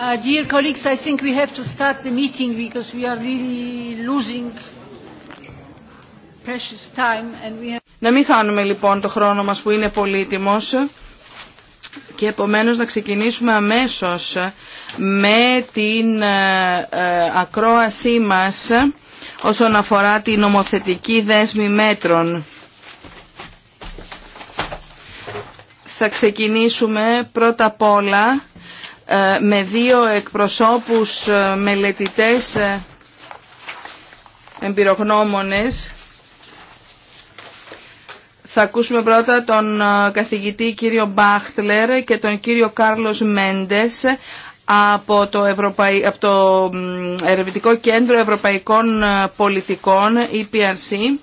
Uh, we to start the meeting because time Να μην χάνουμε λοιπόν το χρόνο μας που είναι πολύτιμος και επομένως να ξεκινήσουμε αμέσως με την ε, ε, ακρόασή μας όσον αφορά την νομοθετική δέσμη μέτρων. Θα ξεκινήσουμε πρώτα απ' όλα ε, με δύο εκπροσώπους ε, μελετητές ε, εμπειρογνώμονες. Θα ακούσουμε πρώτα τον καθηγητή κύριο Μπάχτλερ και τον κύριο Κάρλος Μέντες από το, Ευρωπαϊ... από το Ερευνητικό Κέντρο Ευρωπαϊκών Πολιτικών, EPRC.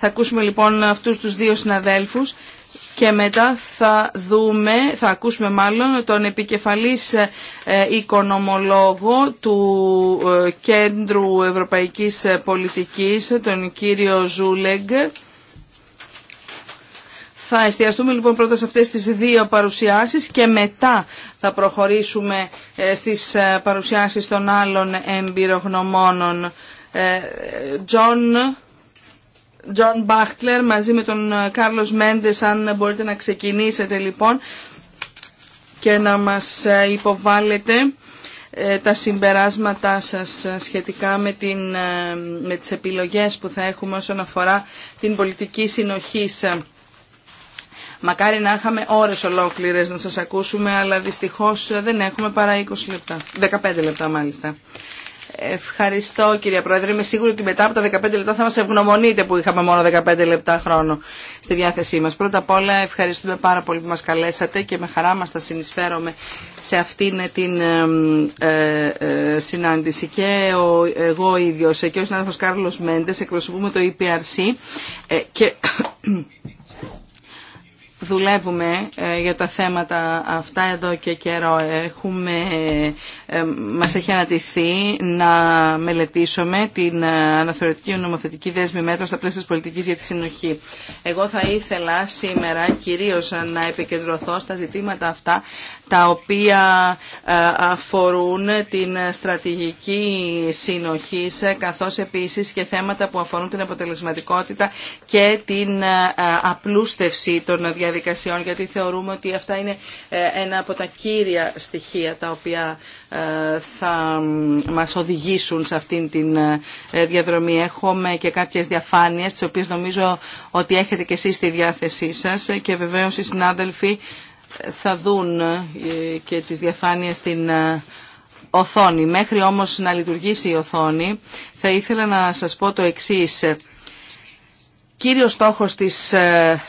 Θα ακούσουμε λοιπόν αυτούς τους δύο συναδέλφους και μετά θα δούμε, θα ακούσουμε μάλλον τον επικεφαλής ε, οικονομολόγο του ε, Κέντρου Ευρωπαϊκής Πολιτικής, τον κύριο Ζούλεγκ. Θα εστιαστούμε λοιπόν πρώτα σε αυτές τις δύο παρουσιάσεις και μετά θα προχωρήσουμε ε, στις παρουσιάσεις των άλλων εμπειρογνωμόνων. Τζον, Τζον Μπάχτλερ μαζί με τον ε, Κάρλος Μέντες αν μπορείτε να ξεκινήσετε λοιπόν και να μας ε, υποβάλλετε ε, τα συμπεράσματά σας σχετικά με, την, με τις επιλογές που θα έχουμε όσον αφορά την πολιτική συνοχής. Μακάρι να είχαμε ώρες ολόκληρες να σας ακούσουμε, αλλά δυστυχώς δεν έχουμε παρά 20 λεπτά, 15 λεπτά μάλιστα. Ευχαριστώ κύριε Πρόεδρε. Είμαι σίγουρη ότι μετά από τα 15 λεπτά θα μας ευγνωμονείτε που είχαμε μόνο 15 λεπτά χρόνο στη διάθεσή μας. Πρώτα απ' όλα ευχαριστούμε πάρα πολύ που μας καλέσατε και με χαρά μας θα συνεισφέρομαι σε αυτήν την ε, ε, ε, συνάντηση. Και ο, εγώ ίδιος και ο συνάδελφος Κάρλος Μέντες εκπροσωπούμε το EPRC και δουλεύουμε ε, για τα θέματα αυτά εδώ και καιρό. Έχουμε, ε, μας έχει ανατηθεί να μελετήσουμε την ε, αναθεωρητική νομοθετική δέσμη μέτρων στα πλαίσια της πολιτικής για τη συνοχή. Εγώ θα ήθελα σήμερα κυρίως να επικεντρωθώ στα ζητήματα αυτά τα οποία ε, αφορούν την στρατηγική συνοχή καθώς επίσης και θέματα που αφορούν την αποτελεσματικότητα και την ε, απλούστευση των διαδικασιών γιατί θεωρούμε ότι αυτά είναι ε, ένα από τα κύρια στοιχεία τα οποία θα μας οδηγήσουν σε αυτήν την διαδρομή. Έχουμε και κάποιες διαφάνειες τις οποίες νομίζω ότι έχετε και εσείς στη διάθεσή σας και βεβαίως οι συνάδελφοι θα δουν ε, και τις διαφάνειες στην ε, οθόνη. Μέχρι όμως να λειτουργήσει η οθόνη θα ήθελα να σας πω το εξής. Κύριος στόχος της ε,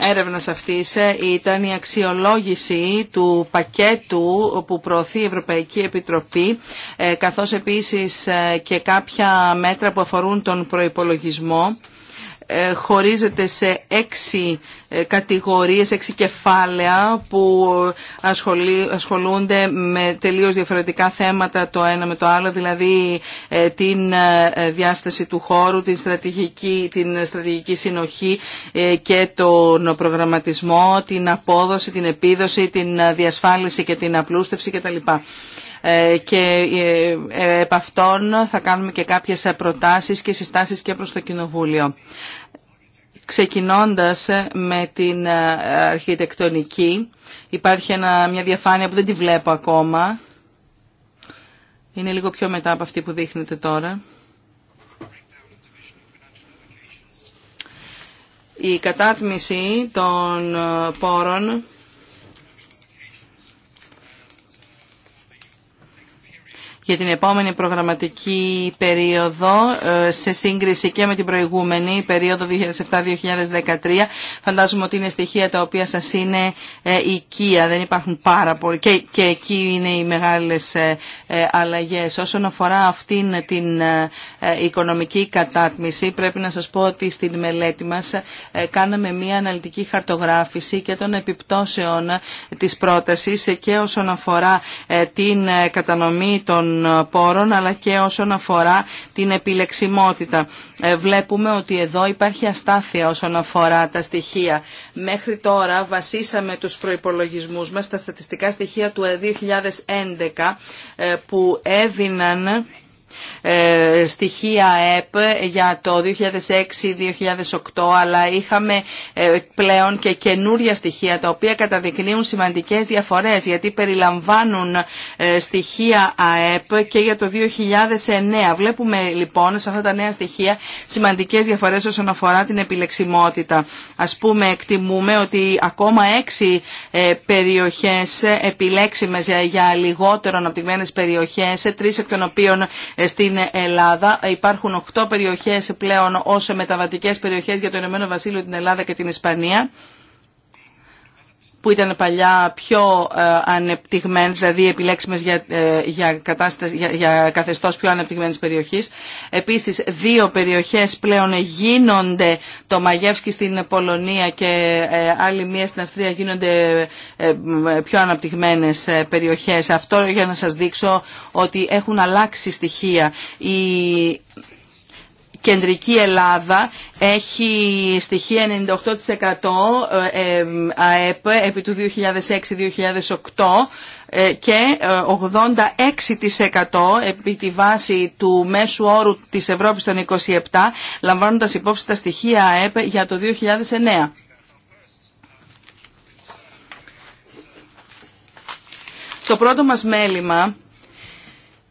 έρευνας αυτής ήταν η αξιολόγηση του πακέτου που προωθεί η Ευρωπαϊκή Επιτροπή καθώς επίσης και κάποια μέτρα που αφορούν τον προϋπολογισμό ε, χωρίζεται σε έξι ε, κατηγορίες, έξι κεφάλαια που ασχολούνται με τελείως διαφορετικά θέματα το ένα με το άλλο, δηλαδή ε, την διάσταση του χώρου, την στρατηγική, την στρατηγική συνοχή και τον προγραμματισμό, την απόδοση, την επίδοση, την διασφάλιση και την απλούστευση κτλ. Ε, και ε, ε, επ' αυτών θα κάνουμε και κάποιες προτάσεις και συστάσεις και προς το Κοινοβούλιο ξεκινώντας με την αρχιτεκτονική. Υπάρχει μια διαφάνεια που δεν τη βλέπω ακόμα. Είναι λίγο πιο μετά από αυτή που δείχνετε τώρα. Η κατάθμιση των πόρων για την επόμενη προγραμματική περίοδο ε, σε σύγκριση και με την προηγούμενη περίοδο 2007-2013. Φαντάζομαι ότι είναι στοιχεία τα οποία σας είναι ε, οικεία, δεν υπάρχουν πάρα πολλοί και, και εκεί είναι οι μεγάλες ε, αλλαγές. Όσον αφορά αυτήν την οικονομική κατάτμιση πρέπει να σας πω ότι στην μελέτη μας κάναμε μια αναλυτική χαρτογράφηση και των επιπτώσεων της πρότασης και όσον αφορά την κατανομή των ε, πόρων αλλά και όσον αφορά την επιλεξιμότητα. Ε, βλέπουμε ότι εδώ υπάρχει αστάθεια όσον αφορά τα στοιχεία. Μέχρι τώρα βασίσαμε τους προϋπολογισμούς μας στα στατιστικά στοιχεία του 2011 ε, που έδιναν ε, στοιχεία ΕΠ για το 2006-2008 αλλά είχαμε ε, πλέον και καινούρια στοιχεία τα οποία καταδεικνύουν σημαντικές διαφορές γιατί περιλαμβάνουν ε, στοιχεία ΑΕΠ και για το 2009. Βλέπουμε λοιπόν σε αυτά τα νέα στοιχεία σημαντικές διαφορές όσον αφορά την επιλεξιμότητα. Ας πούμε εκτιμούμε ότι ακόμα έξι περιοχές επιλέξιμες για λιγότερο αναπτυγμένες περιοχές, τρεις εκ των οποίων ε, στην Ελλάδα. Υπάρχουν 8 περιοχές πλέον ως μεταβατικές περιοχές για το Ηνωμένο Βασίλειο, την Ελλάδα και την Ισπανία που ήταν παλιά πιο ε, ανεπτυγμένες, δηλαδή επιλέξιμες για, ε, για, για, για καθεστώς πιο ανεπτυγμένες περιοχής. Επίσης, δύο περιοχές πλέον γίνονται, το Μαγεύσκι στην Πολωνία και ε, άλλη μία στην Αυστρία γίνονται πιο αναπτυγμένες περιοχές. Αυτό για να σας δείξω ότι έχουν αλλάξει στοιχεία. Η κεντρική Ελλάδα έχει στοιχεία 98% ε, ΑΕΠ επί του 2006-2008 ε, και 86% ε, επί τη βάση του μέσου όρου της Ευρώπης των 27, λαμβάνοντας υπόψη τα στοιχεία ΑΕΠ για το 2009. Το πρώτο μας μέλημα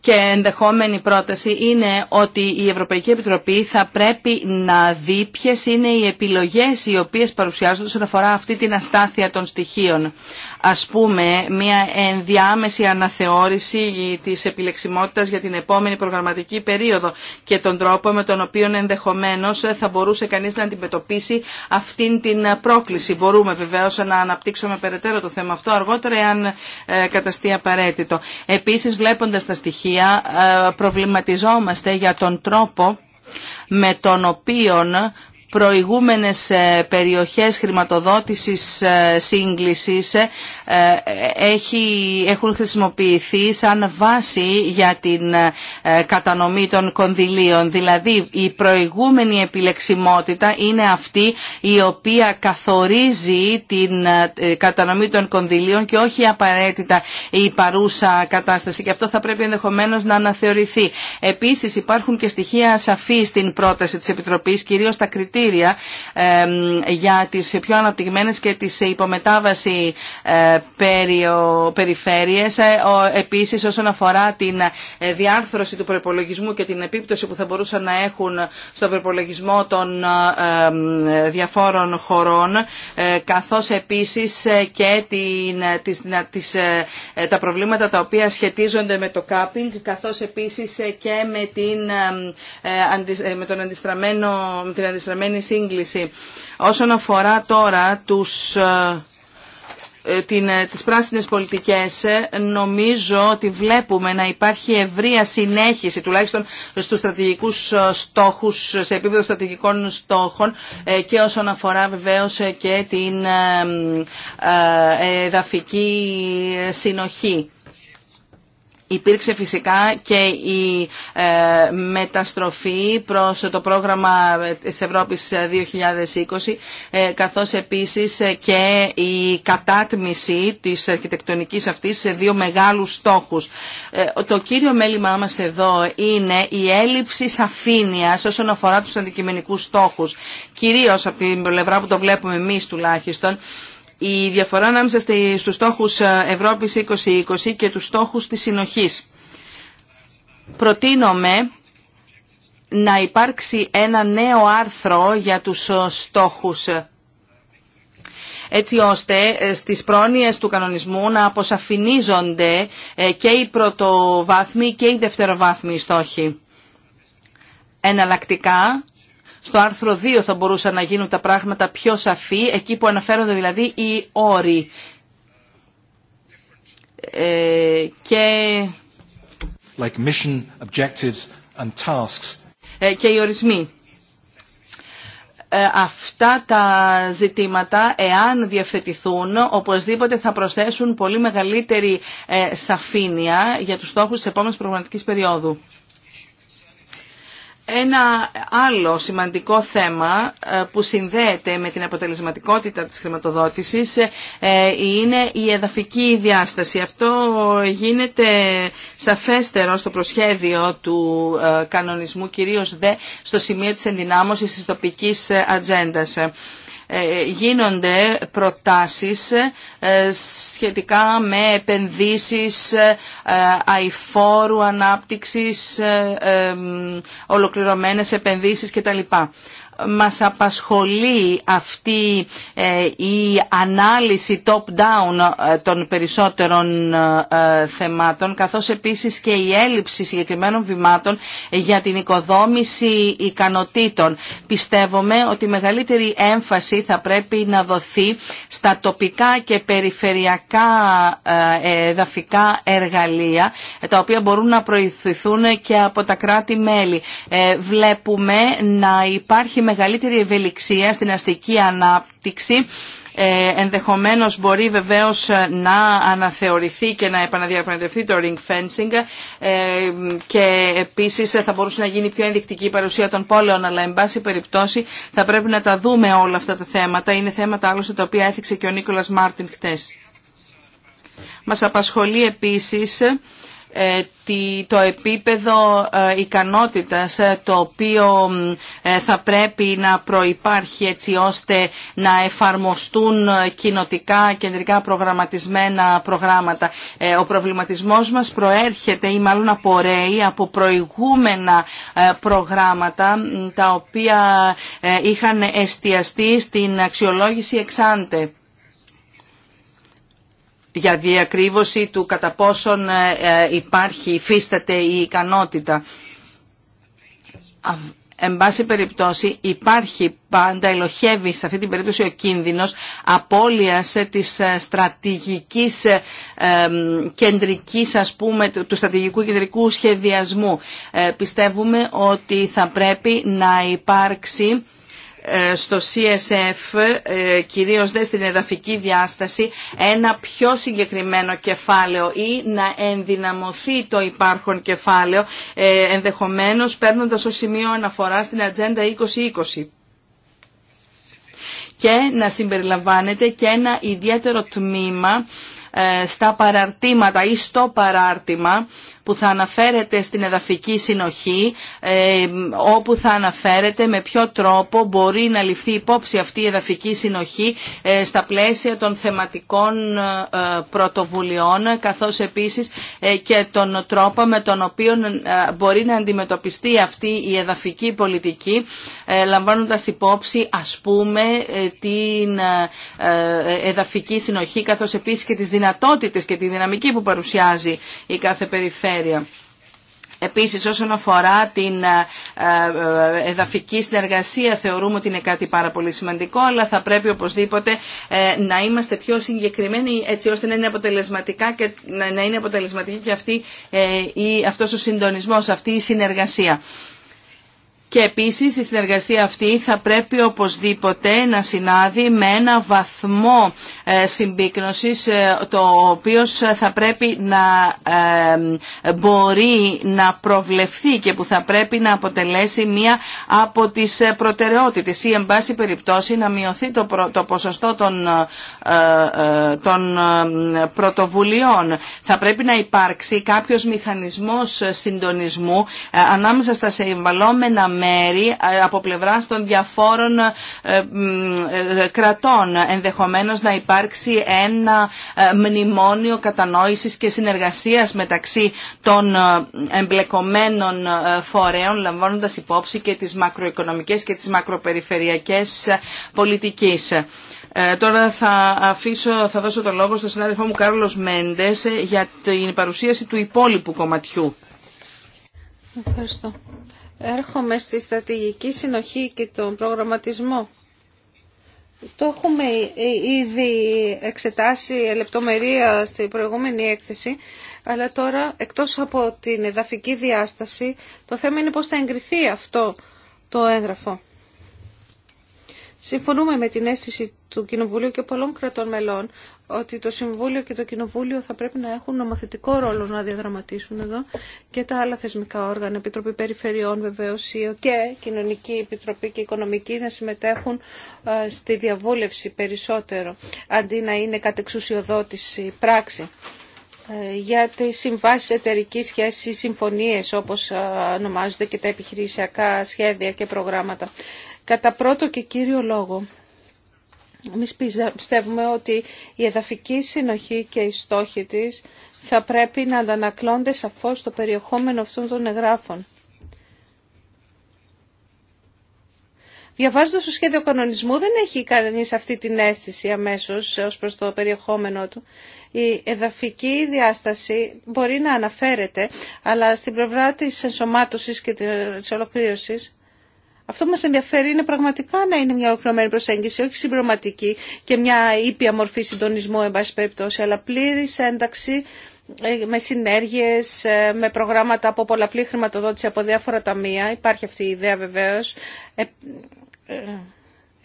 και ενδεχόμενη πρόταση είναι ότι η Ευρωπαϊκή Επιτροπή θα πρέπει να δει ποιε είναι οι επιλογές οι οποίες παρουσιάζονται σε αφορά αυτή την αστάθεια των στοιχείων. Ας πούμε, μια ενδιάμεση αναθεώρηση της επιλεξιμότητας για την επόμενη προγραμματική περίοδο και τον τρόπο με τον οποίο ενδεχομένως θα μπορούσε κανείς να αντιμετωπίσει αυτήν την πρόκληση. Μπορούμε βεβαίως να αναπτύξουμε περαιτέρω το θέμα αυτό αργότερα εάν ε, καταστεί απαραίτητο. Επίσης, βλέποντας τα στοιχεία οποία ε, προβληματιζόμαστε για τον τρόπο με τον οποίο προηγούμενες ε, περιοχές χρηματοδότησης ε, σύγκλησης ε, έχουν χρησιμοποιηθεί σαν βάση για την κατανομή των κονδυλίων. Δηλαδή η προηγούμενη επιλεξιμότητα είναι αυτή η οποία καθορίζει την κατανομή των κονδυλίων και όχι απαραίτητα η παρούσα κατάσταση και αυτό θα πρέπει ενδεχομένως να αναθεωρηθεί. Επίσης υπάρχουν και στοιχεία σαφή στην πρόταση της Επιτροπής, κυρίως τα κριτήρια για τις πιο αναπτυγμένες και τις υπομετάβαση ε, περιο περιφέρειες. Ε, επίσης όσον αφορά την ε, διάρθρωση του προπολογισμού και την επίπτωση που θα μπορούσαν να έχουν στον προπολογισμό των διαφόρων χωρών καθώς επίσης και την, τα προβλήματα τα οποία σχετίζονται με το κάπινγκ καθώς επίσης και με, την, με, τον αντιστραμμένο, με την συγκεκριμένη σύγκληση. Όσον αφορά τώρα τους ε, ε, την, ε, τις πράσινες πολιτικές νομίζω ότι βλέπουμε να υπάρχει ευρεία συνέχιση τουλάχιστον στους στρατηγικούς στόχους, σε επίπεδο στρατηγικών στόχων και όσον αφορά βεβαίως και την εδαφική συνοχή. Υπήρξε φυσικά και η ε, μεταστροφή προς το πρόγραμμα της Ευρώπης 2020 ε, καθώς επίσης ε, και η κατάτμιση της αρχιτεκτονικής αυτής σε δύο μεγάλους στόχους. Το κύριο μέλημά μας εδώ είναι η έλλειψη σαφήνειας όσον αφορά τους αντικειμενικούς στόχους. Κυρίως από την πλευρά που το βλέπουμε εμείς τουλάχιστον η διαφορά ανάμεσα στους στόχους ε, Ευρώπης 2020 και τους στόχους της συνοχής. Προτείνομαι να υπάρξει ένα νέο άρθρο για τους ε, στόχους ε, έτσι ώστε στις πρόνοιες του κανονισμού να αποσαφηνίζονται και οι πρωτοβάθμοι και οι δευτεροβάθμοι στόχοι. Εναλλακτικά, στο άρθρο 2 θα μπορούσαν να γίνουν τα πράγματα πιο σαφή, εκεί που αναφέρονται δηλαδή οι όροι. Ε, και... Ε, και οι ορισμοί. Ε, αυτά τα ζητήματα, εάν διευθετηθούν, οπωσδήποτε θα προσθέσουν πολύ μεγαλύτερη ε, σαφήνεια για τους στόχους της επόμενης προγραμματικής περίοδου. Ένα άλλο σημαντικό θέμα ε, που συνδέεται με την αποτελεσματικότητα της χρηματοδότησης ε, ε, είναι η εδαφική διάσταση. Αυτό γίνεται σαφέστερο στο προσχέδιο του κανονισμού, κυρίως δε στο σημείο της ενδυνάμωσης της τοπικής ατζέντας. Ε, γίνονται προτάσεις ε, σχετικά με επενδύσεις ε, αηφόρου ανάπτυξης, ολοκληρωμένες επενδύσεις κτλ μας απασχολεί αυτή ε, η ανάλυση top-down ε, των περισσότερων ε, θεμάτων, καθώς επίσης και η έλλειψη συγκεκριμένων βημάτων για την οικοδόμηση ικανοτήτων. Πιστεύουμε ότι μεγαλύτερη έμφαση θα πρέπει να δοθεί στα τοπικά και περιφερειακά εδαφικά εργαλεία, τα οποία μπορούν να προηθηθούν και από τα κράτη-μέλη. Βλέπουμε να υπάρχει μεγαλύτερη ευελιξία στην αστική ανάπτυξη ε, ενδεχομένως μπορεί βεβαίως ε, να αναθεωρηθεί και να επαναδιαπραγματευτεί το ring fencing ε, και επίσης θα μπορούσε να γίνει πιο ενδεικτική η παρουσία των πόλεων αλλά εν πάση περιπτώσει θα πρέπει να τα δούμε όλα αυτά τα θέματα είναι θέματα άλλωστε τα οποία έθιξε και ο Νίκολας Μάρτιν χτες. Μας απασχολεί επίσης ε, το επίπεδο ε, ικανότητας ε, το οποίο θα πρέπει να προϋπάρχει έτσι ώστε να εφαρμοστούν κοινοτικά κεντρικά προγραμματισμένα προγράμματα. Ο προβληματισμός μας προέρχεται ή μάλλον απορρέει από προηγούμενα προγράμματα τα οποία είχαν εστιαστεί στην αξιολόγηση εξάντε για διακρύβωση του κατά πόσον ε, ε, υπάρχει, υφίσταται η ικανότητα. Εν πάση περιπτώσει υπάρχει πάντα, ελοχεύει σε αυτή την περίπτωση ο κίνδυνος απώλειας ε, της στρατηγικής κεντρικής, ας πούμε, του στρατηγικού κεντρικού σχεδιασμού. Πιστεύουμε ότι θα πρέπει να υπάρξει ε, στο CSF, ε, κυρίως δε στην εδαφική διάσταση, ένα πιο συγκεκριμένο κεφάλαιο ή να ενδυναμωθεί το υπάρχον κεφάλαιο, ε, ενδεχομένως παίρνοντας το σημείο αναφορά στην Ατζέντα 2020 και να συμπεριλαμβάνεται και ένα ιδιαίτερο τμήμα στα παραρτήματα ή στο παράρτημα που θα αναφέρεται στην εδαφική συνοχή, ε, όπου θα αναφέρεται με ποιο τρόπο μπορεί να ληφθεί υπόψη αυτή η εδαφική συνοχή ε, στα πλαίσια των θεματικών ε, πρωτοβουλειών, καθώς επίσης και τον τρόπο με τον οποίο μπορεί να αντιμετωπιστεί αυτή η εδαφική πολιτική, λαμβάνοντας υπόψη, ας πούμε, την εδαφική συνοχή, καθώς επίσης και τις δυνατότητες και τη δυναμική που παρουσιάζει η κάθε περιφέρεια Επίσης όσον αφορά την ε, ε, εδαφική συνεργασία θεωρούμε ότι είναι κάτι πάρα πολύ σημαντικό αλλά θα πρέπει οπωσδήποτε ε, να είμαστε πιο συγκεκριμένοι έτσι ώστε να είναι, αποτελεσματικά και, να είναι αποτελεσματική και αυτή, η, αυτός ο συντονισμός, αυτή η συνεργασία και επίσης η συνεργασία αυτή θα πρέπει οπωσδήποτε να συνάδει με ένα βαθμό ε, συμπίκνωσης ε, το οποίο θα πρέπει να ε, μπορεί να προβλεφθεί και που θα πρέπει να αποτελέσει μία από τις προτεραιότητες ή εν πάση περιπτώσει να μειωθεί το ποσοστό των, των πρωτοβουλειών. Θα πρέπει να υπάρξει κάποιος μηχανισμός συντονισμού ανάμεσα στα συμβαλόμενα ε, από πλευρά των διαφόρων ε, ε, κρατών. Ενδεχομένως να υπάρξει ένα μνημόνιο κατανόησης και συνεργασίας μεταξύ των εμπλεκομένων φορέων, λαμβάνοντας υπόψη και τις μακροοικονομικές και τις μακροπεριφερειακές πολιτικής. τώρα θα, αφήσω, θα δώσω το λόγο στον συνάδελφό μου Κάρλος Μέντες για την παρουσίαση του υπόλοιπου κομματιού. Ευχαριστώ. Έρχομαι στη στρατηγική συνοχή και τον προγραμματισμό. Το έχουμε ήδη εξετάσει λεπτομερία στη προηγούμενη έκθεση, αλλά τώρα εκτός από την εδαφική διάσταση, το θέμα είναι πώς θα εγκριθεί αυτό το έγγραφο. Συμφωνούμε με την αίσθηση του Κοινοβουλίου και πολλών κρατών μελών ότι το Συμβούλιο και το Κοινοβούλιο θα πρέπει να έχουν νομοθετικό ρόλο να διαδραματίσουν εδώ και τα άλλα θεσμικά όργανα, Επιτροπή Περιφερειών βεβαίω και Κοινωνική Επιτροπή και Οικονομική να συμμετέχουν ε, στη διαβούλευση περισσότερο αντί να είναι κατεξουσιοδότηση πράξη ε, για τι συμβάσει εταιρική σχέση συμφωνίες όπως ε, ονομάζονται και τα επιχειρησιακά σχέδια και προγράμματα. Κατά πρώτο και κύριο λόγο, εμείς πιστεύουμε ότι η εδαφική συνοχή και οι στόχοι της θα πρέπει να αντανακλώνται σαφώς στο περιεχόμενο αυτών των εγγράφων. Διαβάζοντα το σχέδιο κανονισμού δεν έχει κανείς αυτή την αίσθηση αμέσω ω προς το περιεχόμενο του. Η εδαφική διάσταση μπορεί να αναφέρεται, αλλά στην πλευρά τη ενσωμάτωση και τη ολοκλήρωση. Αυτό που μας ενδιαφέρει είναι πραγματικά να είναι μια ολοκληρωμένη προσέγγιση, όχι συμπληρωματική και μια ήπια μορφή συντονισμού, εν περιπτώσει, αλλά πλήρης ένταξη ε, με συνέργειες, ε, με προγράμματα από πολλαπλή χρηματοδότηση από διάφορα ταμεία. Υπάρχει αυτή η ιδέα βεβαίως ε,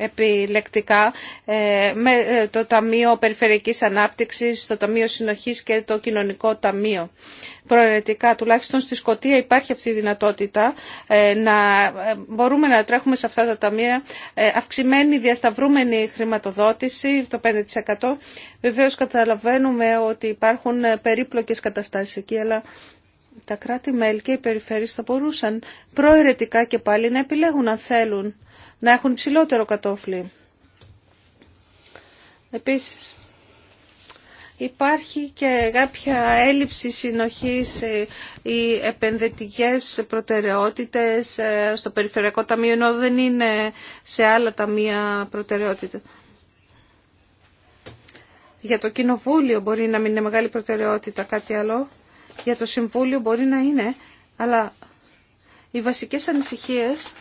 επιλεκτικά ε, με ε, το Ταμείο Περιφερειακής Ανάπτυξης, το Ταμείο Συνοχής και το Κοινωνικό Ταμείο. Προαιρετικά, τουλάχιστον στη Σκωτία υπάρχει αυτή η δυνατότητα ε, να μπορούμε να τρέχουμε σε αυτά τα ταμεία αυξημένη διασταυρούμενη χρηματοδότηση, το 5%. Βεβαίως καταλαβαίνουμε ότι υπάρχουν περίπλοκες καταστάσεις εκεί, αλλά τα κράτη-μέλη και οι περιφέρειες θα μπορούσαν προαιρετικά και πάλι να επιλέγουν αν θέλουν να έχουν ψηλότερο κατόφλι. Επίσης, υπάρχει και κάποια έλλειψη συνοχής ε, οι επενδυτικές προτεραιότητες ε, στο Περιφερειακό Ταμείο, ενώ δεν είναι σε άλλα ταμεία προτεραιότητα. Για το Κοινοβούλιο μπορεί να μην είναι μεγάλη προτεραιότητα κάτι άλλο. Για το Συμβούλιο μπορεί να είναι, αλλά οι βασικές ανησυχίες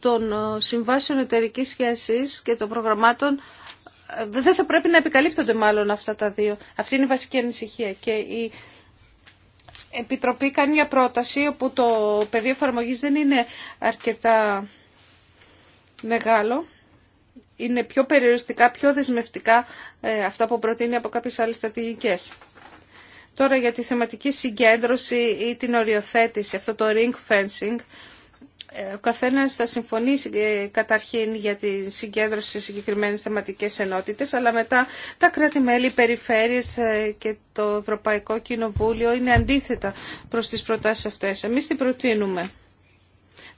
των ε, συμβάσεων εταιρικής σχέσης και των προγραμμάτων ε, δεν θα πρέπει να επικαλύπτονται μάλλον αυτά τα δύο. Αυτή είναι η βασική ανησυχία. Και η Επιτροπή κάνει μια πρόταση όπου το πεδίο εφαρμογή δεν είναι αρκετά μεγάλο. Είναι πιο περιοριστικά, πιο δεσμευτικά ε, αυτά που προτείνει από κάποιες άλλες στρατηγικές. Τώρα για τη θεματική συγκέντρωση ή την οριοθέτηση, αυτό το ring fencing, ο καθένα θα συμφωνήσει ε, καταρχήν για τη συγκέντρωση σε συγκεκριμένε θεματικέ ενότητες, αλλά μετά τα κράτη-μέλη, περιφέρειες ε, και το Ευρωπαϊκό Κοινοβούλιο είναι αντίθετα προ τις προτάσεις αυτές. Εμεί την προτείνουμε.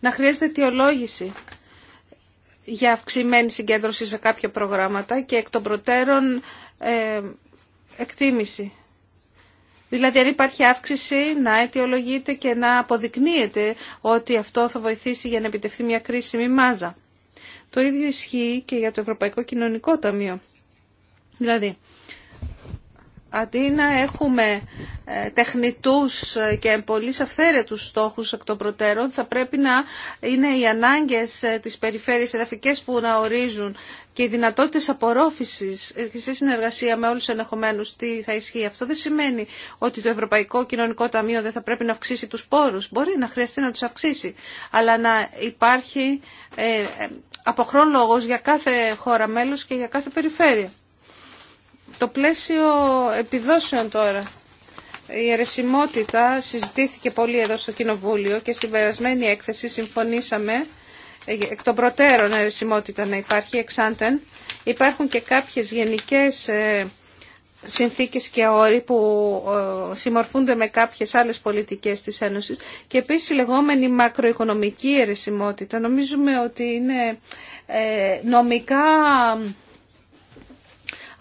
Να χρειάζεται αιτιολόγηση για αυξημένη συγκέντρωση σε κάποια προγράμματα και εκ των προτέρων ε, εκτίμηση Δηλαδή αν υπάρχει αύξηση να αιτιολογείται και να αποδεικνύεται ότι αυτό θα βοηθήσει για να επιτευχθεί μια κρίσιμη μάζα. Το ίδιο ισχύει και για το Ευρωπαϊκό Κοινωνικό Ταμείο. Δηλαδή, αντί να έχουμε ε, τεχνητούς ε, και πολύ αυθαίρετους στόχους εκ των προτέρων, θα πρέπει να είναι οι ανάγκες ε, της περιφέρειας εδαφικές που να ορίζουν και οι δυνατότητες απορρόφησης και σε συνεργασία με όλους ενεχομένους τι θα ισχύει. Αυτό δεν σημαίνει ότι το Ευρωπαϊκό Κοινωνικό Ταμείο δεν θα πρέπει να αυξήσει τους πόρους. Μπορεί να χρειαστεί να τους αυξήσει, αλλά να υπάρχει αποχρόν λόγος για κάθε χώρα μέλος και για κάθε περιφέρεια. Το πλαίσιο επιδόσεων τώρα, η αιρεσιμότητα συζητήθηκε πολύ εδώ στο Κοινοβούλιο και στην περασμένη έκθεση συμφωνήσαμε ε, εκ των προτέρων αιρεσιμότητα να υπάρχει εξάντεν. Υπάρχουν και κάποιες γενικές ε, συνθήκες και όροι που ε, συμμορφούνται με κάποιες άλλες πολιτικές της Ένωσης και επίσης η λεγόμενη μακροοικονομική αιρεσιμότητα νομίζουμε ότι είναι νομικά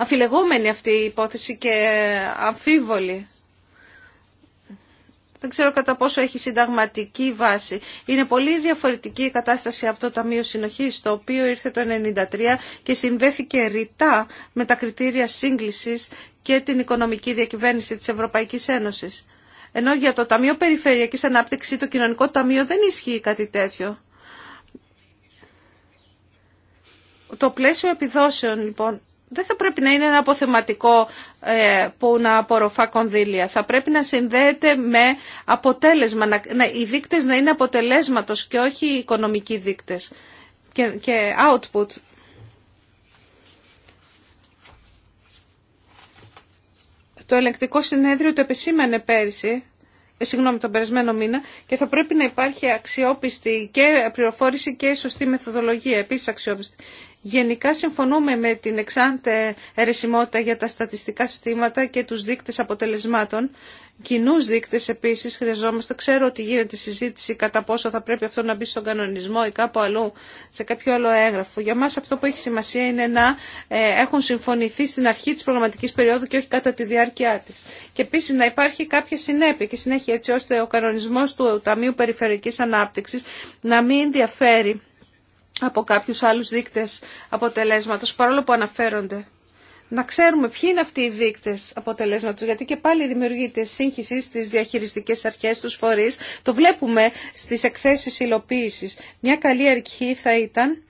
αφιλεγόμενη αυτή η υπόθεση και αμφίβολη. Δεν ξέρω κατά πόσο έχει συνταγματική βάση. Είναι πολύ διαφορετική η κατάσταση από το Ταμείο Συνοχής, το οποίο ήρθε το 1993 και συνδέθηκε ρητά με τα κριτήρια σύγκλησης και την οικονομική διακυβέρνηση της Ευρωπαϊκής Ένωσης. Ενώ για το Ταμείο Περιφερειακής Ανάπτυξης το Κοινωνικό Ταμείο δεν ισχύει κάτι τέτοιο. Το πλαίσιο επιδόσεων λοιπόν δεν θα πρέπει να είναι ένα αποθεματικό ε, που να απορροφά κονδύλια. Θα πρέπει να συνδέεται με αποτέλεσμα, να, οι δείκτες να είναι αποτελέσματος και όχι οι οικονομικοί δείκτες και, output. Το ελεκτικό συνέδριο το επισήμανε πέρυσι. Ε, συγγνώμη, τον περασμένο μήνα και θα πρέπει να υπάρχει αξιόπιστη και πληροφόρηση και σωστή μεθοδολογία, επίσης αξιόπιστη. Γενικά συμφωνούμε με την εξάντε αιρεσιμότητα για τα στατιστικά συστήματα και τους δείκτες αποτελεσμάτων Κοινού δείκτε επίση χρειαζόμαστε. Ξέρω ότι γίνεται συζήτηση κατά πόσο θα πρέπει αυτό να μπει στον κανονισμό ή κάπου αλλού, σε κάποιο άλλο έγγραφο. Για μα αυτό που έχει σημασία είναι να ε, έχουν συμφωνηθεί στην αρχή τη προγραμματική περίοδου και όχι κατά τη διάρκεια τη. Και επίση να υπάρχει κάποια συνέπεια και συνέχεια έτσι ώστε ο κανονισμό του Ταμείου Περιφερειακή Ανάπτυξη να μην διαφέρει από κάποιου άλλου δείκτες αποτελέσματο, παρόλο που αναφέρονται να ξέρουμε ποιοι είναι αυτοί οι δείκτε αποτελέσματο, γιατί και πάλι δημιουργείται σύγχυση στις διαχειριστικές αρχές, τους φορεί. Το βλέπουμε στις εκθέσεις υλοποίησης. Μια καλή αρχή θα ήταν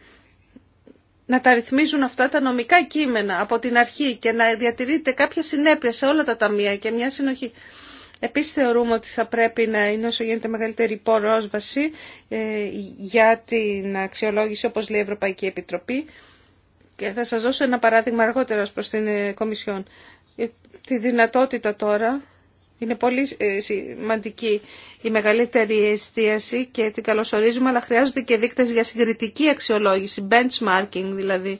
να τα ρυθμίζουν αυτά τα νομικά κείμενα από την αρχή και να διατηρείται κάποια συνέπεια σε όλα τα ταμεία και μια συνοχή. Επίσης θεωρούμε ότι θα πρέπει να είναι όσο γίνεται μεγαλύτερη πρόσβαση ε, για την αξιολόγηση όπως λέει η Ευρωπαϊκή Επιτροπή και θα σας δώσω ένα παράδειγμα αργότερα προς την ε, Κομισιόν. Ε, τη δυνατότητα τώρα είναι πολύ ε, σημαντική η μεγαλύτερη εστίαση και την καλωσορίζουμε, αλλά χρειάζονται και δείκτες για συγκριτική αξιολόγηση, benchmarking δηλαδή.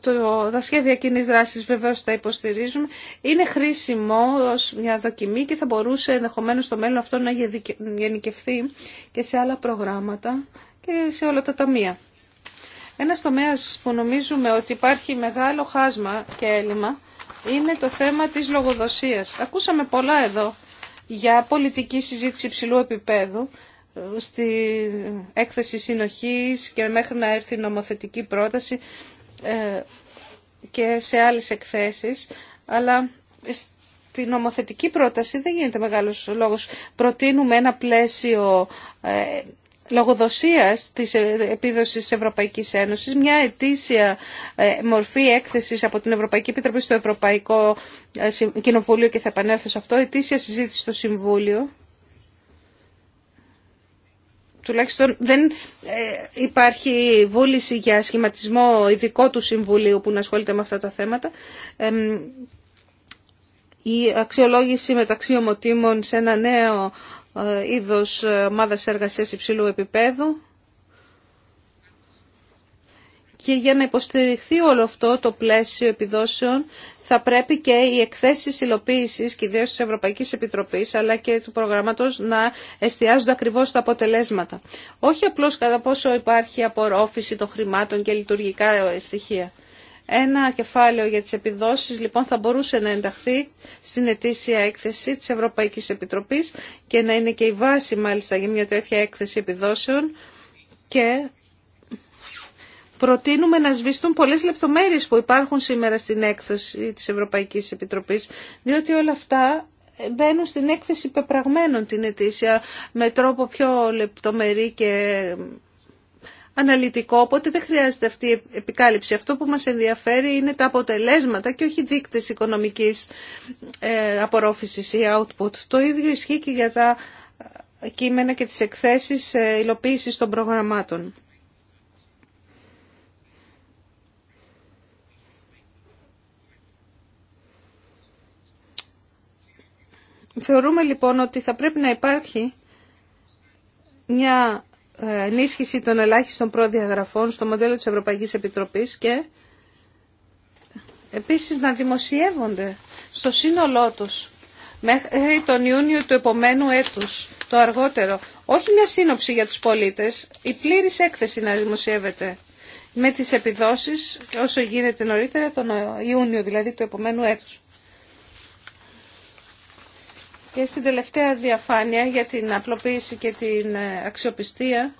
Το, τα σχέδια κοινή δράση βεβαίω τα υποστηρίζουμε. Είναι χρήσιμο ω μια δοκιμή και θα μπορούσε ενδεχομένω στο μέλλον αυτό να γενικευθεί και σε άλλα προγράμματα και σε όλα τα ταμεία. Ένας τομέας που νομίζουμε ότι υπάρχει μεγάλο χάσμα και έλλειμμα είναι το θέμα της λογοδοσίας. Ακούσαμε πολλά εδώ για πολιτική συζήτηση υψηλού επίπεδου ε, στη έκθεση συνοχής και μέχρι να έρθει νομοθετική πρόταση ε, και σε άλλες εκθέσεις, αλλά στη νομοθετική πρόταση δεν γίνεται μεγάλος λόγος. Προτείνουμε ένα πλαίσιο ε, λογοδοσίας της ε, επίδοσης της Ευρωπαϊκής Ένωσης, μια ετήσια ε, μορφή έκθεσης από την Ευρωπαϊκή Επιτροπή στο Ευρωπαϊκό ε, Κοινοβούλιο και θα επανέλθω σε αυτό, ετήσια συζήτηση στο Συμβούλιο. Τουλάχιστον δεν υπάρχει βούληση για σχηματισμό ειδικό του Συμβουλίου που να ασχολείται με αυτά τα θέματα. η αξιολόγηση μεταξύ ομοτήμων σε ένα νέο ε, είδος ε, ομάδας εργασίας υψηλού επίπεδου και για να υποστηριχθεί όλο αυτό το πλαίσιο επιδόσεων θα πρέπει και οι εκθέσεις υλοποίησης και ιδίως της Ευρωπαϊκής Επιτροπής αλλά και του προγράμματος να εστιάζονται ακριβώς στα αποτελέσματα. Όχι απλώς κατά πόσο υπάρχει απορρόφηση των χρημάτων και λειτουργικά στοιχεία. Ένα κεφάλαιο για τις επιδόσεις λοιπόν θα μπορούσε να ενταχθεί στην ετήσια έκθεση της Ευρωπαϊκής Επιτροπής και να είναι και η βάση μάλιστα για μια τέτοια έκθεση επιδόσεων και προτείνουμε να σβηστούν πολλές λεπτομέρειες που υπάρχουν σήμερα στην έκθεση της Ευρωπαϊκής Επιτροπής διότι όλα αυτά μπαίνουν στην έκθεση πεπραγμένων την ετήσια με τρόπο πιο λεπτομερή και αναλυτικό, οπότε δεν χρειάζεται αυτή η επικάλυψη. Αυτό που μας ενδιαφέρει είναι τα αποτελέσματα και όχι δείκτες οικονομικής ε, απορρόφησης ή output. Το ίδιο ισχύει και για τα κείμενα και τις εκθέσεις ε, υλοποίησης των προγραμμάτων. Θεωρούμε λοιπόν ότι θα πρέπει να υπάρχει μια ενίσχυση των ελάχιστων προδιαγραφών στο μοντέλο της Ευρωπαϊκής Επιτροπής και επίσης να δημοσιεύονται στο σύνολό τους μέχρι τον Ιούνιο του επομένου έτους, το αργότερο. Όχι μια σύνοψη για τους πολίτες, η πλήρης έκθεση να δημοσιεύεται με τις επιδόσεις όσο γίνεται νωρίτερα τον Ιούνιο δηλαδή του επομένου έτους. Και στην τελευταία διαφάνεια για την απλοποίηση και την ε, αξιοπιστία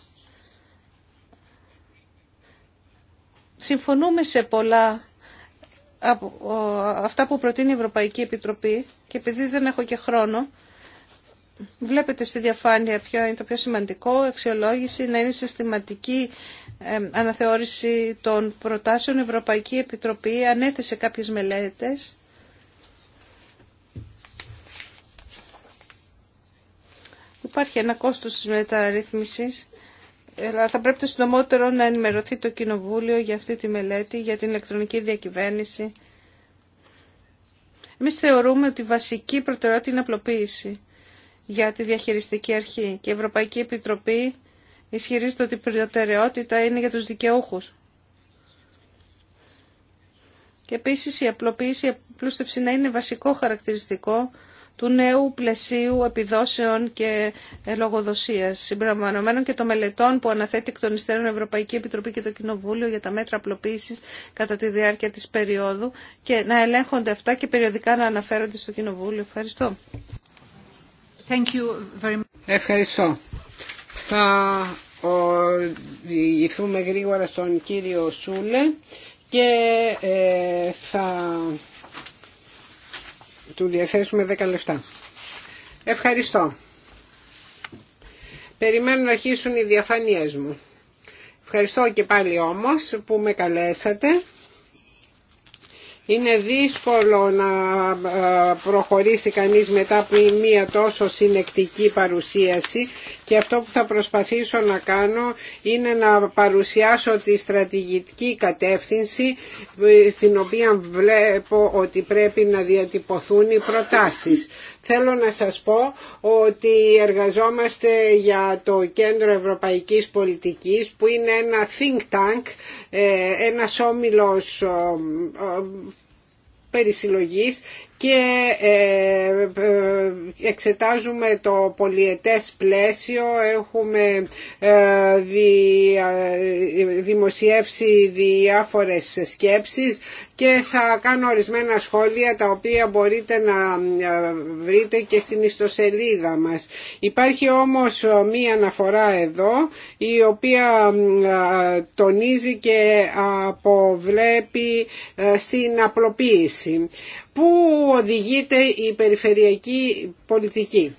συμφωνούμε σε πολλά από αυτά που προτείνει η Ευρωπαϊκή Επιτροπή και επειδή δεν έχω και χρόνο βλέπετε στη διαφάνεια ποιο είναι το πιο σημαντικό αξιολόγηση να είναι συστηματική ε, αναθεώρηση των προτάσεων. Η Ευρωπαϊκή Επιτροπή ανέθεσε κάποιες μελέτες Υπάρχει ένα κόστος της μεταρρύθμισης, αλλά θα πρέπει το συντομότερο να ενημερωθεί το Κοινοβούλιο για αυτή τη μελέτη, για την ηλεκτρονική διακυβέρνηση. Εμείς θεωρούμε ότι η βασική προτεραιότητα είναι απλοποίηση για τη διαχειριστική αρχή και η Ευρωπαϊκή Επιτροπή ισχυρίζεται ότι η προτεραιότητα είναι για τους δικαιούχους. Και επίσης η απλοποίηση, η απλούστευση να είναι βασικό χαρακτηριστικό του νέου πλαισίου επιδόσεων και ε, λογοδοσία. συμπεριλαμβανομένων και των μελετών που αναθέτει εκ των υστέρων Ευρωπαϊκή Επιτροπή και το Κοινοβούλιο για τα μέτρα απλοποίηση κατά τη διάρκεια της περίοδου και να ελέγχονται αυτά και περιοδικά να αναφέρονται στο Κοινοβούλιο. Ευχαριστώ. Thank you very much. Ευχαριστώ. Θα οδηγηθούμε γρήγορα στον κύριο Σούλε και ε, θα του διαθέσουμε 10 λεπτά. Ευχαριστώ. Περιμένω να αρχίσουν οι διαφανίες μου. Ευχαριστώ και πάλι όμως που με καλέσατε. Είναι δύσκολο να ε, προχωρήσει κανείς μετά από μία τόσο συνεκτική παρουσίαση και αυτό που θα προσπαθήσω να κάνω είναι να παρουσιάσω τη στρατηγική κατεύθυνση ε, στην οποία βλέπω ότι πρέπει να διατυπωθούν οι προτάσεις. Θέλω να σας πω ότι εργαζόμαστε για το Κέντρο Ευρωπαϊκής Πολιτικής που είναι ένα think tank, ε, ένα όμιλος περισυλλογής και ε, ε, εξετάζουμε το πολιετές πλαίσιο, έχουμε ε, δημοσιεύσει διάφορες σκέψεις και θα κάνω ορισμένα σχόλια τα οποία μπορείτε να βρείτε και στην ιστοσελίδα μας. Υπάρχει όμως μία αναφορά εδώ η οποία τονίζει και αποβλέπει στην απλοποίηση πού οδηγείται η περιφερειακή πολιτική.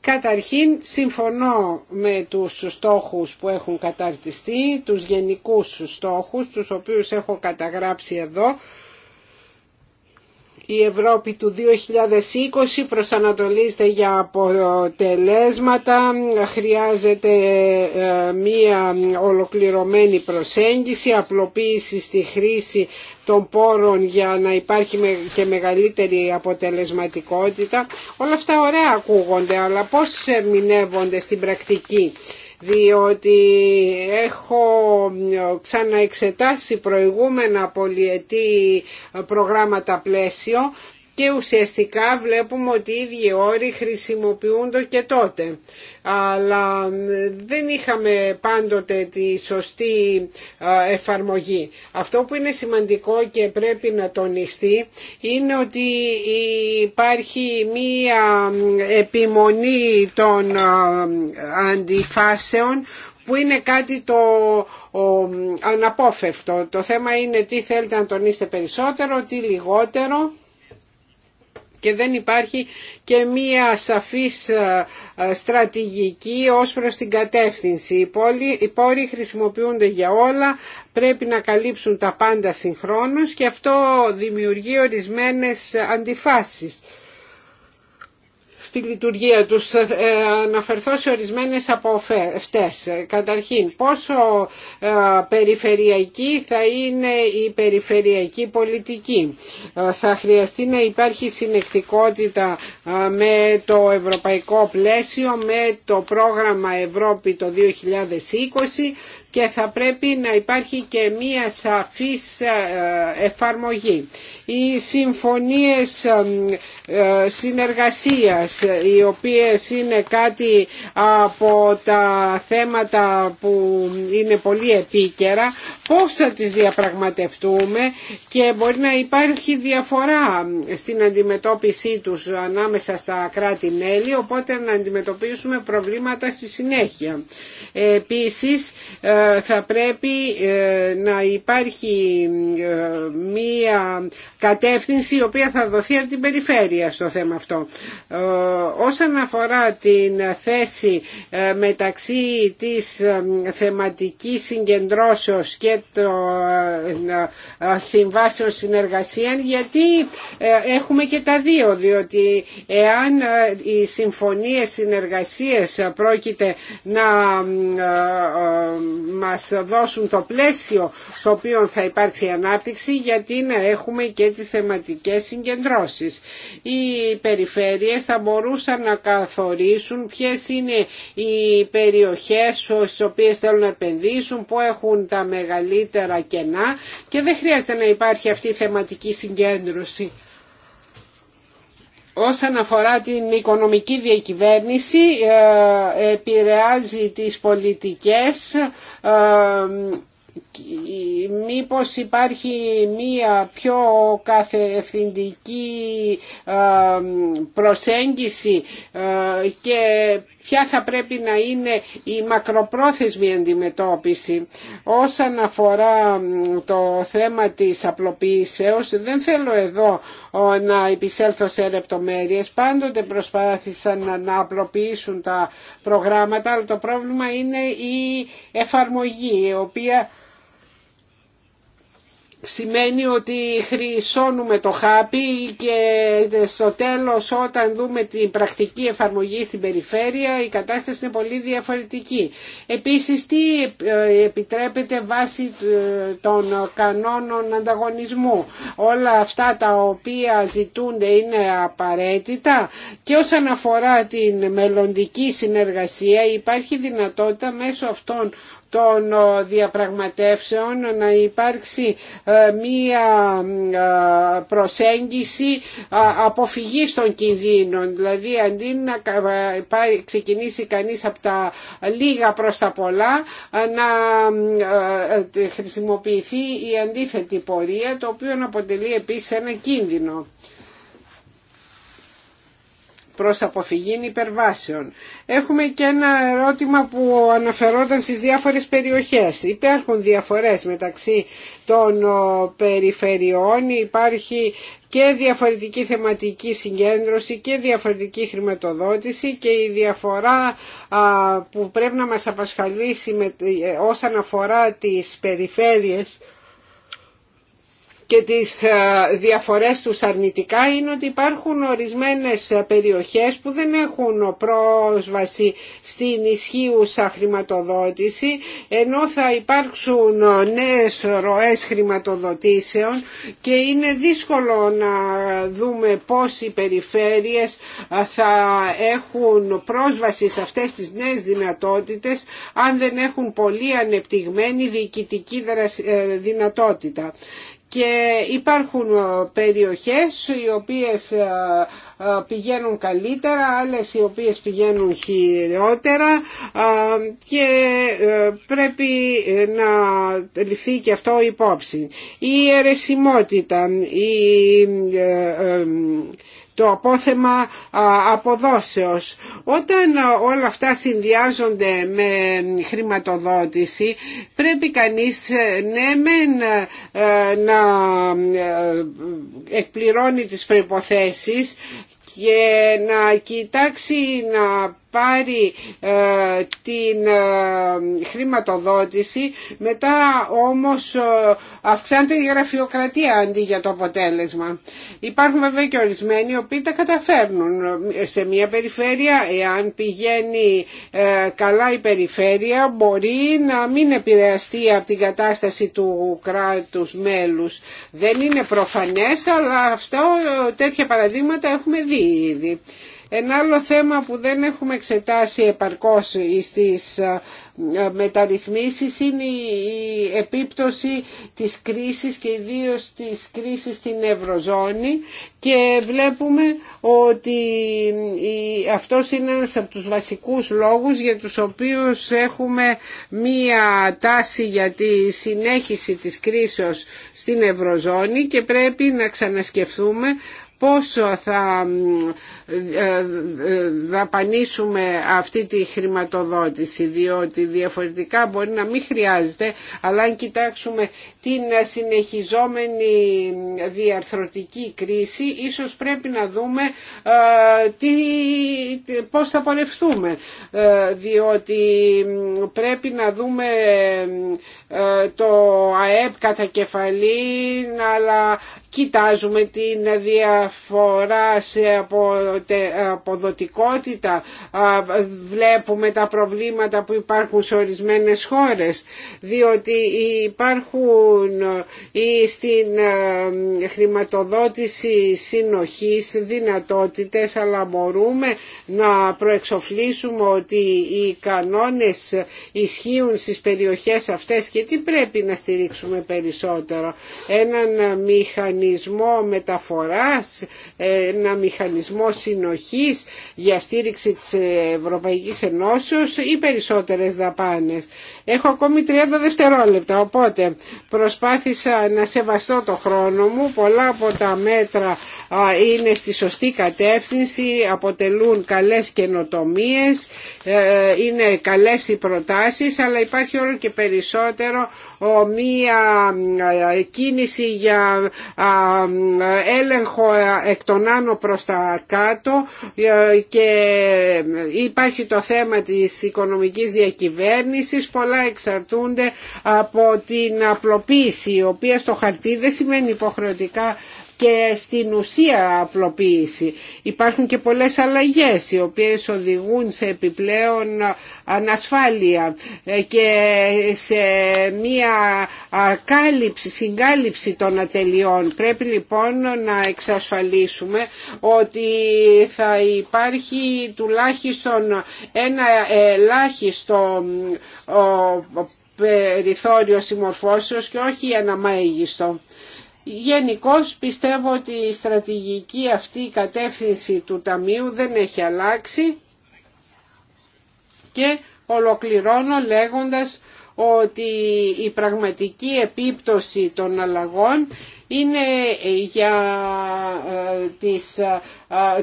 Καταρχήν συμφωνώ με τους στόχους που έχουν καταρτιστεί, τους γενικούς στόχους, τους οποίους έχω καταγράψει εδώ, η Ευρώπη του 2020 προσανατολίζεται για αποτελέσματα, χρειάζεται ε, μία ολοκληρωμένη προσέγγιση, απλοποίηση στη χρήση των πόρων για να υπάρχει και μεγαλύτερη αποτελεσματικότητα. Όλα αυτά ωραία ακούγονται, αλλά πώς ερμηνεύονται στην πρακτική διότι έχω ξαναεξετάσει προηγούμενα πολυετή προγράμματα πλαίσιο και ουσιαστικά βλέπουμε ότι οι ίδιοι όροι χρησιμοποιούνται και τότε. Αλλά δεν είχαμε πάντοτε τη σωστή εφαρμογή. Αυτό που είναι σημαντικό και πρέπει να τονιστεί είναι ότι υπάρχει μία επιμονή των αντιφάσεων που είναι κάτι το αναπόφευκτο. Το θέμα είναι τι θέλετε να τονίσετε περισσότερο, τι λιγότερο και δεν υπάρχει και μία σαφής ε, ε, στρατηγική ως προς την κατεύθυνση. Οι πόροι χρησιμοποιούνται για όλα, πρέπει να καλύψουν τα πάντα συγχρόνως και αυτό δημιουργεί ορισμένες αντιφάσεις στη λειτουργία τους. Θα ε, αναφερθώ σε ορισμένες από Καταρχήν, πόσο ε, περιφερειακή θα είναι η περιφερειακή πολιτική. Ε, θα χρειαστεί να υπάρχει συνεκτικότητα με το ευρωπαϊκό πλαίσιο, με το πρόγραμμα Ευρώπη το 2020 και θα πρέπει να υπάρχει και μία σαφής ε, εφαρμογή. Οι συμφωνίες ε, ε, συνεργασίας οι οποίες είναι κάτι από τα θέματα που είναι πολύ επίκαιρα πώς θα τις διαπραγματευτούμε και μπορεί να υπάρχει διαφορά στην αντιμετώπιση τους ανάμεσα στα κράτη-μέλη οπότε να αντιμετωπίσουμε προβλήματα στη συνέχεια. Επίσης θα πρέπει ε, να υπάρχει ε, μία κατεύθυνση η οποία θα δοθεί από την περιφέρεια στο θέμα αυτό. Ε, όσον αφορά την θέση μεταξύ της θεματικής συγκεντρώσεως και των συμβάσεων συνεργασία γιατί έχουμε και τα δύο διότι εάν οι συμφωνίες συνεργασίες πρόκειται να μας δώσουν το πλαίσιο στο οποίο θα υπάρξει η ανάπτυξη γιατί να έχουμε και τις θεματικές συγκεντρώσεις. Οι περιφέρειες θα μπορούσαν να καθορίσουν ποιες είναι οι περιοχές στις οποίες θέλουν να επενδύσουν, που έχουν τα μεγαλύτερα κενά και δεν χρειάζεται να υπάρχει αυτή η θεματική συγκέντρωση. Όσον αφορά την οικονομική διακυβέρνηση, ε, επηρεάζει τις πολιτικές ε, μήπως υπάρχει μία πιο καθευθυντική ε, προσέγγιση ε, και ποια θα πρέπει να είναι η μακροπρόθεσμη αντιμετώπιση. Όσον αφορά το θέμα της απλοποίησεως, δεν θέλω εδώ να επισέλθω σε λεπτομέρειες. Πάντοτε προσπάθησαν να απλοποιήσουν τα προγράμματα, αλλά το πρόβλημα είναι η εφαρμογή, η οποία σημαίνει ότι χρυσώνουμε το χάπι και στο τέλος όταν δούμε την πρακτική εφαρμογή στην περιφέρεια η κατάσταση είναι πολύ διαφορετική. Επίσης τι επιτρέπεται βάσει των κανόνων ανταγωνισμού. Όλα αυτά τα οποία ζητούνται είναι απαραίτητα και όσον αφορά την μελλοντική συνεργασία υπάρχει δυνατότητα μέσω αυτών των ε, διαπραγματεύσεων να υπάρξει ε, μία ε, προσέγγιση αποφυγής των κινδύνων. Δηλαδή αντί να ξεκινήσει κανείς από τα λίγα προς τα πολλά να χρησιμοποιηθεί η αντίθετη πορεία το οποίο αποτελεί επίσης ένα κίνδυνο προς αποφυγή υπερβάσεων. Έχουμε και ένα ερώτημα που αναφερόταν στις διάφορες περιοχές. Υπάρχουν διαφορές μεταξύ των περιφερειών, υπάρχει και διαφορετική θεματική συγκέντρωση και διαφορετική χρηματοδότηση και η διαφορά που πρέπει να μας απασχαλήσει ε, όσον αφορά τις περιφέρειες και τις ε, διαφορές τους αρνητικά είναι ότι υπάρχουν ορισμένες ε, περιοχές που δεν έχουν πρόσβαση στην ισχύουσα χρηματοδότηση ενώ θα υπάρξουν ε, νέες ροές χρηματοδοτήσεων και είναι δύσκολο να δούμε πώς οι περιφέρειες θα έχουν πρόσβαση σε αυτές τις νέες δυνατότητες αν δεν έχουν πολύ ανεπτυγμένη διοικητική δυνατότητα και υπάρχουν ε, περιοχές οι οποίες ε, ε, πηγαίνουν καλύτερα, άλλες οι οποίες πηγαίνουν χειρότερα και πρέπει να ληφθεί και αυτό υπόψη. Η αιρεσιμότητα, η το απόθεμα αποδόσεως. Όταν όλα αυτά συνδυάζονται με χρηματοδότηση πρέπει κανείς ε, ναι ε, να ε, εκπληρώνει τις προϋποθέσεις και να κοιτάξει να πάρει ε, την ε, χρηματοδότηση μετά όμως ε, αυξάνεται η γραφειοκρατία αντί για το αποτέλεσμα. Υπάρχουν βέβαια και ορισμένοι οι οποίοι τα καταφέρνουν σε μια περιφέρεια εάν πηγαίνει καλά η περιφέρεια μπορεί να μην επηρεαστεί από την κατάσταση του κράτους μέλους. Δεν είναι προφανές αλλά αυτό, τέτοια παραδείγματα έχουμε δει ήδη. Ένα άλλο θέμα που δεν έχουμε εξετάσει επαρκώς στις ε, ε, μεταρρυθμίσεις είναι η επίπτωση της κρίσης και ιδίως της κρίσης στην Ευρωζώνη και βλέπουμε ότι ε, αυτός είναι ένας από τους βασικούς λόγους για τους οποίους έχουμε μία τάση για τη συνέχιση της κρίσεως στην Ευρωζώνη και πρέπει να ξανασκεφτούμε πόσο θα ε, ε, δαπανίσουμε αυτή τη χρηματοδότηση διότι διαφορετικά μπορεί να μην χρειάζεται αλλά αν κοιτάξουμε την συνεχιζόμενη διαρθρωτική κρίση ίσως πρέπει να δούμε ε, τι, πώς θα πορευτούμε διότι πρέπει να δούμε το ΑΕΠ κατά κεφαλή αλλά κοιτάζουμε την διαφορά σε αποδοτικότητα, βλέπουμε τα προβλήματα που υπάρχουν σε ορισμένες χώρες, διότι υπάρχουν ή ε, στην ε, χρηματοδότηση συνοχής δυνατότητες, αλλά μπορούμε να προεξοφλήσουμε ότι οι κανόνες ισχύουν στις περιοχές αυτές και τι πρέπει να στηρίξουμε περισσότερο. Έναν μηχανισμό μηχανισμό μεταφοράς, ένα μηχανισμό συνοχής για στήριξη της Ευρωπαϊκής Ενώσεως ή περισσότερες δαπάνες. Έχω ακόμη 30 δευτερόλεπτα, οπότε προσπάθησα να σεβαστώ το χρόνο μου. Πολλά από τα μέτρα είναι στη σωστή κατεύθυνση, αποτελούν καλές καινοτομίες, ε, είναι καλές οι προτάσεις, αλλά υπάρχει όλο και περισσότερο μία ε, κίνηση για ε, έλεγχο ε, εκ των άνω προς τα κάτω ε, και υπάρχει το θέμα της οικονομικής διακυβέρνησης. Πολλά εξαρτούνται από την απλοποίηση η οποία στο χαρτί δεν σημαίνει υποχρεωτικά και στην ουσία απλοποίηση. Υπάρχουν και πολλές αλλαγές οι οποίες οδηγούν σε επιπλέον ανασφάλεια ε, και σε μία κάλυψη, συγκάλυψη των ατελειών. Πρέπει λοιπόν να εξασφαλίσουμε ότι θα υπάρχει τουλάχιστον ένα ελάχιστο περιθώριο συμμορφώσεως και όχι ένα μέγιστο. Γενικώ πιστεύω ότι η στρατηγική αυτή η κατεύθυνση του Ταμείου δεν έχει αλλάξει και ολοκληρώνω λέγοντας ότι η πραγματική επίπτωση των αλλαγών είναι για ε, τις, ε,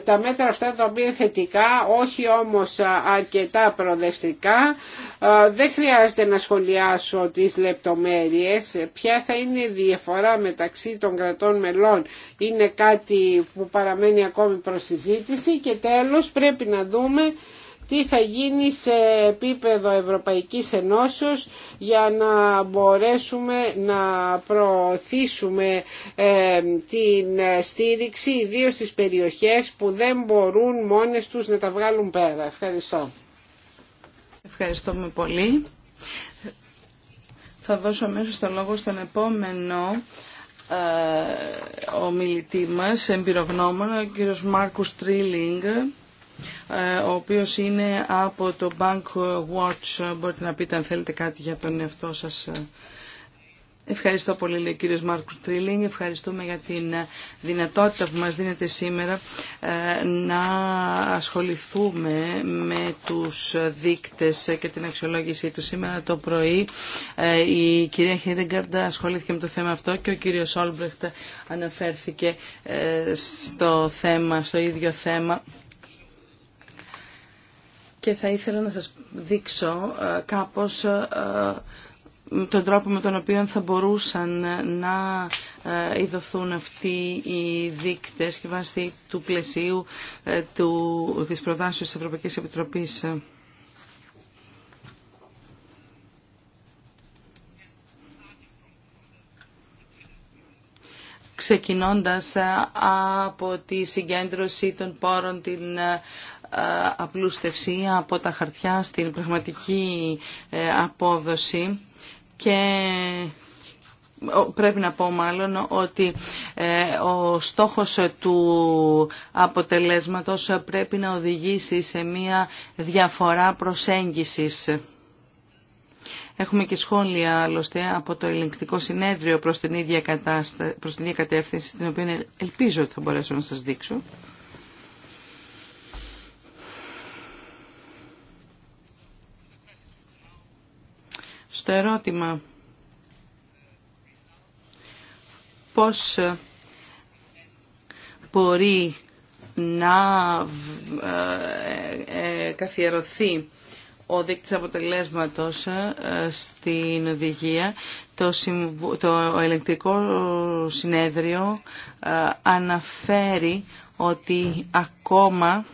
τα μέτρα αυτά τα οποία θετικά, όχι όμως αρκετά προοδευτικά. Ε, δεν χρειάζεται να σχολιάσω τις λεπτομέρειες. Ποια θα είναι η διαφορά μεταξύ των κρατών μελών είναι κάτι που παραμένει ακόμη προς συζήτηση και τέλος πρέπει να δούμε τι θα γίνει σε επίπεδο Ευρωπαϊκής Ενώσεως για να μπορέσουμε να προωθήσουμε ε, την στήριξη ιδίως στις περιοχές που δεν μπορούν μόνες τους να τα βγάλουν πέρα. Ευχαριστώ. Ευχαριστούμε πολύ. Θα δώσω αμέσως το λόγο στον επόμενο ε, ομιλητή μας, εμπειρογνώμονα, ο κύριος Μάρκους Τρίλινγκ ε, ο οποίος είναι από το Bank Watch. Μπορείτε να πείτε αν θέλετε κάτι για τον εαυτό σας. Ευχαριστώ πολύ, λέει ο κύριος Μάρκος Τρίλινγκ. Ευχαριστούμε για την δυνατότητα που μας δίνεται σήμερα ε, να ασχοληθούμε με τους δείκτες και την αξιολόγησή του. Σήμερα το πρωί ε, η κυρία Χέντεγκαρντ ασχολήθηκε με το θέμα αυτό και ο κύριος Όλμπρεχτ αναφέρθηκε στο θέμα, στο ίδιο θέμα και θα ήθελα να σας δείξω ε, κάπως ε, ε, τον τρόπο με τον οποίο θα μπορούσαν να ειδωθούν αυτοί οι δείκτες και βάσει του πλαισίου του, της προτάσεως της Ευρωπαϊκής Επιτροπής. ξεκινώντας από τη συγκέντρωση των πόρων, την ε, απλούστευση από τα χαρτιά στην πραγματική ε, απόδοση και πρέπει να πω μάλλον ότι ε, ο στόχος του αποτελέσματος πρέπει να οδηγήσει σε μία διαφορά προσέγγισης. Έχουμε και σχόλια άλλωστε από το ελεγκτικό συνέδριο προς την ίδια, κατάστα... προς την ίδια κατεύθυνση την οποία ελπίζω ότι θα μπορέσω να σας δείξω. στο ερώτημα πώς μπορεί να ε, ε, καθιερωθεί ο δείκτης αποτελέσματος ε, στην οδηγία το, το συνέδριο αναφέρει ότι ακόμα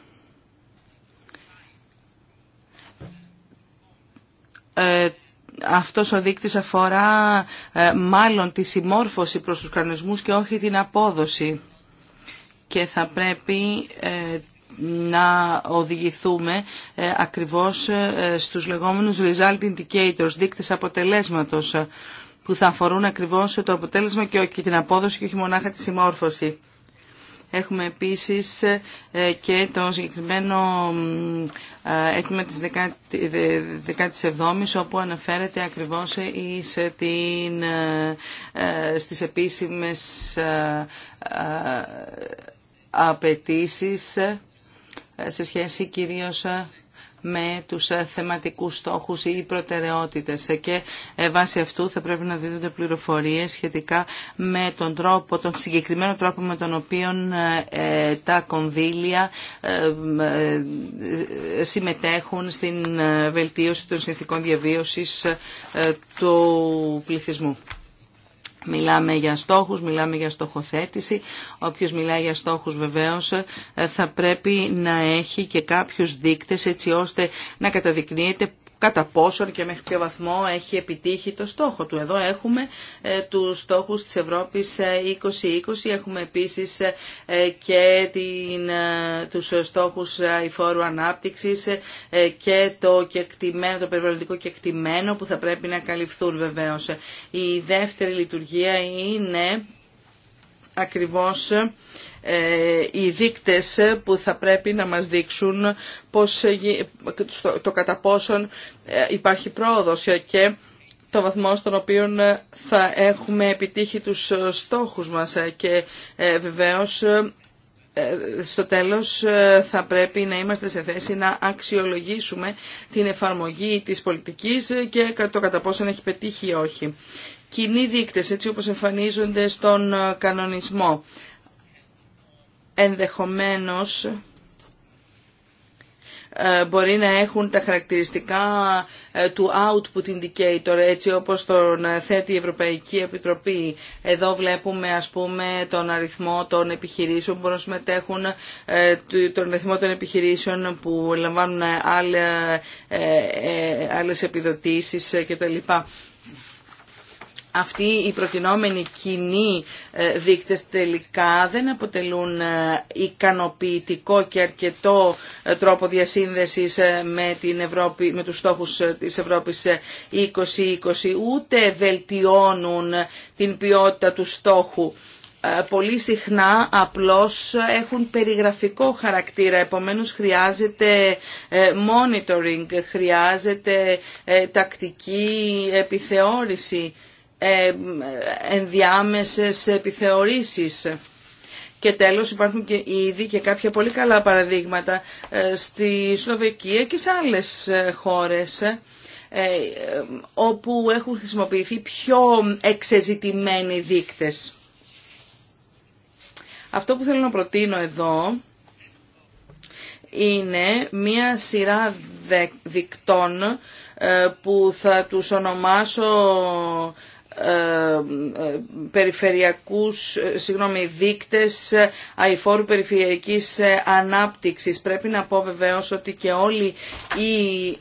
αυτός ο δείκτης αφορά ε, μάλλον τη συμμόρφωση προς τους κανονισμούς και όχι την απόδοση. Και θα πρέπει ε, να οδηγηθούμε ε, ακριβώς στους λεγόμενους result indicators, δείκτες αποτελέσματος, που θα αφορούν ακριβώς το αποτέλεσμα και την απόδοση και όχι μονάχα τη συμμόρφωση. Έχουμε επίσης ε, και το συγκεκριμένο έτοιμα ε, της 17ης όπου αναφέρεται ακριβώς εις ε, την, στις επίσημες απαιτήσεις σε σχέση κυρίως με τους θεματικούς στόχους ή προτεραιότητες και ε, βάσει αυτού θα πρέπει να δίδονται πληροφορίες σχετικά με τον τρόπο, τον συγκεκριμένο τρόπο με τον οποίο ε, ε, τα κονδύλια συμμετέχουν στην βελτίωση των συνθήκων διαβίωσης του πληθυσμού. Μιλάμε για στόχους, μιλάμε για στοχοθέτηση. Όποιος μιλάει για στόχους βεβαίως ε, θα πρέπει να έχει και κάποιους δείκτες έτσι ώστε να καταδεικνύεται κατά πόσον και μέχρι ποιο βαθμό έχει επιτύχει το στόχο του. Εδώ έχουμε ε, τους στόχους της Ευρώπης 2020, ε, έχουμε επίσης ε, και την, τους στόχους υφόρου ανάπτυξης και το, κεκτημένο, το περιβαλλοντικό κεκτημένο που θα πρέπει να καλυφθούν βεβαίως. Η δεύτερη λειτουργία είναι ακριβώς ε, οι δείκτες που θα πρέπει να μας δείξουν πώς, ε, το κατά πόσον ε, υπάρχει πρόοδος και το βαθμό στον οποίο θα έχουμε επιτύχει τους στόχους μας και βεβαίως στο τέλος θα πρέπει να είμαστε σε θέση να αξιολογήσουμε την εφαρμογή της πολιτικής και το κατά πόσον έχει πετύχει ή όχι. Κοινοί δείκτες έτσι όπως εμφανίζονται στον κανονισμό ενδεχομένως ε, μπορεί να έχουν τα χαρακτηριστικά ε, του output indicator έτσι όπως τον ε, θέτει η Ευρωπαϊκή Επιτροπή. Εδώ βλέπουμε ας πούμε τον αριθμό των επιχειρήσεων που μπορούν να συμμετέχουν, τον αριθμό των επιχειρήσεων που λαμβάνουν άλλες επιδοτήσεις κτλ αυτοί οι προτινόμενοι κοινοί ε, δείκτες τελικά δεν αποτελούν ε, ικανοποιητικό και αρκετό ε, τρόπο διασύνδεσης με, την Ευρώπη, με τους στόχους της Ευρώπης 2020, ούτε βελτιώνουν την ποιότητα του στόχου πολύ συχνά απλώς έχουν περιγραφικό χαρακτήρα, επομένως χρειάζεται monitoring, χρειάζεται τακτική επιθεώρηση ενδιάμεσες επιθεωρήσεις. Και τέλος υπάρχουν και ήδη και κάποια πολύ καλά παραδείγματα ε, στη Σλοβεκία και σε άλλες ε, χώρες ε, όπου έχουν χρησιμοποιηθεί πιο εξεζητημένοι δείκτες. Αυτό που θέλω να προτείνω εδώ είναι μία σειρά δικτών που θα τους ονομάσω ε, ε, περιφερειακούς, ε, συγγνώμη, δείκτες αηφόρου περιφερειακής ανάπτυξης. Πρέπει να πω βεβαίως ότι και όλοι οι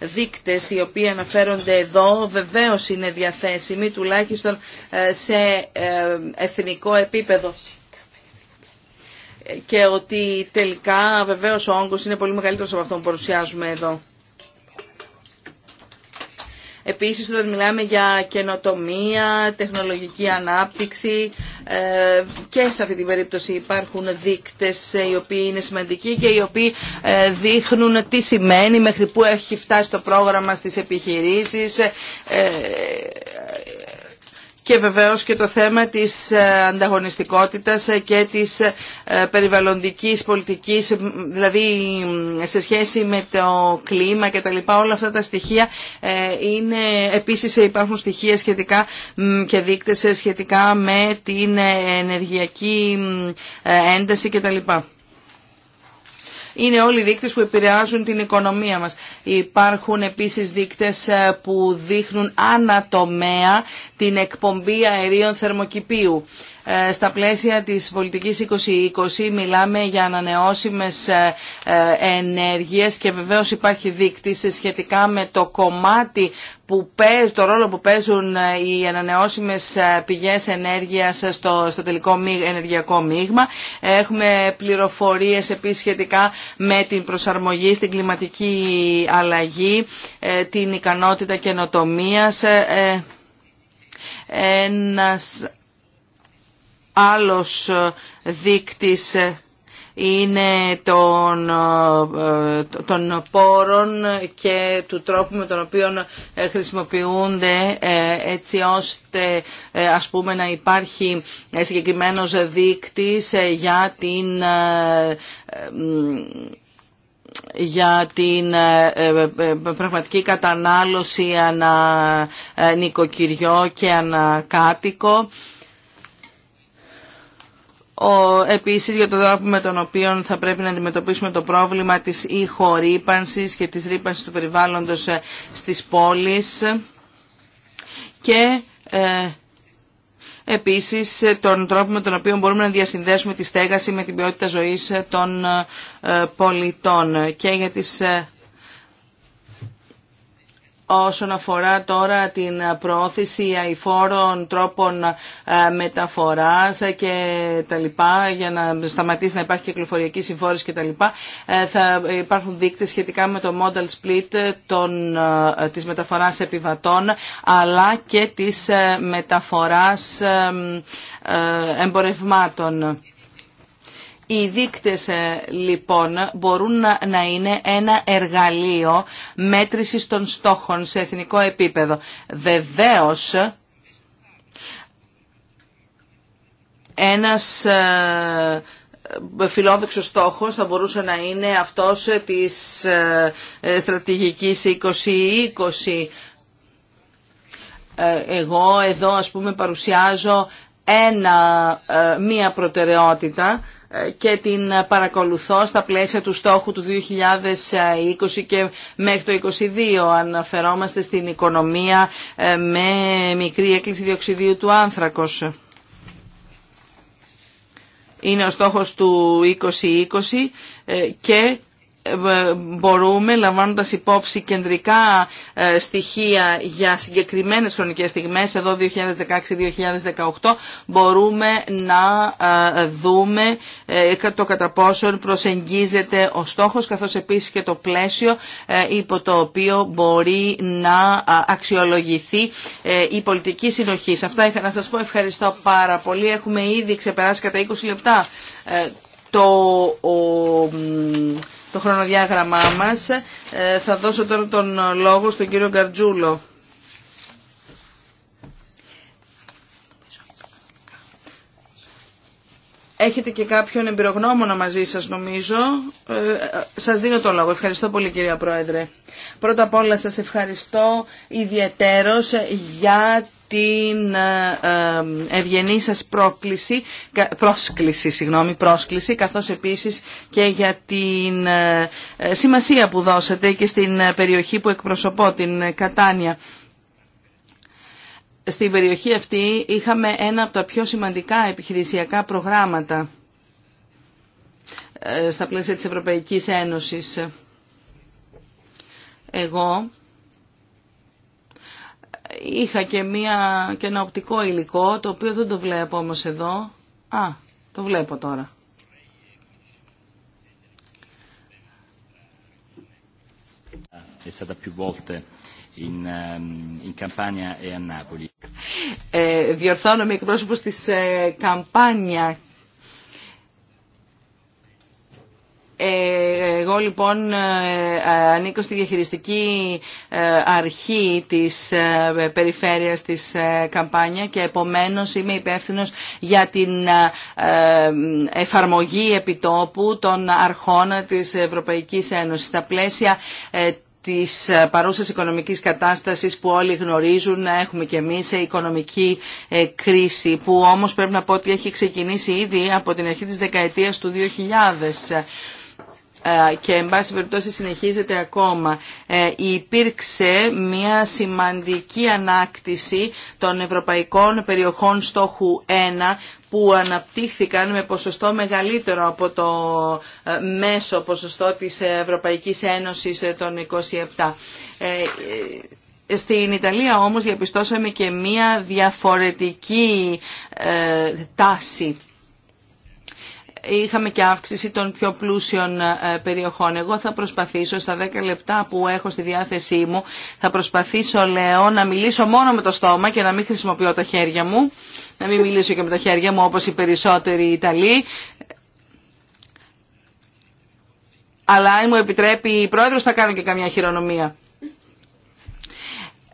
δείκτες οι οποίοι αναφέρονται εδώ βεβαίως είναι διαθέσιμοι τουλάχιστον σε εθνικό επίπεδο και ότι τελικά βεβαίως ο όγκος είναι πολύ μεγαλύτερος από αυτό που παρουσιάζουμε εδώ. Επίσης όταν μιλάμε για καινοτομία, τεχνολογική ανάπτυξη ε, και σε αυτή την περίπτωση υπάρχουν δείκτες ε, οι οποίοι είναι σημαντικοί και οι οποίοι ε, δείχνουν τι σημαίνει μέχρι που έχει φτάσει το πρόγραμμα στις επιχειρήσεις και βεβαίως και το θέμα της ε, ανταγωνιστικότητας και της ε, περιβαλλοντικής πολιτικής, δηλαδή σε σχέση με το κλίμα και τα λοιπά, όλα αυτά τα στοιχεία ε, είναι, επίσης υπάρχουν στοιχεία σχετικά και δείκτες σχετικά με την ενεργειακή ένταση και τα λοιπά είναι όλοι δείκτες που επηρεάζουν την οικονομία μας. Υπάρχουν επίσης δείκτες ε, που δείχνουν ανατομέα την εκπομπή αερίων θερμοκηπίου. Ε, στα πλαίσια της πολιτικής 2020 μιλάμε για ανανεώσιμες ε, ε, ενέργειες και βεβαίως υπάρχει δίκτυση σχετικά με το κομμάτι που το ρόλο που παίζουν οι ανανεώσιμες πηγές ενέργειας στο, στο τελικό ενεργειακό μείγμα. Έχουμε πληροφορίες επίσης σχετικά με την προσαρμογή στην κλιματική αλλαγή, την ικανότητα καινοτομίας. Ένας Άλλος ε, δείκτης ε, είναι των, ε, των πόρων και του τρόπου με τον οποίο χρησιμοποιούνται έτσι ώστε ας πούμε να υπάρχει συγκεκριμένος δείκτης για την για την πραγματική κατανάλωση ανα νοικοκυριό και ανακάτοικο. κάτοικο. Ο, επίσης για τον τρόπο με τον οποίο θα πρέπει να αντιμετωπίσουμε το πρόβλημα της ηχορύπανσης και της ρύπανσης του περιβάλλοντος ε, στις πόλεις και ε, επίσης ε, τον τρόπο με τον οποίο μπορούμε να διασυνδέσουμε τη στέγαση με την ποιότητα ζωής ε, των πολιτών και για τις όσον αφορά τώρα την προώθηση αηφόρων τρόπων ε, μεταφοράς και τα για να σταματήσει να υπάρχει κυκλοφοριακή συμφόρηση και τα λοιπά ε, θα υπάρχουν δείκτες σχετικά με το model split των, ε, της μεταφοράς επιβατών αλλά και της μεταφοράς εμπορευμάτων. Οι δείκτες ε, λοιπόν μπορούν να είναι ένα εργαλείο μέτρησης των στόχων σε εθνικό επίπεδο. Βεβαίως, ένας ε, φιλόδοξος στόχος θα μπορούσε να είναι αυτός της ε, στρατηγικής 2020. Εγώ εδώ ας πούμε παρουσιάζω μία προτεραιότητα και την παρακολουθώ στα πλαίσια του στόχου του 2020 και μέχρι το 2022. Αναφερόμαστε στην οικονομία ε, με μικρή έκκληση διοξιδίου του άνθρακος. Είναι ο στόχος του 2020 ε, και μπορούμε λαμβάνοντας υπόψη κεντρικά ε, στοιχεία για συγκεκριμένες χρονικές στιγμές εδώ 2016-2018 μπορούμε να ε, δούμε ε, το κατά πόσον προσεγγίζεται ο στόχος καθώς επίσης και το πλαίσιο υπό το οποίο μπορεί να αξιολογηθεί η πολιτική συνοχή. Αυτά είχα να σας πω ευχαριστώ πάρα πολύ. Έχουμε ήδη ξεπεράσει κατά 20 λεπτά το το χρονοδιάγραμμά μας. Ε, θα δώσω τώρα τον λόγο στον κύριο Γκαρτζούλο. Έχετε και κάποιον εμπειρογνώμονα μαζί σας νομίζω. Ε, σας δίνω το λόγο. Ευχαριστώ πολύ κυρία Πρόεδρε. Πρώτα απ' όλα σας ευχαριστώ ιδιαιτέρως για την ε, ε, ευγενή σας πρόκληση, πρόσκληση, συγγνώμη, πρόσκληση, καθώς επίσης και για την ε, σημασία που δώσατε και στην περιοχή που εκπροσωπώ, την Κατάνια στην περιοχή αυτή είχαμε ένα από τα πιο σημαντικά επιχειρησιακά προγράμματα ε, στα πλαίσια της Ευρωπαϊκής Ένωσης. Εγώ είχα και, μία, και ένα οπτικό υλικό, το οποίο δεν το βλέπω όμως εδώ. Α, το βλέπω τώρα. È stata più Ehm, in Campania e a Napoli. Ε, διορθώνομαι εκπρόσωπος της ε, Καμπάνια. Ε, εγώ λοιπόν ε, ανήκω στη διαχειριστική ε, αρχή της περιφέρειας της Καμπάνια και επομένως είμαι υπεύθυνος για την εφαρμογή επιτόπου των αρχών της Ευρωπαϊκής Ένωσης. Στα πλαίσια της ε, παρούσας οικονομικής κατάστασης που όλοι γνωρίζουν να έχουμε και εμείς σε οικονομική ε, κρίση που όμως πρέπει να πω ότι έχει ξεκινήσει ήδη από την αρχή της δεκαετίας του 2000 ε, και εν πάση περιπτώσει συνεχίζεται ακόμα. Υπήρξε μια σημαντική ανάκτηση των ευρωπαϊκών περιοχών στόχου 1 που αναπτύχθηκαν με ποσοστό μεγαλύτερο από το ε, μέσο ποσοστό της Ευρωπαϊκής Ένωσης ε, των 27. Ε, στην Ιταλία όμως διαπιστώσαμε και μία διαφορετική τάση είχαμε και αύξηση των πιο πλούσιων ε, περιοχών. Εγώ θα προσπαθήσω στα 10 λεπτά που έχω στη διάθεσή μου, θα προσπαθήσω, λέω, να μιλήσω μόνο με το στόμα και να μην χρησιμοποιώ τα χέρια μου, να μην μιλήσω και με τα χέρια μου όπως οι περισσότεροι Ιταλοί. Αλλά αν μου επιτρέπει η πρόεδρος θα κάνω και καμιά χειρονομία.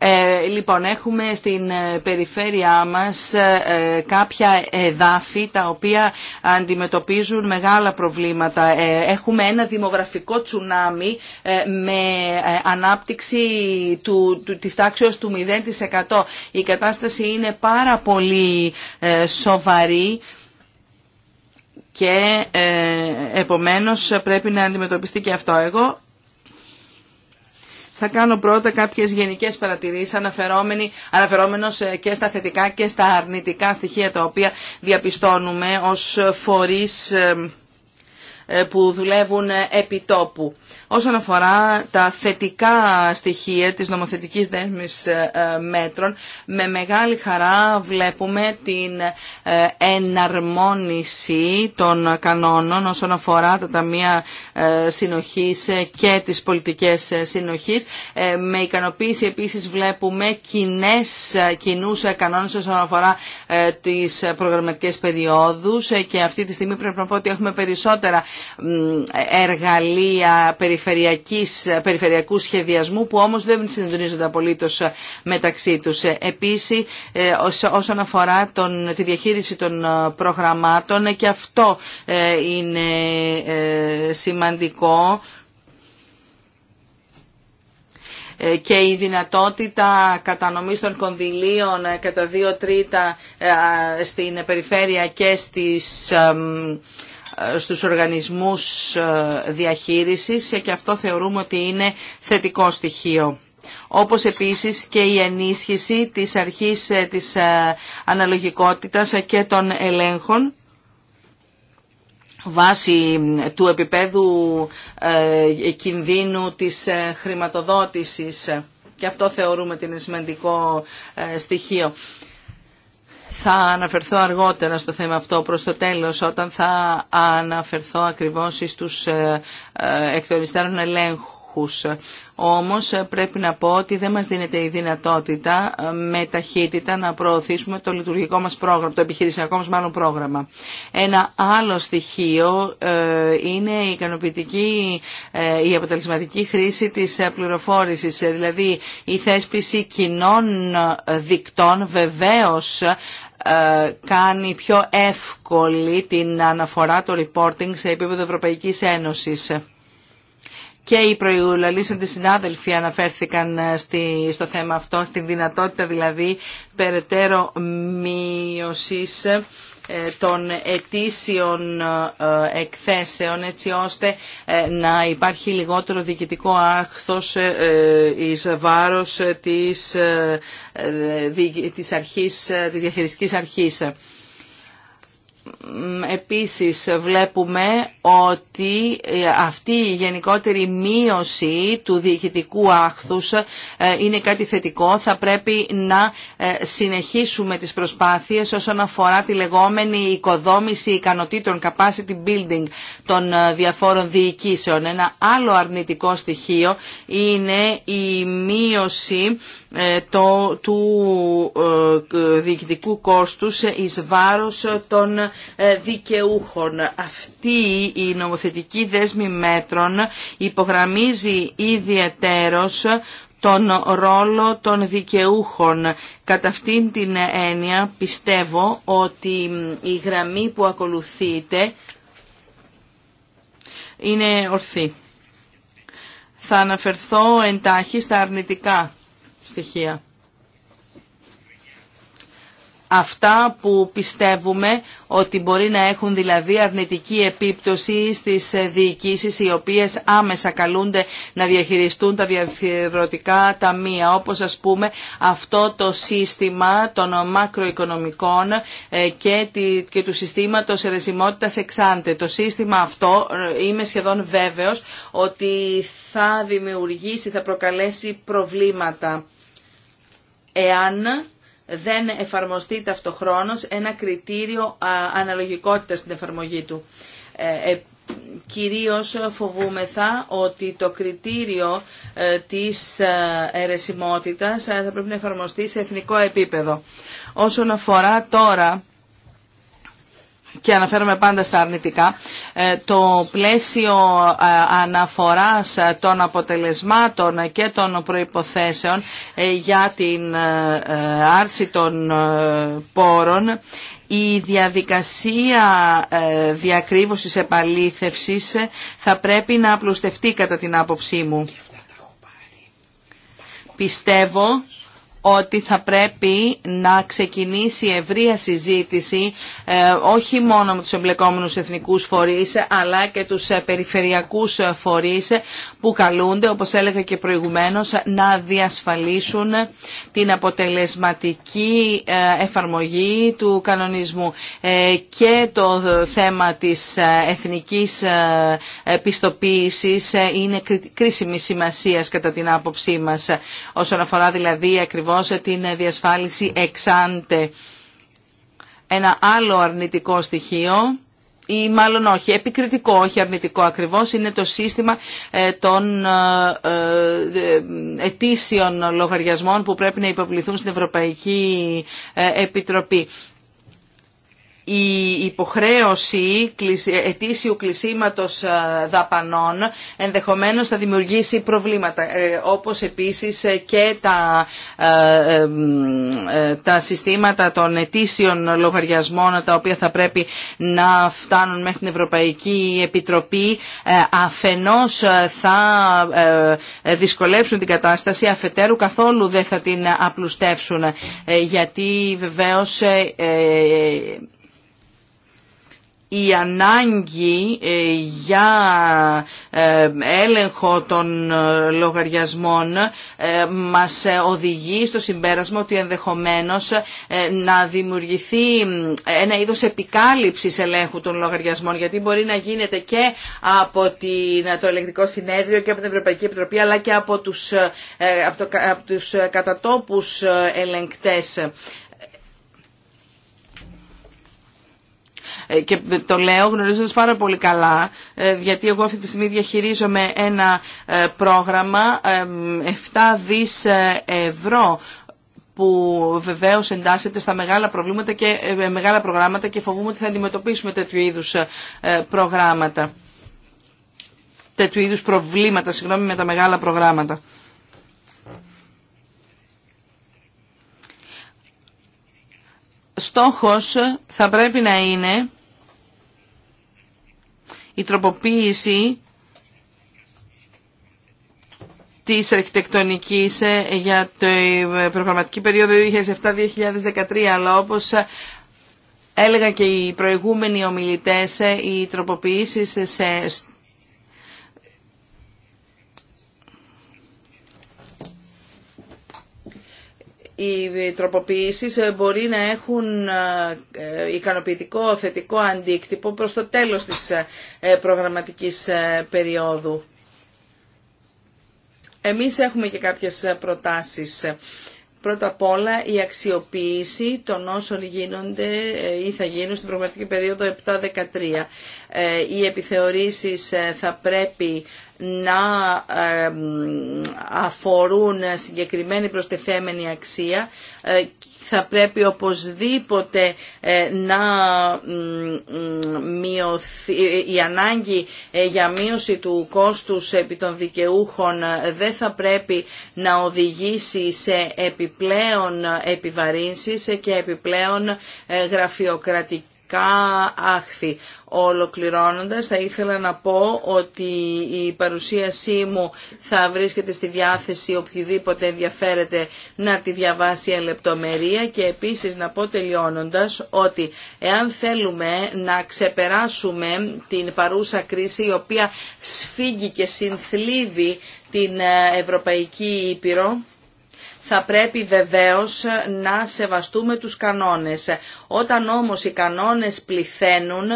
Ε, λοιπόν, έχουμε στην ε, περιφέρειά μας ε, ε, κάποια εδάφη τα οποία αντιμετωπίζουν μεγάλα προβλήματα. έχουμε ένα δημογραφικό τσουνάμι με ανάπτυξη του, του, της τάξης του 0%. Η κατάσταση είναι πάρα πολύ σοβαρή και επομένως πρέπει να αντιμετωπιστεί και αυτό. Εγώ θα κάνω πρώτα κάποιες γενικές παρατηρήσεις αναφερόμενος ε, και στα θετικά και στα αρνητικά στοιχεία τα οποία διαπιστώνουμε ως φορείς ε, ε, που δουλεύουν επί τόπου όσον αφορά τα θετικά στοιχεία της νομοθετικής δέσμης ε, ε, μέτρων, με μεγάλη χαρά βλέπουμε την ε, εναρμόνιση των κανόνων όσον αφορά τα ταμεία συνοχής και τις πολιτικές συνοχής. Με ικανοποίηση επίσης βλέπουμε κοινές, κοινούς κανόνες όσον αφορά τις προγραμματικές περιόδους και αυτή τη στιγμή πρέπει να πω ότι έχουμε περισσότερα εργαλεία περιφερειακού σχεδιασμού που όμως δεν συντονίζονται απολύτως μεταξύ τους. Ε, Επίσης, ε, όσον αφορά τον, τη διαχείριση των ε, προγραμμάτων και αυτό είναι σημαντικό και η δυνατότητα κατανομής των κονδυλίων κατά δύο τρίτα στην περιφέρεια και στις στους οργανισμούς ε, διαχείρισης και αυτό θεωρούμε ότι είναι θετικό στοιχείο όπως επίσης και η ενίσχυση της αρχής ε, της ε, αναλογικότητας και των ελέγχων βάσει του επίπεδου κινδύνου της χρηματοδότησης. Και αυτό θεωρούμε ότι είναι σημαντικό στοιχείο. Θα αναφερθώ αργότερα στο θέμα αυτό προς το τέλος όταν θα αναφερθώ ακριβώς στους ε, ε, εκ των ελέγχους όμως ε, πρέπει να πω ότι δεν μας δίνεται η δυνατότητα ε, με ταχύτητα να προωθήσουμε το λειτουργικό μας πρόγραμμα, το επιχειρησιακό μας μάλλον πρόγραμμα. Ένα άλλο στοιχείο ε, είναι η ικανοποιητική, η αποτελεσματική χρήση της πληροφόρησης, δηλαδή η θέσπιση κοινών δικτών βεβαίως κάνει πιο εύκολη την αναφορά το reporting σε επίπεδο Ευρωπαϊκής Ένωσης και οι προηγουλαλήσαντες συνάδελφοι αναφέρθηκαν ε, στη, στο θέμα αυτό, στη δυνατότητα δηλαδή περαιτέρω μείωσης ε, των ετήσιων ε, εκθέσεων έτσι ώστε να υπάρχει λιγότερο διοικητικό άχθος εις βάρος της, της, αρχής, της διαχειριστικής αρχής. Επίσης βλέπουμε ότι ε, αυτή η γενικότερη μείωση του διοικητικού άχθους ε, είναι κάτι θετικό. Θα πρέπει να ε, συνεχίσουμε τις προσπάθειες όσον αφορά τη λεγόμενη οικοδόμηση ικανοτήτων, capacity building των διαφόρων διοικήσεων. Ένα άλλο αρνητικό στοιχείο είναι η μείωση ε, το, του ε, διοικητικού κόστους εις βάρος των ε, δικαιούχων. Αυτή η νομοθετική δέσμη μέτρων υπογραμμίζει ιδιαιτέρως τον ρόλο των δικαιούχων. Κατά αυτήν την έννοια πιστεύω ότι η γραμμή που ακολουθείτε είναι ορθή. Θα αναφερθώ εντάχει στα αρνητικά Αυτά που πιστεύουμε ότι μπορεί να έχουν δηλαδή αρνητική επίπτωση στις διοικήσεις οι οποίες άμεσα καλούνται να διαχειριστούν τα τα ταμεία όπως ας πούμε αυτό το σύστημα των μακροοικονομικών ε, και του συστήματος ερεσιμότητας εξάντε. Το σύστημα αυτό ε, είμαι σχεδόν βέβαιος ότι θα δημιουργήσει, θα προκαλέσει προβλήματα εάν δεν εφαρμοστεί ταυτοχρόνως ένα κριτήριο αναλογικότητας στην εφαρμογή του. Ε, ε, κυρίως φοβούμεθα ότι το κριτήριο ε, της αιρεσιμότητας θα πρέπει να εφαρμοστεί σε εθνικό επίπεδο. Όσον αφορά τώρα και αναφέρομαι πάντα στα αρνητικά, ε, το πλαίσιο ε, αναφοράς ε, των αποτελεσμάτων και των προϋποθέσεων για την άρση των πόρων η διαδικασία διακρύβωσης επαλήθευσης θα πρέπει να απλουστευτεί κατά την άποψή μου. Πιστεύω ότι θα πρέπει να ξεκινήσει ευρεία συζήτηση ε, όχι μόνο με τους εμπλεκόμενους εθνικούς φορείς αλλά και τους ε, περιφερειακούς ε, φορείς που καλούνται, όπως έλεγα και προηγουμένως, να διασφαλίσουν την αποτελεσματική εφαρμογή του κανονισμού. Και το θέμα της εθνικής πιστοποίησης είναι κρίσιμη σημασίας κατά την άποψή μας όσον αφορά δηλαδή ακριβώς σε την διασφάλιση εξάντε. Ένα άλλο αρνητικό στοιχείο ή μάλλον όχι, επικριτικό, όχι αρνητικό ακριβώς, είναι το σύστημα ε, των ε, ε, ετήσιων λογαριασμών που πρέπει να υποβληθούν στην Ευρωπαϊκή Επιτροπή η υποχρέωση ετήσιου κλεισίματος ε, δαπανών ενδεχομένως θα δημιουργήσει προβλήματα, ε, όπως επίσης ε, και τα, τα συστήματα των ετήσιων λογαριασμών τα οποία θα πρέπει να φτάνουν μέχρι την Ευρωπαϊκή Επιτροπή αφενός θα δυσκολέψουν την κατάσταση, αφετέρου καθόλου δεν θα την απλουστεύσουν γιατί βεβαίως η ανάγκη ε, για ε, έλεγχο των ε, λογαριασμών μας οδηγεί στο συμπέρασμα ότι ενδεχομένως να δημιουργηθεί ένα είδος επικάλυψης ελέγχου των λογαριασμών γιατί μπορεί να γίνεται και από το Ελεγκτικό Συνέδριο και από την Ευρωπαϊκή Επιτροπή αλλά και από τους, από από τους κατατόπους ελεγκτές. Ε, και το λέω γνωρίζοντα πάρα πολύ καλά, ε, γιατί εγώ αυτή τη στιγμή διαχειρίζομαι ένα ε, πρόγραμμα 7 δις ευρώ που βεβαίως εντάσσεται στα μεγάλα, προβλήματα και, μεγάλα προγράμματα και φοβούμαι ότι θα αντιμετωπίσουμε τέτοιου είδους προγράμματα. Τέτοιου είδους προβλήματα, συγγνώμη, με τα μεγάλα προγράμματα. Στόχος θα πρέπει να είναι η τροποποίηση της αρχιτεκτονικής ε, για την ε, προγραμματική περίοδο 2007-2013, αλλά όπως ε, έλεγα και οι προηγούμενοι ομιλητές, οι τροποποιήσεις σε, οι τροποποιήσεις ε, μπορεί να έχουν ε, ε, ικανοποιητικό θετικό αντίκτυπο προς το τέλος της προγραμματικής περίοδου. Εμείς έχουμε και κάποιες προτάσεις. Πρώτα απ' όλα η αξιοποίηση των όσων γίνονται ή θα γίνουν στην προγραμματικη περιοδο περίοδο 7-13. Ε, οι επιθεωρήσεις ε, θα πρέπει να ε, αφορούν συγκεκριμένη προστεθέμενη αξία θα πρέπει οπωσδήποτε να μειωθεί η ανάγκη για μείωση του κόστους επί των δικαιούχων δεν θα πρέπει να οδηγήσει σε επιπλέον επιβαρύνσεις και επιπλέον γραφειοκρατικά αχθη. Ολοκληρώνοντας, θα ήθελα να πω ότι η παρουσίασή μου θα βρίσκεται στη διάθεση οποιοδήποτε ενδιαφέρεται να τη διαβάσει εν και επίσης να πω τελειώνοντας ότι εάν θέλουμε να ξεπεράσουμε την παρούσα κρίση η οποία σφίγγει και συνθλίβει την ε, Ευρωπαϊκή Ήπειρο, θα πρέπει βεβαίως να σεβαστούμε τους κανόνες. Όταν όμως οι κανόνες πληθαίνουν,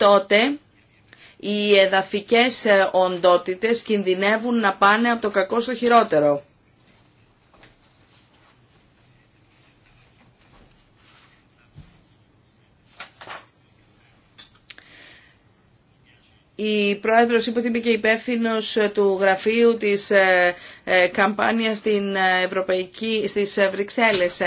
τότε οι εδαφικές ε, οντότητες κινδυνεύουν να πάνε από το κακό στο χειρότερο. Η πρόεδρος είπε ότι είμαι και υπεύθυνο ε, του γραφείου της ε, καμπάνιας στην Ευρωπαϊκή, στις Βρυξέλλες.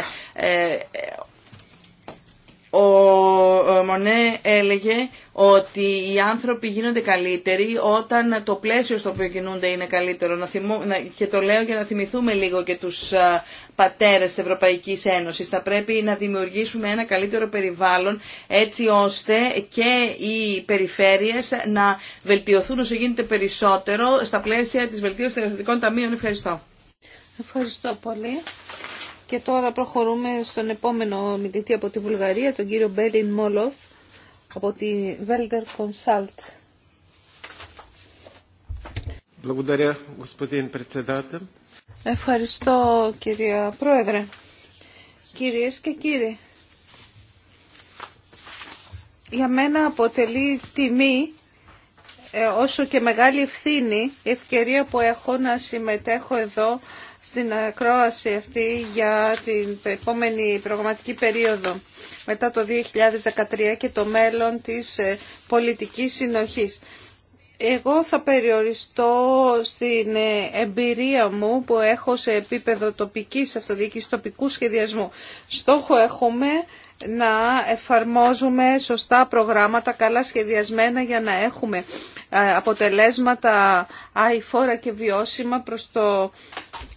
Ο ε, Μονέ έλεγε ότι οι άνθρωποι γίνονται καλύτεροι όταν το πλαίσιο στο οποίο κινούνται είναι καλύτερο. Να Και το λέω για να θυμηθούμε λίγο και τους ε, πατέρες της Ευρωπαϊκής Ένωσης. Θα πρέπει να δημιουργήσουμε ένα καλύτερο περιβάλλον έτσι ώστε και οι περιφέρειες να βελτιωθούν όσο γίνεται περισσότερο στα πλαίσια της βελτίωσης των ταμείων. Ευχαριστώ. Ευχαριστώ πολύ. Και τώρα προχωρούμε στον επόμενο μιλητή από τη Βουλγαρία, τον κύριο Μπέριν Μόλοφ, από τη Βέλγερ Κονσάλτ. Ευχαριστώ κυρία Πρόεδρε. Κυρίες και κύριοι, για μένα αποτελεί τιμή ε, όσο και μεγάλη ευθύνη η ευκαιρία που έχω να συμμετέχω εδώ στην ακρόαση αυτή για την επόμενη προγραμματική περίοδο μετά το 2013 και το μέλλον της ε, πολιτικής συνοχής. Εγώ θα περιοριστώ στην ε, εμπειρία μου που έχω σε επίπεδο τοπικής αυτοδιοίκησης, τοπικού σχεδιασμού. Στόχο έχουμε να εφαρμόζουμε σωστά προγράμματα, καλά σχεδιασμένα για να έχουμε ε, αποτελέσματα αηφόρα και βιώσιμα προς το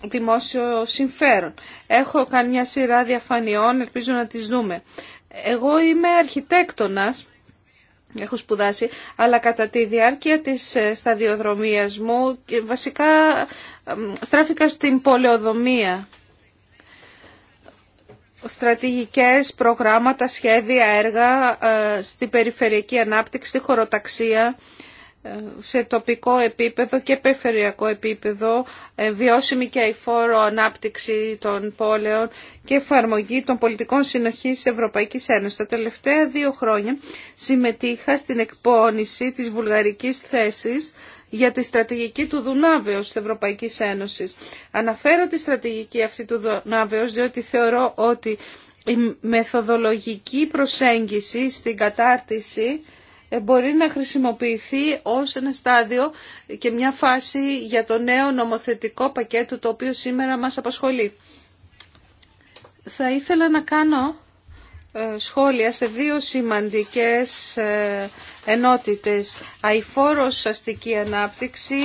δημόσιο συμφέρον. Έχω κάνει μια σειρά διαφανειών, ελπίζω να τις δούμε. Εγώ είμαι αρχιτέκτονας, έχω σπουδάσει, αλλά κατά τη διάρκεια της ε, σταδιοδρομίας μου βασικά ε, στράφηκα στην πολεοδομία στρατηγικές προγράμματα, σχέδια, έργα ε, στην περιφερειακή ανάπτυξη, στη χωροταξία, ε, σε τοπικό επίπεδο και περιφερειακό επίπεδο, ε, βιώσιμη και αηφόρο ανάπτυξη των πόλεων και εφαρμογή των πολιτικών συνοχή της Ευρωπαϊκής Ένωσης. Τα τελευταία δύο χρόνια συμμετείχα στην εκπόνηση της βουλγαρικής θέσης για τη στρατηγική του Δουνάβεως της Ευρωπαϊκής Ένωσης. Αναφέρω τη στρατηγική αυτή του Δουνάβεως διότι θεωρώ ότι η μεθοδολογική προσέγγιση στην κατάρτιση ε, μπορεί να χρησιμοποιηθεί ως ένα στάδιο και μια φάση για το νέο νομοθετικό πακέτο το οποίο σήμερα μας απασχολεί. Θα ήθελα να κάνω ε, σχόλια σε δύο σημαντικές ε, ενότητες. Αηφόρος αστική ανάπτυξη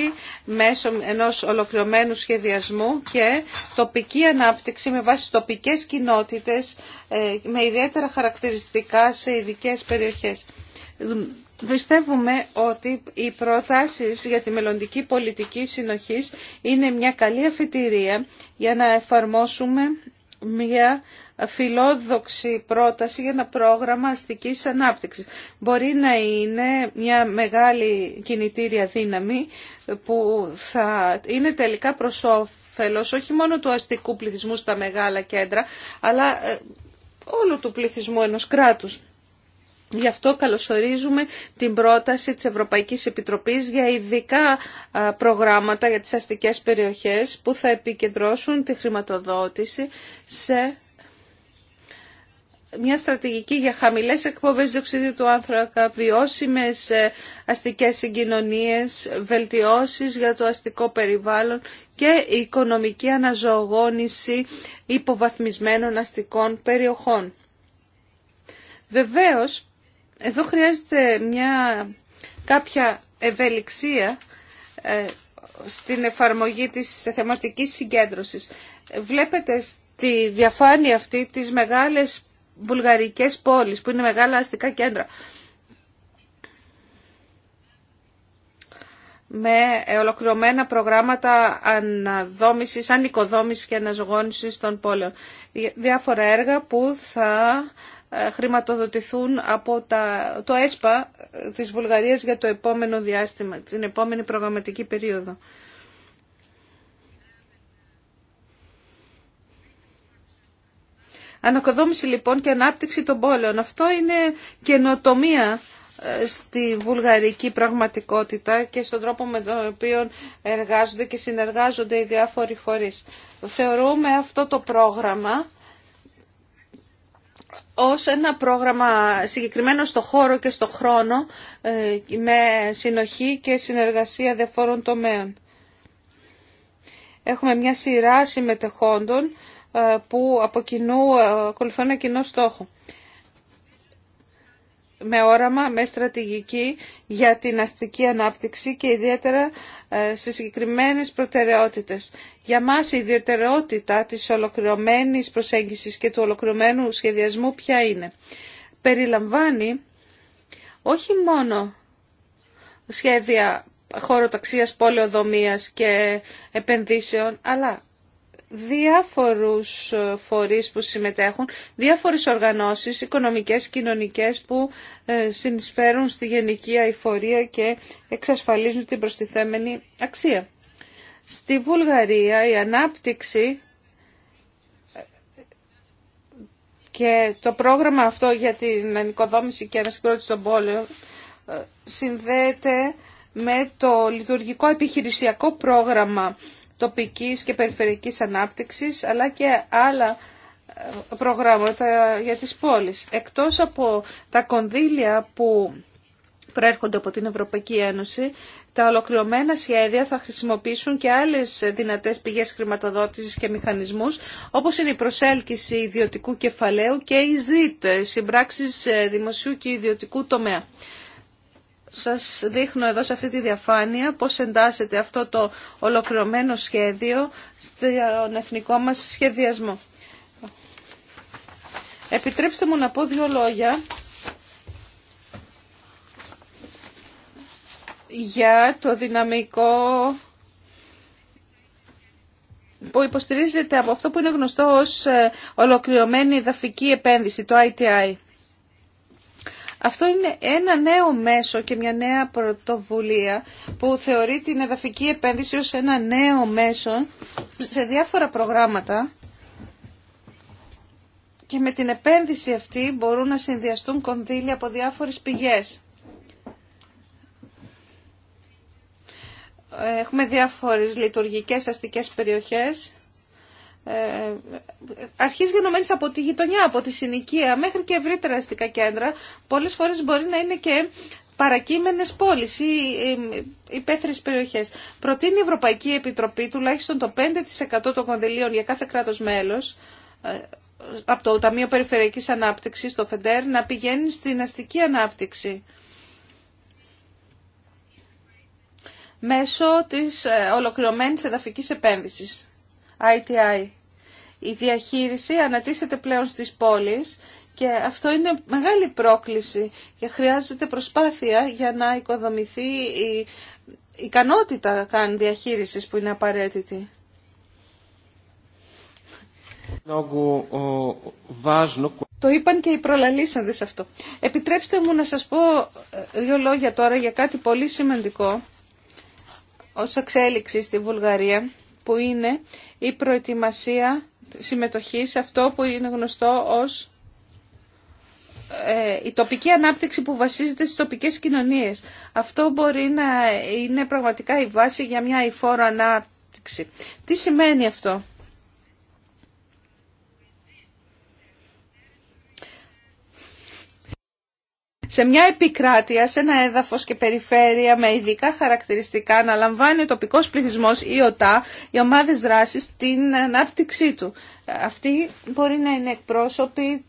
μέσω ενός ολοκληρωμένου σχεδιασμού και τοπική ανάπτυξη με βάση τοπικές κοινότητες ε, με ιδιαίτερα χαρακτηριστικά σε ειδικέ περιοχές. Πιστεύουμε ότι οι προτάσεις για τη μελλοντική πολιτική συνοχής είναι μια καλή αφιτηρία για να εφαρμόσουμε μια φιλόδοξη πρόταση για ένα πρόγραμμα αστικής ανάπτυξης. Μπορεί να είναι μια μεγάλη κινητήρια δύναμη που θα είναι τελικά προς όφελος όχι μόνο του αστικού πληθυσμού στα μεγάλα κέντρα, αλλά ε, όλου του πληθυσμού ενός κράτους. Γι' αυτό καλωσορίζουμε την πρόταση της Ευρωπαϊκής Επιτροπής για ειδικά προγράμματα για τις αστικές περιοχές που θα επικεντρώσουν τη χρηματοδότηση σε μια στρατηγική για χαμηλές εκπομπές διοξιδίου του άνθρακα, βιώσιμες ε, αστικές συγκοινωνίες, βελτιώσεις για το αστικό περιβάλλον και οικονομική αναζωογόνηση υποβαθμισμένων αστικών περιοχών. Βεβαίως, εδώ χρειάζεται μια κάποια ευελιξία ε, στην εφαρμογή της θεματικής συγκέντρωσης. Βλέπετε στη διαφάνεια αυτή τις μεγάλες βουλγαρικές πόλεις που είναι μεγάλα αστικά κέντρα. με ολοκληρωμένα προγράμματα αναδόμησης, ανοικοδόμησης και αναζωγόνησης των πόλεων. Διάφορα έργα που θα ε, χρηματοδοτηθούν από τα, το ΕΣΠΑ της Βουλγαρίας για το επόμενο διάστημα, την επόμενη προγραμματική περίοδο. Ανακοδόμηση λοιπόν και ανάπτυξη των πόλεων. Αυτό είναι καινοτομία ε, στη βουλγαρική πραγματικότητα και στον τρόπο με τον οποίο εργάζονται και συνεργάζονται οι διάφοροι φορείς. Θεωρούμε αυτό το πρόγραμμα ως ένα πρόγραμμα συγκεκριμένο στο χώρο και στο χρόνο ε, με συνοχή και συνεργασία διαφόρων τομέων. Έχουμε μια σειρά συμμετεχόντων ε, που από κοινού ε, ακολουθούν ένα κοινό στόχο. Με όραμα, με στρατηγική για την αστική ανάπτυξη και ιδιαίτερα ε, σε συγκεκριμένες προτεραιότητες. Για μας η ιδιαιτερότητα της ολοκληρωμένης προσέγγισης και του ολοκληρωμένου σχεδιασμού ποια είναι. Περιλαμβάνει όχι μόνο σχέδια χωροταξίας, πολεοδομίας και επενδύσεων, αλλά διάφορους ε, φορείς που συμμετέχουν, διάφορες οργανώσεις οικονομικές, κοινωνικές που ε, συνεισφέρουν στη γενική αηφορία και εξασφαλίζουν την προστιθέμενη αξία. Στη Βουλγαρία η ανάπτυξη ε, και το πρόγραμμα αυτό για την ανοικοδόμηση και ανασυγκρότηση των πόλεων συνδέεται με το λειτουργικό επιχειρησιακό πρόγραμμα τοπικής και περιφερειακής ανάπτυξης, αλλά και άλλα ε, προγράμματα για τις πόλεις. Εκτός από τα κονδύλια που προέρχονται από την Ευρωπαϊκή Ένωση, τα ολοκληρωμένα σχέδια θα χρησιμοποιήσουν και άλλες δυνατές πηγές χρηματοδότησης και μηχανισμούς, όπως είναι η προσέλκυση ιδιωτικού κεφαλαίου και οι ΣΔΙΤ, ε, συμπράξεις ε, δημοσίου και ιδιωτικού τομέα. Σας δείχνω εδώ σε αυτή τη διαφάνεια πώς εντάσσεται αυτό το ολοκληρωμένο σχέδιο στον εθνικό μας σχεδιασμό. Επιτρέψτε μου να πω δύο λόγια για το δυναμικό που υποστηρίζεται από αυτό που είναι γνωστό ως ε, ολοκληρωμένη δαφική επένδυση, το ITI. Αυτό είναι ένα νέο μέσο και μια νέα πρωτοβουλία που θεωρεί την εδαφική επένδυση ως ένα νέο μέσο σε διάφορα προγράμματα και με την επένδυση αυτή μπορούν να συνδυαστούν κονδύλια από διάφορες πηγές. Έχουμε διάφορες λειτουργικές αστικές περιοχές ε, αρχής γενομένης από τη γειτονιά, από τη συνοικία μέχρι και ευρύτερα αστικά κέντρα, πολλές φορές μπορεί να είναι και παρακείμενες πόλεις ή υπαίθριες περιοχές. Προτείνει η Ευρωπαϊκή Επιτροπή τουλάχιστον το 5% των κονδυλίων για κάθε κράτος μέλος ε, από το Ταμείο Περιφερειακής Ανάπτυξης, το ΦΕΝΤΕΡ, να πηγαίνει στην αστική ανάπτυξη. μέσω της ε, ολοκληρωμένης εδαφικής επένδυσης. ITI. Η διαχείριση ανατίθεται πλέον στις πόλεις και αυτό είναι μεγάλη πρόκληση και χρειάζεται προσπάθεια για να οικοδομηθεί η ικανότητα καν διαχείρισης που είναι απαραίτητη. Το είπαν και οι προλαλήσαντες αυτό. Επιτρέψτε μου να σας πω ε, δύο λόγια τώρα για κάτι πολύ σημαντικό ως εξέλιξη στη Βουλγαρία που είναι η προετοιμασία συμμετοχής, αυτό που είναι γνωστό ως ε, η τοπική ανάπτυξη που βασίζεται στις τοπικές κοινωνίες. Αυτό μπορεί να είναι πραγματικά η βάση για μια υφόρο ανάπτυξη. Τι σημαίνει αυτό. σε μια επικράτεια, σε ένα έδαφος και περιφέρεια με ειδικά χαρακτηριστικά να λαμβάνει ο τοπικό πληθυσμό ή οτά οι ομάδε δράση, την ανάπτυξή του. Αυτοί μπορεί να είναι εκπρόσωποι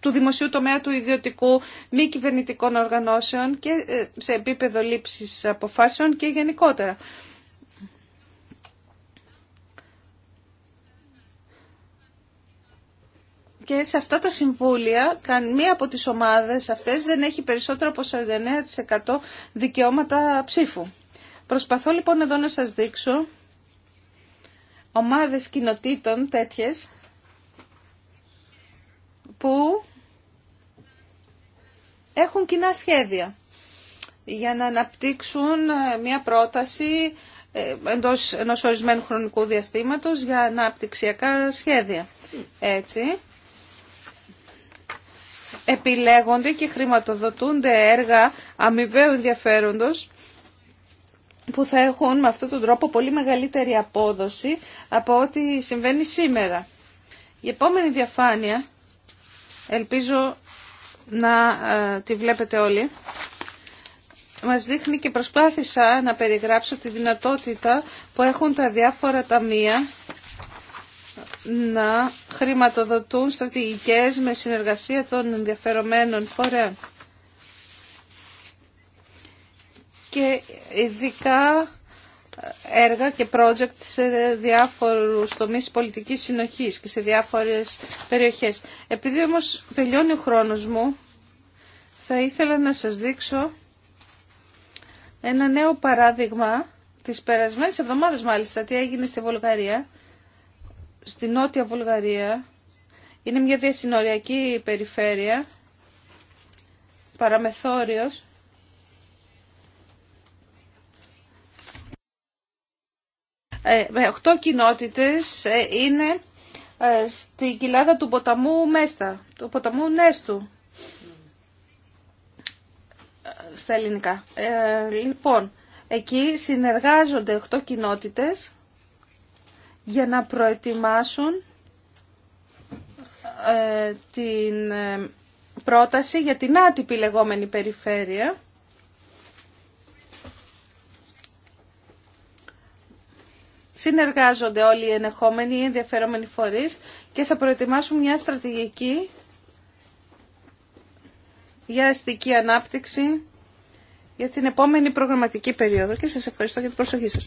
του δημοσίου τομέα, του ιδιωτικού, μη κυβερνητικών οργανώσεων και ε, σε επίπεδο λήψης αποφάσεων και γενικότερα. Και σε αυτά τα συμβούλια, καμία από τις ομάδες αυτές δεν έχει περισσότερο από 49% δικαιώματα ψήφου. Προσπαθώ λοιπόν εδώ να σας δείξω ομάδες κοινοτήτων τέτοιες που έχουν κοινά σχέδια για να αναπτύξουν ε, μια πρόταση ε, εντός ενός ορισμένου χρονικού διαστήματος για αναπτυξιακά σχέδια. Έτσι, επιλέγονται και χρηματοδοτούνται έργα αμοιβαίου ενδιαφέροντος που θα έχουν με αυτόν τον τρόπο πολύ μεγαλύτερη απόδοση από ό,τι συμβαίνει σήμερα. Η επόμενη διαφάνεια, ελπίζω να ε, τη βλέπετε όλοι, μας δείχνει και προσπάθησα να περιγράψω τη δυνατότητα που έχουν τα διάφορα ταμεία να χρηματοδοτούν στρατηγικές με συνεργασία των ενδιαφερομένων φορέων. Και ειδικά έργα και project σε διάφορους τομείς πολιτικής συνοχής και σε διάφορες περιοχές. Επειδή όμως τελειώνει ο χρόνος μου, θα ήθελα να σας δείξω ένα νέο παράδειγμα της περασμένης εβδομάδας μάλιστα, τι έγινε στη Βουλγαρία, στη Νότια Βουλγαρία. Είναι μια διασυνοριακή περιφέρεια, παραμεθόριος. Ε, με 8 κοινότητες ε, είναι ε, στην κοιλάδα του ποταμού Μέστα, του ποταμού Νέστου, στα ελληνικά. Ε, λοιπόν, εκεί συνεργάζονται 8 κοινότητες για να προετοιμάσουν ε, την ε, πρόταση για την άτυπη λεγόμενη περιφέρεια. Συνεργάζονται όλοι οι ενεχόμενοι, οι ενδιαφερόμενοι φορείς και θα προετοιμάσουν μια στρατηγική για αστική ανάπτυξη για την επόμενη προγραμματική περίοδο και σας ευχαριστώ για την προσοχή σας.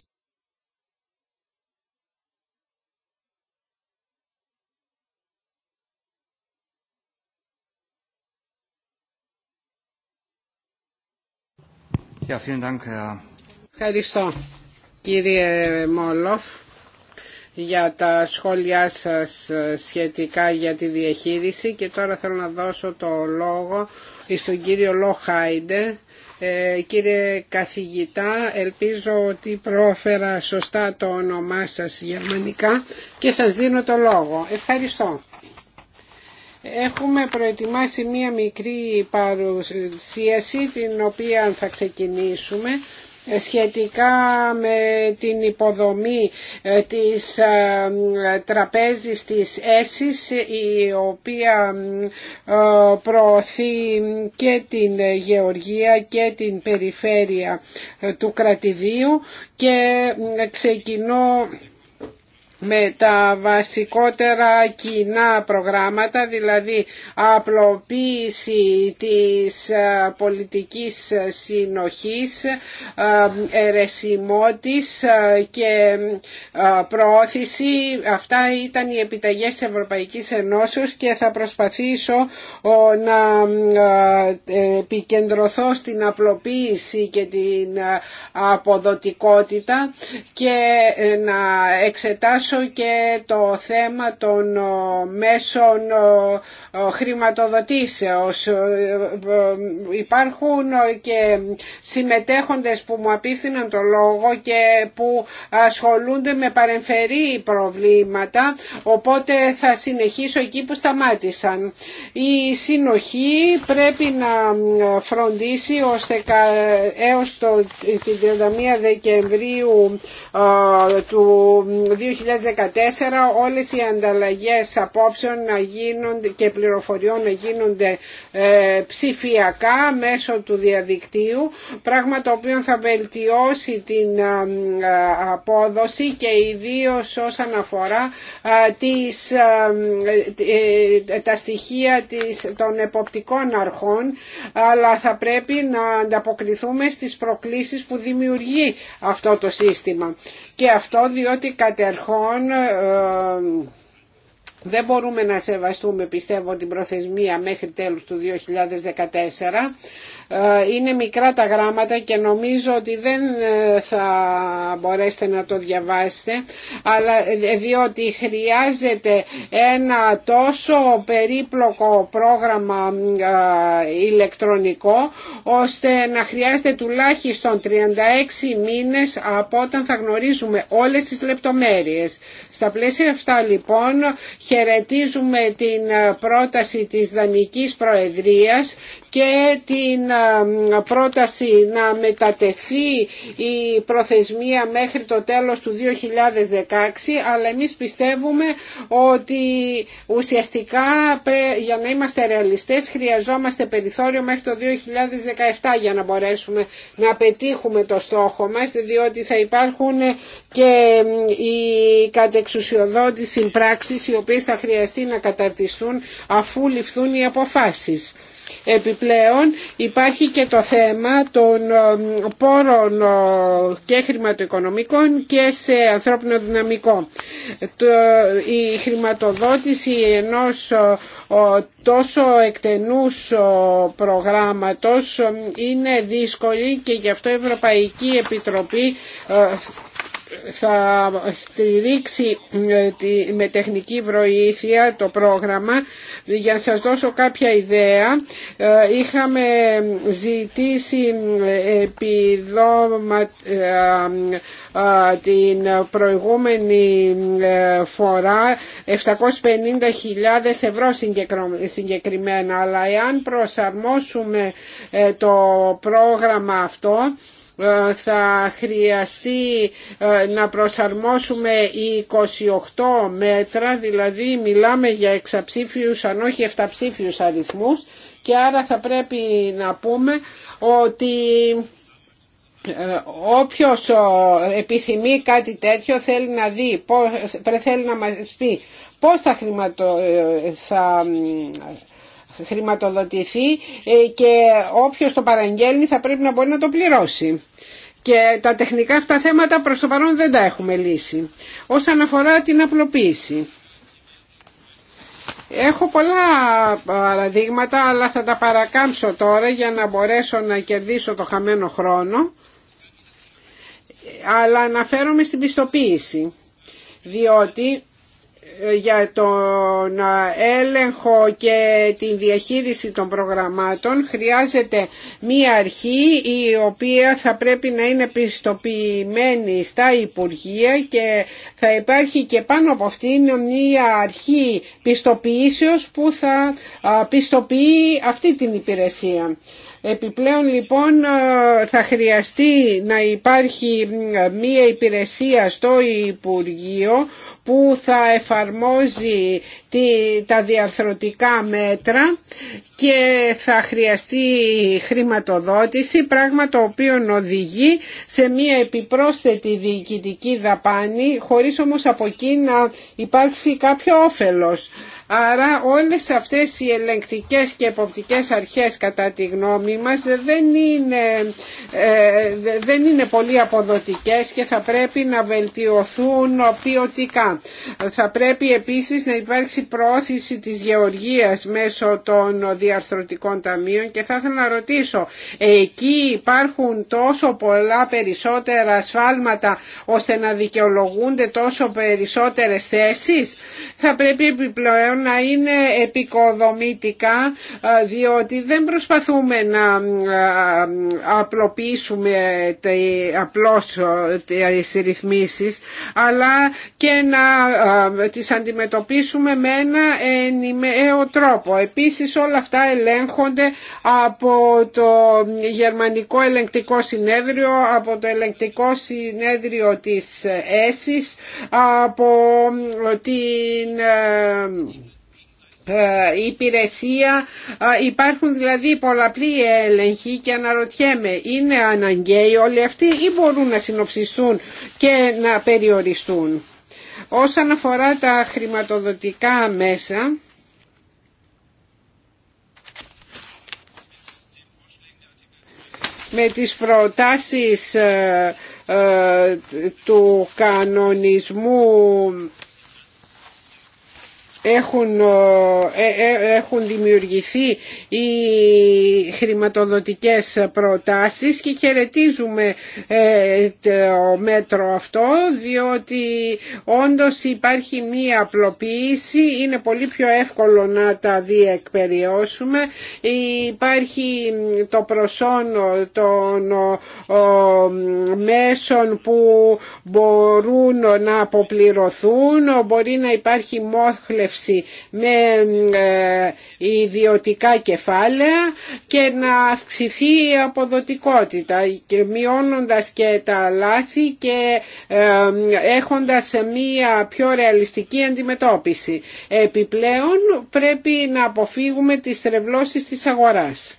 Ευχαριστώ κύριε Μόλοφ για τα σχόλιά σας σχετικά για τη διαχείριση και τώρα θέλω να δώσω το λόγο στον κύριο Λοχάιντε. Ε, κύριε καθηγητά, ελπίζω ότι πρόφερα σωστά το όνομά σας γερμανικά και σας δίνω το λόγο. Ευχαριστώ. Έχουμε προετοιμάσει μία μικρή παρουσίαση την οποία θα ξεκινήσουμε ε, σχετικά με την υποδομή ε, της ε, τραπέζης της ΕΣΥΣ η οποία προωθεί και την γεωργία και την περιφέρεια του κρατηδίου και ξεκινώ με τα βασικότερα κοινά προγράμματα, δηλαδή απλοποίηση της ε, πολιτικής συνοχής, ερεσιμότης ε, και ε, προώθηση. Αυτά ήταν οι επιταγές της Ευρωπαϊκής Ενώσεως και θα προσπαθήσω να επικεντρωθώ στην απλοποίηση και την αποδοτικότητα και να εξετάσω και το θέμα των ε, μέσων ε, ε, χρηματοδοτήσεως. Υπάρχουν και συμμετέχοντες που μου απίφθηναν το λόγο και που ασχολούνται με παρεμφερή προβλήματα, οπότε θα συνεχίσω εκεί που σταμάτησαν. Η συνοχή πρέπει να φροντίσει ώστε έως το, την 31 Δεκεμβρίου του 2021 όλες οι ανταλλαγές απόψεων να γίνονται και πληροφοριών να γίνονται ε, ψηφιακά μέσω του διαδικτύου, πράγμα το οποίο θα βελτιώσει την ε, ε, απόδοση και ιδίως όσον αφορά τις, τα στοιχεία της, των εποπτικών αρχών, αλλά θα πρέπει να ανταποκριθούμε στις προκλήσεις που δημιουργεί αυτό το σύστημα και αυτό διότι κατερχόν ε, δεν μπορούμε να σεβαστούμε πιστεύω την προθεσμία μέχρι τέλους του 2014 ε, είναι μικρά τα γράμματα και νομίζω ότι δεν ε, θα μπορέσετε να το διαβάσετε αλλά ε, διότι χρειάζεται ένα τόσο περίπλοκο πρόγραμμα ηλεκτρονικό ώστε να χρειάζεται τουλάχιστον 36 μήνες από όταν θα γνωρίζουμε όλες τις λεπτομέρειες. Στα πλαίσια αυτά λοιπόν χαιρετίζουμε την πρόταση της Δανικής Προεδρίας και την πρόταση να μετατεθεί η προθεσμία μέχρι το τέλος του 2016 αλλά εμείς πιστεύουμε ότι ουσιαστικά για να είμαστε ρεαλιστές χρειαζόμαστε περιθώριο μέχρι το 2017 για να μπορέσουμε να πετύχουμε το στόχο μας διότι θα υπάρχουν και οι κατεξουσιοδότηση πράξεις οι οποίες θα χρειαστεί να καταρτιστούν αφού ληφθούν οι αποφάσεις. Επιπλέον υπάρχει και το θέμα των ε, πόρων ε, και χρηματοοικονομικών και σε ανθρώπινο δυναμικό. Η χρηματοδότηση ενός ε, τόσο εκτενούς προγράμματος είναι δύσκολη και γι' αυτό η Ευρωπαϊκή Επιτροπή θα στηρίξει ε, με τεχνική βροήθεια το πρόγραμμα. Για να σας δώσω κάποια ιδέα, ε, είχαμε ζητήσει ε, επιδόμα την προηγούμενη φορά 750.000 ευρώ συγκεκριμένα αλλά εάν προσαρμόσουμε το πρόγραμμα αυτό ε, θα χρειαστεί ε, να προσαρμόσουμε οι 28 μέτρα, δηλαδή μιλάμε για εξαψήφιους αν όχι εφταψήφιους αριθμούς και άρα θα πρέπει να πούμε ότι ε, όποιος επιθυμεί κάτι τέτοιο θέλει να δει, θέλει να μας πει πώς θα, χρηματο, θα χρηματοδοτηθεί ε, και όποιος το παραγγέλνει θα πρέπει να μπορεί να το πληρώσει. Και τα τεχνικά αυτά θέματα προς το παρόν δεν τα έχουμε λύσει. Όσον αφορά την απλοποίηση. Έχω πολλά παραδείγματα αλλά θα τα παρακάμψω τώρα για να μπορέσω να κερδίσω το χαμένο χρόνο. Αλλά αναφέρομαι στην πιστοποίηση. Διότι για τον ε, έλεγχο και την διαχείριση των προγραμμάτων χρειάζεται μία αρχή η οποία θα πρέπει να είναι πιστοποιημένη στα Υπουργεία και θα υπάρχει και πάνω από αυτήν μία αρχή πιστοποιήσεως που θα πιστοποιεί αυτή την υπηρεσία. Επιπλέον λοιπόν ε, θα χρειαστεί να υπάρχει μία υπηρεσία στο Υπουργείο που θα εφαρμόζει τα διαρθρωτικά μέτρα και θα χρειαστεί χρηματοδότηση, πράγμα το οποίο οδηγεί σε μία επιπρόσθετη διοικητική δαπάνη, χωρίς όμως από εκεί να υπάρξει κάποιο όφελος. Άρα όλες αυτές οι ελεγκτικές και εποπτικές αρχές κατά τη γνώμη μας δεν είναι, ε, δεν είναι πολύ αποδοτικές και θα πρέπει να βελτιωθούν ποιοτικά. Θα πρέπει επίσης να υπάρξει πρόθεση της γεωργίας μέσω των διαρθρωτικών ταμείων και θα ήθελα να ρωτήσω, εκεί υπάρχουν τόσο πολλά περισσότερα ασφάλματα ώστε να δικαιολογούνται τόσο περισσότερες θέσεις. Θα πρέπει επιπλέον να είναι επικοδομητικά διότι δεν προσπαθούμε να απλοποιήσουμε απλώς τις ρυθμίσεις αλλά και να τις αντιμετωπίσουμε με ένα ενημαίο τρόπο. Επίσης όλα αυτά ελέγχονται από το Γερμανικό Ελεγκτικό Συνέδριο, από το Ελεγκτικό Συνέδριο της ΕΣΥΣ από την ε, ε, υπηρεσία υπάρχουν δηλαδή πολλαπλοί έλεγχοι και αναρωτιέμαι είναι αναγκαίοι όλοι αυτοί ή μπορούν να συνοψιστούν και να περιοριστούν. Όσον αφορά τα χρηματοδοτικά μέσα με τις προτάσεις ε, ε, του κανονισμού έχουν, ε, ε, ε, έχουν δημιουργηθεί οι χρηματοδοτικές προτάσεις και χαιρετίζουμε το μέτρο αυτό διότι όντως υπάρχει μία απλοποίηση, είναι πολύ πιο εύκολο να τα διεκπεριώσουμε. Υπάρχει το προσόν των μέσων που μπορούν να αποπληρωθούν, μπορεί να υπάρχει μόχλευση με ε, ιδιωτικά κεφάλαια και να αυξηθεί η αποδοτικότητα και μειώνοντας και τα λάθη και ε, έχοντας μία πιο ρεαλιστική αντιμετώπιση. Επιπλέον πρέπει να αποφύγουμε τις τρευλώσεις της αγοράς.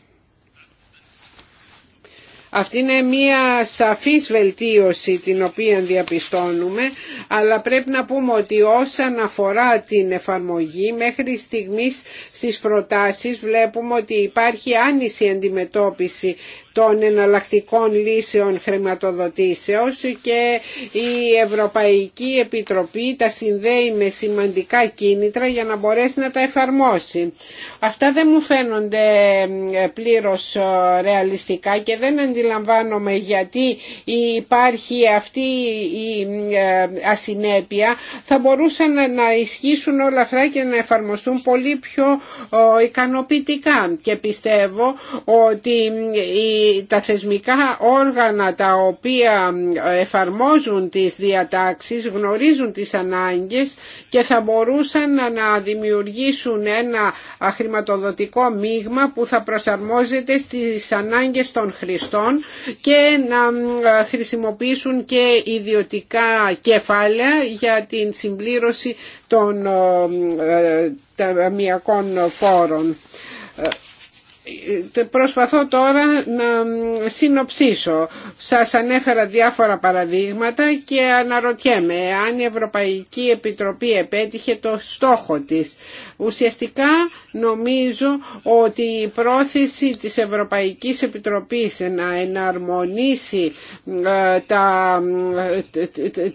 Αυτή είναι μια σαφής βελτίωση την οποία διαπιστώνουμε, αλλά πρέπει να πούμε ότι όσον αφορά την εφαρμογή, μέχρι στιγμής στις προτάσεις βλέπουμε ότι υπάρχει άνηση αντιμετώπιση των εναλλακτικών λύσεων χρηματοδοτήσεως και η Ευρωπαϊκή Επιτροπή τα συνδέει με σημαντικά κίνητρα για να μπορέσει να τα εφαρμόσει. Αυτά δεν μου φαίνονται πλήρως ε, ρεαλιστικά και δεν αντιλαμβάνομαι γιατί υπάρχει αυτή η ε, ασυνέπεια. Θα μπορούσαν να ισχύσουν όλα αυτά και να εφαρμοστούν πολύ πιο ε, ικανοποιητικά και πιστεύω ότι η τα θεσμικά όργανα τα οποία εφαρμόζουν τις διατάξεις γνωρίζουν τις ανάγκες και θα μπορούσαν να δημιουργήσουν ένα χρηματοδοτικό μείγμα που θα προσαρμόζεται στις ανάγκες των χρηστών και να χρησιμοποιήσουν και ιδιωτικά κεφάλαια για την συμπλήρωση των ε, ταμιακών φόρων. Ε, προσπαθώ τώρα να συνοψίσω. Σας ανέφερα διάφορα παραδείγματα και αναρωτιέμαι αν η Ευρωπαϊκή Επιτροπή επέτυχε το στόχο της. Ουσιαστικά νομίζω ότι η πρόθεση της Ευρωπαϊκής Επιτροπής να εναρμονίσει ε, τα, ε,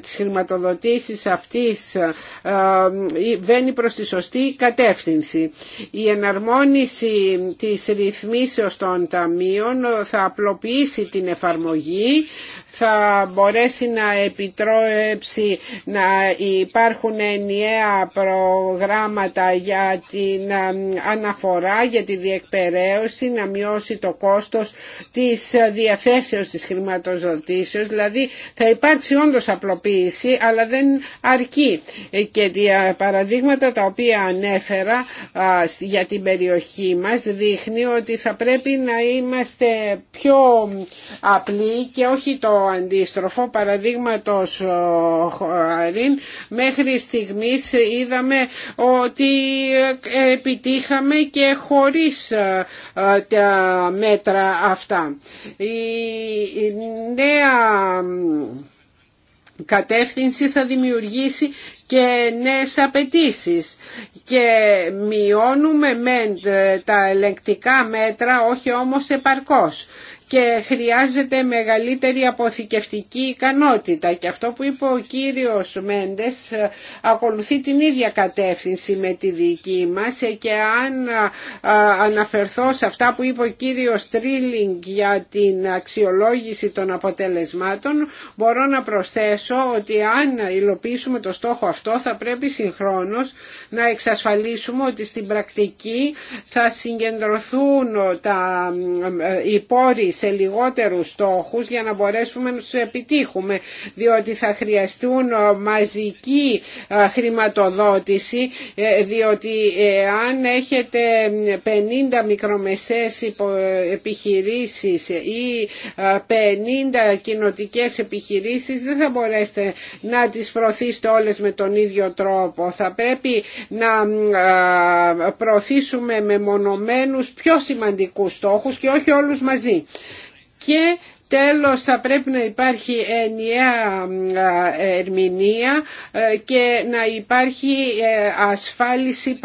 τις χρηματοδοτήσεις αυτής βαίνει προς τη σωστή κατεύθυνση. Η εναρμόνιση της ρυθμίσεως των ταμείων θα απλοποιήσει την εφαρμογή θα μπορέσει να επιτρέψει να υπάρχουν ενιαία προγράμματα για την αναφορά, για τη διεκπαιρέωση, να μειώσει το κόστος της διαθέσεως της χρηματοδοτήσεως. Δηλαδή θα υπάρξει όντως απλοποίηση αλλά δεν αρκεί. Και τα παραδείγματα τα οποία ανέφερα για την περιοχή μας δείχνει ότι θα πρέπει να είμαστε πιο απλοί και όχι το αντίστροφο παραδείγματος χωρίν μέχρι στιγμής είδαμε ότι ε, επιτύχαμε και χωρίς ε, τα μέτρα αυτά. Η νέα κατεύθυνση θα δημιουργήσει και νέες απαιτήσει. και μειώνουμε με ε, τα ελεγκτικά μέτρα όχι όμως επαρκώς και χρειάζεται μεγαλύτερη αποθηκευτική ικανότητα και αυτό που είπε ο κύριος Μέντες ε, ακολουθεί την ίδια κατεύθυνση με τη δική μας ε, και αν ε, αναφερθώ σε αυτά που είπε ο κύριος Τρίλινγκ για την αξιολόγηση των αποτελεσμάτων μπορώ να προσθέσω ότι αν υλοποιήσουμε το στόχο αυτό θα πρέπει συγχρόνως να εξασφαλίσουμε ότι στην πρακτική θα συγκεντρωθούν τα, οι πόροι σε λιγότερους στόχους για να μπορέσουμε να τους επιτύχουμε διότι θα χρειαστούν ε, μαζική ε, χρηματοδότηση ε, διότι αν έχετε 50 μικρομεσαίες επιχειρήσεις ή 50 κοινοτικές επιχειρήσεις δεν θα μπορέσετε να τις προωθήσετε όλες με τον ίδιο τρόπο. Θα πρέπει να προωθήσουμε με μονομένους πιο σημαντικούς στόχους και όχι όλους μαζί και Τέλος θα πρέπει να υπάρχει ενιαία ερμηνεία ε, και να υπάρχει ε, ασφάλιση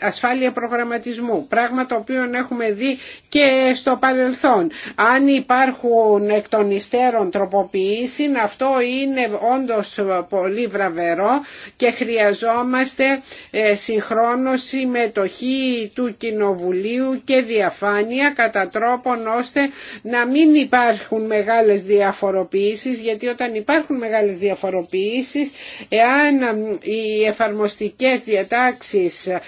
ασφάλεια προγραμματισμού. Πράγμα το οποίο έχουμε δει και στο παρελθόν. Αν υπάρχουν εκ των υστέρων τροποποιήσεις, αυτό είναι όντως πολύ βραβερό και χρειαζόμαστε ε, συγχρόνως συμμετοχή του Κοινοβουλίου και διαφάνεια κατά τρόπον ώστε να μην υπάρχουν μεγάλες διαφοροποιήσεις γιατί όταν υπάρχουν μεγάλες διαφοροποιήσεις εάν οι εφαρμοστικές διατάξεις ε,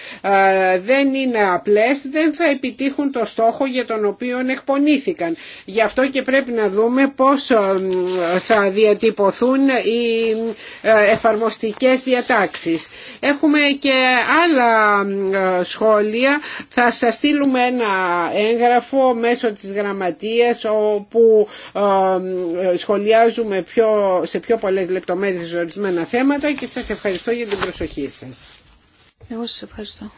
δεν είναι απλές δεν θα επιτύχουν το στόχο για τον οποίο εκπονήθηκαν. Γι' αυτό και πρέπει να δούμε πώς ε, θα διατυπωθούν οι ε, εφαρμοστικές διατάξεις. Έχουμε και άλλα ε, σχόλια. Θα σας στείλουμε ένα έγγραφο μέσω της γραμματείας όπου σχολιάζουμε πιο, σε πιο πολλές λεπτομέρειες ορισμένα θέματα και σας ευχαριστώ για την προσοχή σας. Εγώ σας ευχαριστώ.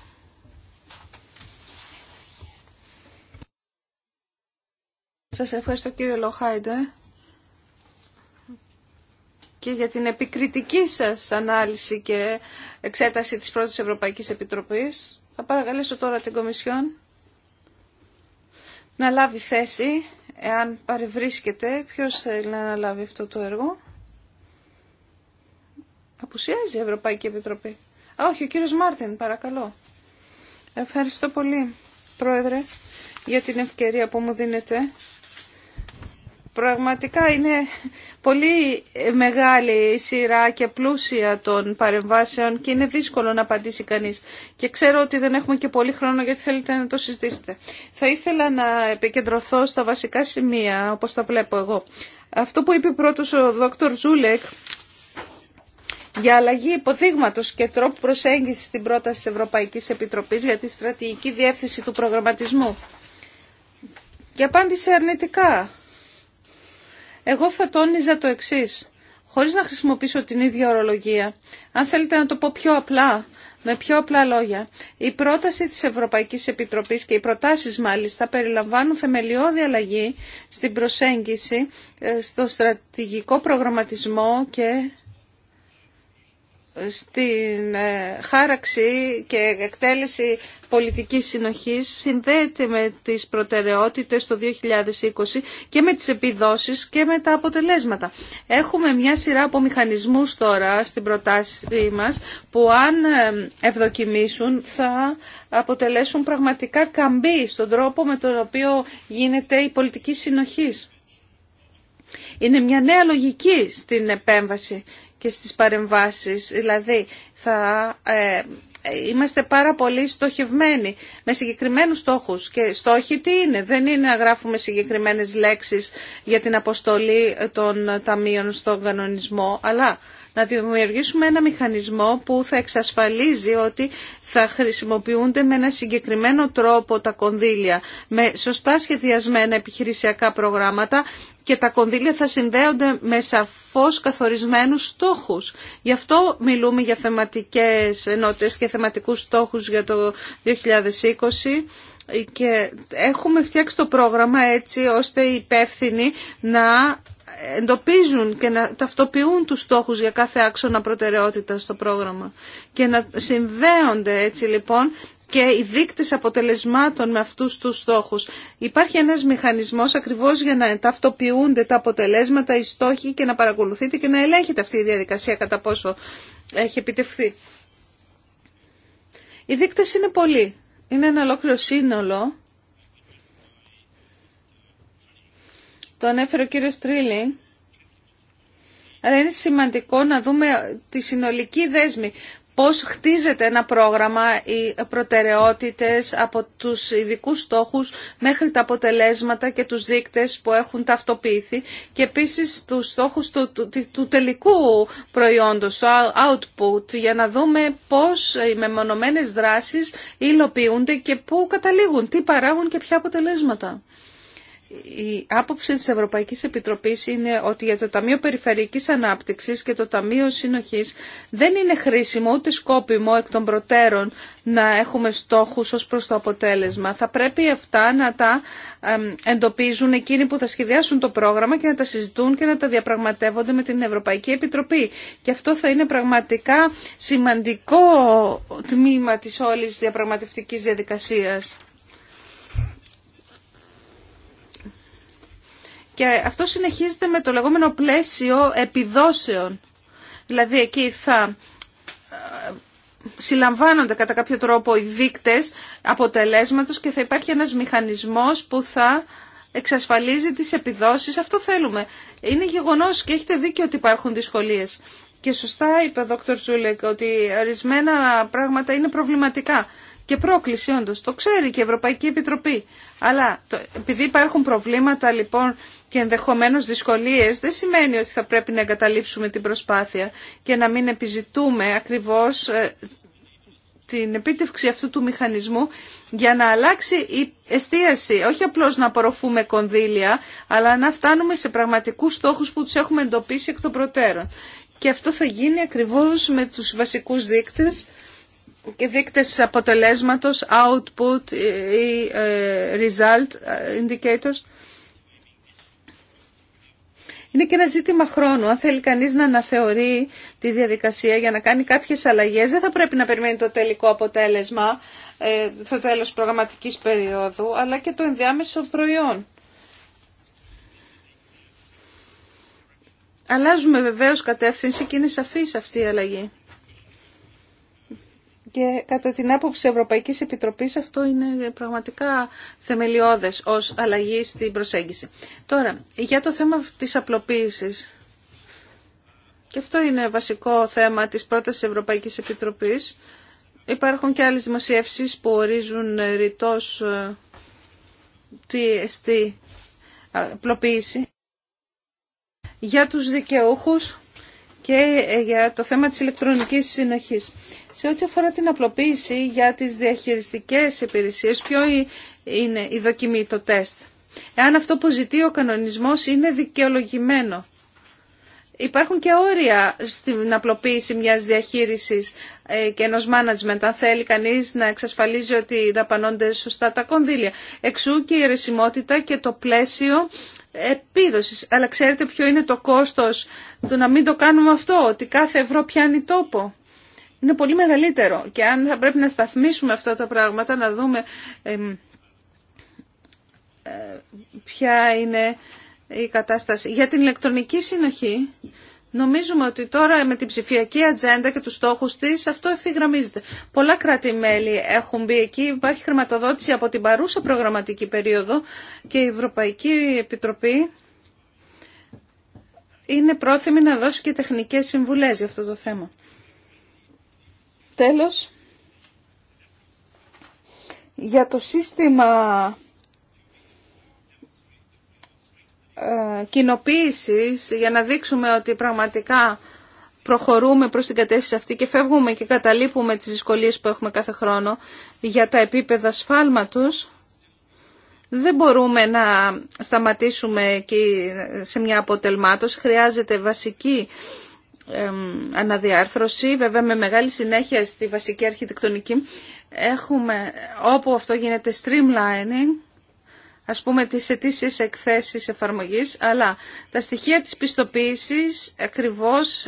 Σας ευχαριστώ κύριε Λοχάιντε και για την επικριτική σας ανάλυση και εξέταση της πρώτης Ευρωπαϊκής Επιτροπής. Θα παρακαλέσω τώρα την Κομισιόν να λάβει θέση, εάν παρευρίσκεται, ποιος θέλει να αναλάβει αυτό το έργο. Αποουσιάζει η Ευρωπαϊκή Επιτροπή. Α, όχι, ο κύριος Μάρτιν, παρακαλώ. Ευχαριστώ πολύ, Πρόεδρε, για την ευκαιρία που μου δίνετε Πραγματικά είναι πολύ μεγάλη η σειρά και πλούσια των παρεμβάσεων και είναι δύσκολο να απαντήσει κανείς. Και ξέρω ότι δεν έχουμε και πολύ χρόνο γιατί θέλετε να το συζητήσετε. Θα ήθελα να επικεντρωθώ στα βασικά σημεία όπως τα βλέπω εγώ. Αυτό που είπε πρώτος ο δόκτωρ Ζούλεκ για αλλαγή υποδείγματος και τρόπου προσέγγισης στην πρόταση της Ευρωπαϊκής Επιτροπής για τη στρατηγική διεύθυνση του προγραμματισμού. Και απάντησε αρνητικά εγώ θα τόνιζα το εξή, χωρίς να χρησιμοποιήσω την ίδια ορολογία. Αν θέλετε να το πω πιο απλά, με πιο απλά λόγια, η πρόταση της Ευρωπαϊκής Επιτροπής και οι προτάσεις μάλιστα περιλαμβάνουν θεμελιώδη αλλαγή στην προσέγγιση, ε, στο στρατηγικό προγραμματισμό και στην ε, χάραξη και εκτέλεση πολιτικής συνοχής συνδέεται με τις προτεραιότητες το 2020 και με τις επιδόσεις και με τα αποτελέσματα. Έχουμε μια σειρά από μηχανισμούς τώρα στην προτάση μας που αν ε, ευδοκιμήσουν θα αποτελέσουν πραγματικά καμπή στον τρόπο με τον οποίο γίνεται η πολιτική συνοχής. Είναι μια νέα λογική στην επέμβαση και στις παρεμβάσεις. Δηλαδή θα ε, είμαστε πάρα πολύ στοχευμένοι με συγκεκριμένους στόχους. Και στόχοι τι είναι. Δεν είναι να γράφουμε συγκεκριμένες λέξεις για την αποστολή των ταμείων στον κανονισμό, αλλά να δημιουργήσουμε ένα μηχανισμό που θα εξασφαλίζει ότι θα χρησιμοποιούνται με ένα συγκεκριμένο τρόπο τα κονδύλια, με σωστά σχεδιασμένα επιχειρησιακά προγράμματα και τα κονδύλια θα συνδέονται με σαφώς καθορισμένους στόχους. Γι' αυτό μιλούμε για θεματικές ενότητες και θεματικούς στόχους για το 2020 και έχουμε φτιάξει το πρόγραμμα έτσι ώστε οι υπεύθυνοι να εντοπίζουν και να ταυτοποιούν τους στόχους για κάθε άξονα προτεραιότητα στο πρόγραμμα και να συνδέονται έτσι λοιπόν και οι δείκτες αποτελεσμάτων με αυτούς τους στόχους. Υπάρχει ένας μηχανισμός ακριβώς για να ταυτοποιούνται τα αποτελέσματα, οι στόχοι και να παρακολουθείτε και να ελέγχετε αυτή η διαδικασία κατά πόσο έχει επιτευχθεί. Οι δείκτες είναι πολλοί. Είναι ένα ολόκληρο σύνολο Το ανέφερε ο κύριος Τρίλινγκ. Αλλά είναι σημαντικό να δούμε τη συνολική δέσμη. Πώς χτίζεται ένα πρόγραμμα, οι προτεραιότητες από τους ειδικού στόχους μέχρι τα αποτελέσματα και τους δείκτες που έχουν ταυτοποιηθεί και επίσης τους στόχους του, του, του τελικού προϊόντος, το output, για να δούμε πώς οι μεμονωμένες δράσεις υλοποιούνται και πού καταλήγουν, τι παράγουν και ποια αποτελέσματα. Η άποψη της Ευρωπαϊκής Επιτροπής είναι ότι για το Ταμείο Περιφερειακής Ανάπτυξης και το Ταμείο Συνοχής δεν είναι χρήσιμο ούτε σκόπιμο εκ των προτέρων να έχουμε στόχους ως προς το αποτέλεσμα. Θα πρέπει αυτά να τα εντοπίζουν εκείνοι που θα σχεδιάσουν το πρόγραμμα και να τα συζητούν και να τα διαπραγματεύονται με την Ευρωπαϊκή Επιτροπή. Και αυτό θα είναι πραγματικά σημαντικό τμήμα της όλης διαπραγματευτικής διαδικασίας. Και αυτό συνεχίζεται με το λεγόμενο πλαίσιο επιδόσεων. Δηλαδή εκεί θα ε, συλλαμβάνονται κατά κάποιο τρόπο οι δείκτες αποτελέσματος και θα υπάρχει ένας μηχανισμός που θα εξασφαλίζει τις επιδόσεις. Αυτό θέλουμε. Είναι γεγονός και έχετε δίκιο ότι υπάρχουν δυσκολίες. Και σωστά είπε ο Δόκτωρ Ζούλεκ ότι ορισμένα πράγματα είναι προβληματικά και πρόκληση όντως. Το ξέρει και η Ευρωπαϊκή Επιτροπή. Αλλά το, επειδή υπάρχουν προβλήματα λοιπόν και ενδεχομένως δυσκολίες δεν σημαίνει ότι θα πρέπει να εγκαταλείψουμε την προσπάθεια και να μην επιζητούμε ακριβώς ε, την επίτευξη αυτού του μηχανισμού για να αλλάξει η εστίαση. Όχι απλώς να απορροφούμε κονδύλια, αλλά να φτάνουμε σε πραγματικούς στόχους που τους έχουμε εντοπίσει εκ των προτέρων. Και αυτό θα γίνει ακριβώς με τους βασικούς δείκτες και δείκτες αποτελέσματος, output ή ε, ε, result indicators είναι και ένα ζήτημα χρόνου. Αν θέλει κανείς να αναθεωρεί τη διαδικασία για να κάνει κάποιες αλλαγέ. δεν θα πρέπει να περιμένει το τελικό αποτέλεσμα ε, το τέλος προγραμματική περίοδου, αλλά και το ενδιάμεσο προϊόν. Αλλάζουμε βεβαίως κατεύθυνση και είναι σαφής αυτή η αλλαγή. Και κατά την άποψη Ευρωπαϊκής Επιτροπής αυτό είναι πραγματικά θεμελιώδες ως αλλαγή στην προσέγγιση. Τώρα, για το θέμα της απλοποίησης. Και αυτό είναι βασικό θέμα της πρότασης Ευρωπαϊκής Επιτροπής. Υπάρχουν και άλλες δημοσιεύσεις που ορίζουν ρητός ε, τι εστί απλοποίηση. Για τους δικαιούχους και ε, για το θέμα της ηλεκτρονικής συνοχής. Σε ό,τι αφορά την απλοποίηση για τις διαχειριστικές υπηρεσίες, ποιο είναι η δοκιμή, το τεστ. Εάν αυτό που ζητεί ο κανονισμός είναι δικαιολογημένο. Υπάρχουν και όρια στην απλοποίηση μιας διαχείρισης ε, και ενός management, αν θέλει κανείς να εξασφαλίζει ότι δαπανώνται σωστά τα κονδύλια. Εξού και η ρεσιμότητα και το πλαίσιο επίδοση. Αλλά ξέρετε ποιο είναι το κόστος του να μην το κάνουμε αυτό, ότι κάθε ευρώ πιάνει τόπο. Είναι πολύ μεγαλύτερο και αν θα πρέπει να σταθμίσουμε αυτά τα πράγματα, να δούμε ε, ποια είναι η κατάσταση. Για την ηλεκτρονική συνοχή Νομίζουμε ότι τώρα με την ψηφιακή ατζέντα και τους στόχους της αυτό ευθυγραμμίζεται. Πολλά κράτη-μέλη έχουν μπει εκεί, υπάρχει χρηματοδότηση από την παρούσα προγραμματική περίοδο και η Ευρωπαϊκή Επιτροπή είναι πρόθυμη να δώσει και τεχνικές συμβουλές για αυτό το θέμα. Τέλος, για το σύστημα Ε, κοινοποίησης για να δείξουμε ότι πραγματικά προχωρούμε προς την κατεύθυνση αυτή και φεύγουμε και καταλείπουμε τις δυσκολίες που έχουμε κάθε χρόνο για τα επίπεδα σφάλματος, δεν μπορούμε να σταματήσουμε εκεί σε μια αποτελμάτωση. Χρειάζεται βασική αναδιάρθρωση, βέβαια με μεγάλη συνέχεια στη βασική αρχιτεκτονική. Έχουμε όπου αυτό γίνεται streamlining ας πούμε, τις αιτήσεις εκθέσεις εφαρμογής, αλλά τα στοιχεία της πιστοποίησης ακριβώς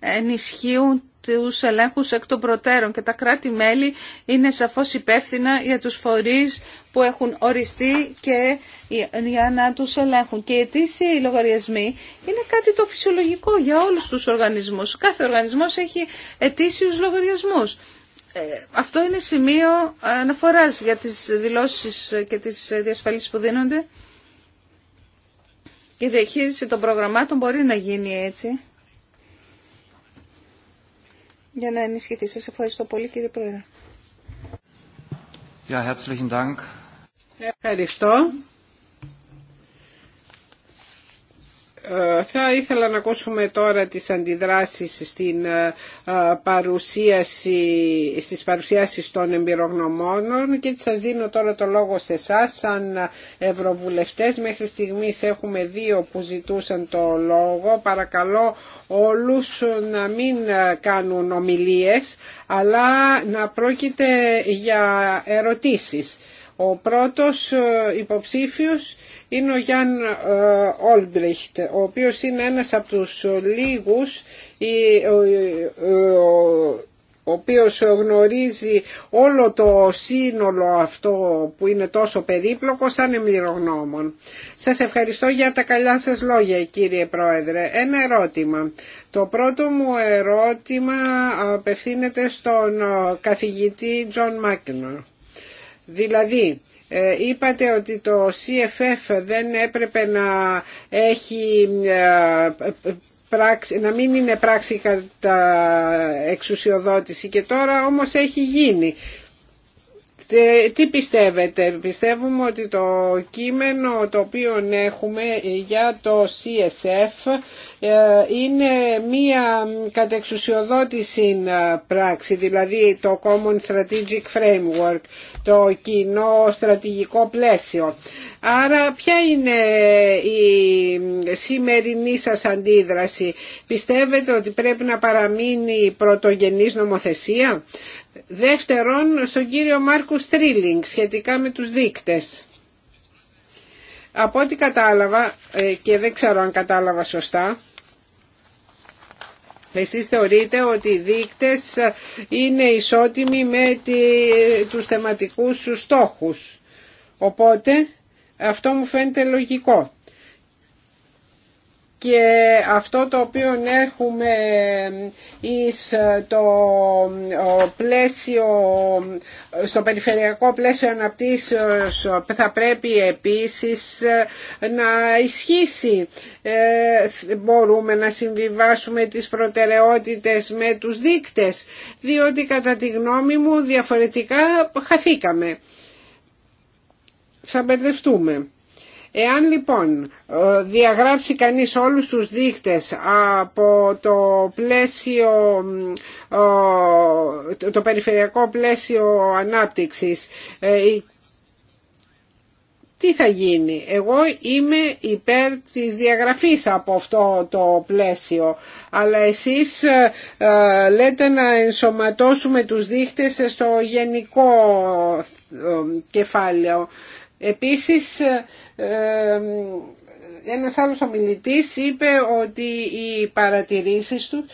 ενισχύουν τους ελέγχους εκ των προτέρων και τα κράτη-μέλη είναι σαφώς υπεύθυνα για τους φορείς που έχουν οριστεί και για να τους ελέγχουν. Και οι οι λογαριασμοί είναι κάτι το φυσιολογικό για όλους τους οργανισμούς. Κάθε οργανισμός έχει αιτήσιους λογαριασμούς. Ε, αυτό είναι σημείο αναφοράς για τις δηλώσεις και τις διασφαλίσεις που δίνονται. Η διαχείριση των προγραμμάτων μπορεί να γίνει έτσι. Για να ενισχυθεί. Σας ευχαριστώ πολύ κύριε Πρόεδρε. Ja, herzlichen Dank. Ευχαριστώ. Ε, θα ήθελα να ακούσουμε τώρα τις αντιδράσεις στην ε, ε, παρουσίαση, στις παρουσιάσεις των εμπειρογνωμόνων και σας δίνω τώρα το λόγο σε εσά σαν ευρωβουλευτές. Μέχρι στιγμής έχουμε δύο που ζητούσαν το λόγο. Παρακαλώ όλους να μην κάνουν ομιλίες αλλά να πρόκειται για ερωτήσεις. Ο πρώτος υποψήφιος είναι ο Γιάνν Όλμπριχτ, ε, ο οποίος είναι ένας από τους λίγους ο οποίος γνωρίζει όλο το σύνολο αυτό που είναι τόσο περίπλοκο σαν εμπειρογνώμων. Σας ευχαριστώ για τα καλά σας λόγια κύριε Πρόεδρε. Ένα ερώτημα. Το πρώτο μου ερώτημα απευθύνεται στον καθηγητή Τζον Μάκνορ. Δηλαδή, ε, είπατε ότι το CFF δεν έπρεπε να έχει ε, να μην είναι πράξη κατά εξουσιοδότηση και τώρα όμως έχει γίνει. Ε, τι πιστεύετε, πιστεύουμε ότι το κείμενο το οποίο έχουμε για το CSF ε, είναι μία κατεξουσιοδότηση ε, πράξη, δηλαδή το Common Strategic Framework, το κοινό στρατηγικό πλαίσιο. Άρα ποια είναι η σημερινή σας αντίδραση. Πιστεύετε ότι πρέπει να παραμείνει πρωτογενής νομοθεσία. Δεύτερον, στον κύριο Μάρκου Στρίλινγκ σχετικά με τους δείκτες. Από ό,τι κατάλαβα ε, και δεν ξέρω αν κατάλαβα σωστά, εσείς θεωρείτε ότι οι δείκτες είναι ισότιμοι με τους θεματικούς στόχους. Οπότε αυτό μου φαίνεται λογικό και αυτό το οποίο έχουμε εις το πλαίσιο, στο περιφερειακό πλαίσιο αναπτύσσεως θα πρέπει επίσης να ισχύσει. Ε, μπορούμε να συμβιβάσουμε τις προτεραιότητες με τους δίκτες, διότι κατά τη γνώμη μου διαφορετικά χαθήκαμε. Θα μπερδευτούμε. Εάν λοιπόν ε, διαγράψει κανείς όλους τους δείχτες από το πλαίσιο, ε, το περιφερειακό πλαίσιο ανάπτυξης ε, τι θα γίνει. Εγώ είμαι υπέρ της διαγραφής από αυτό το πλαίσιο. Αλλά εσείς λέτε να ενσωματώσουμε τους δείχτες στο γενικό κεφάλαιο. Επίσης, ε, ε, ένας άλλος ομιλητής είπε ότι οι παρατηρήσεις του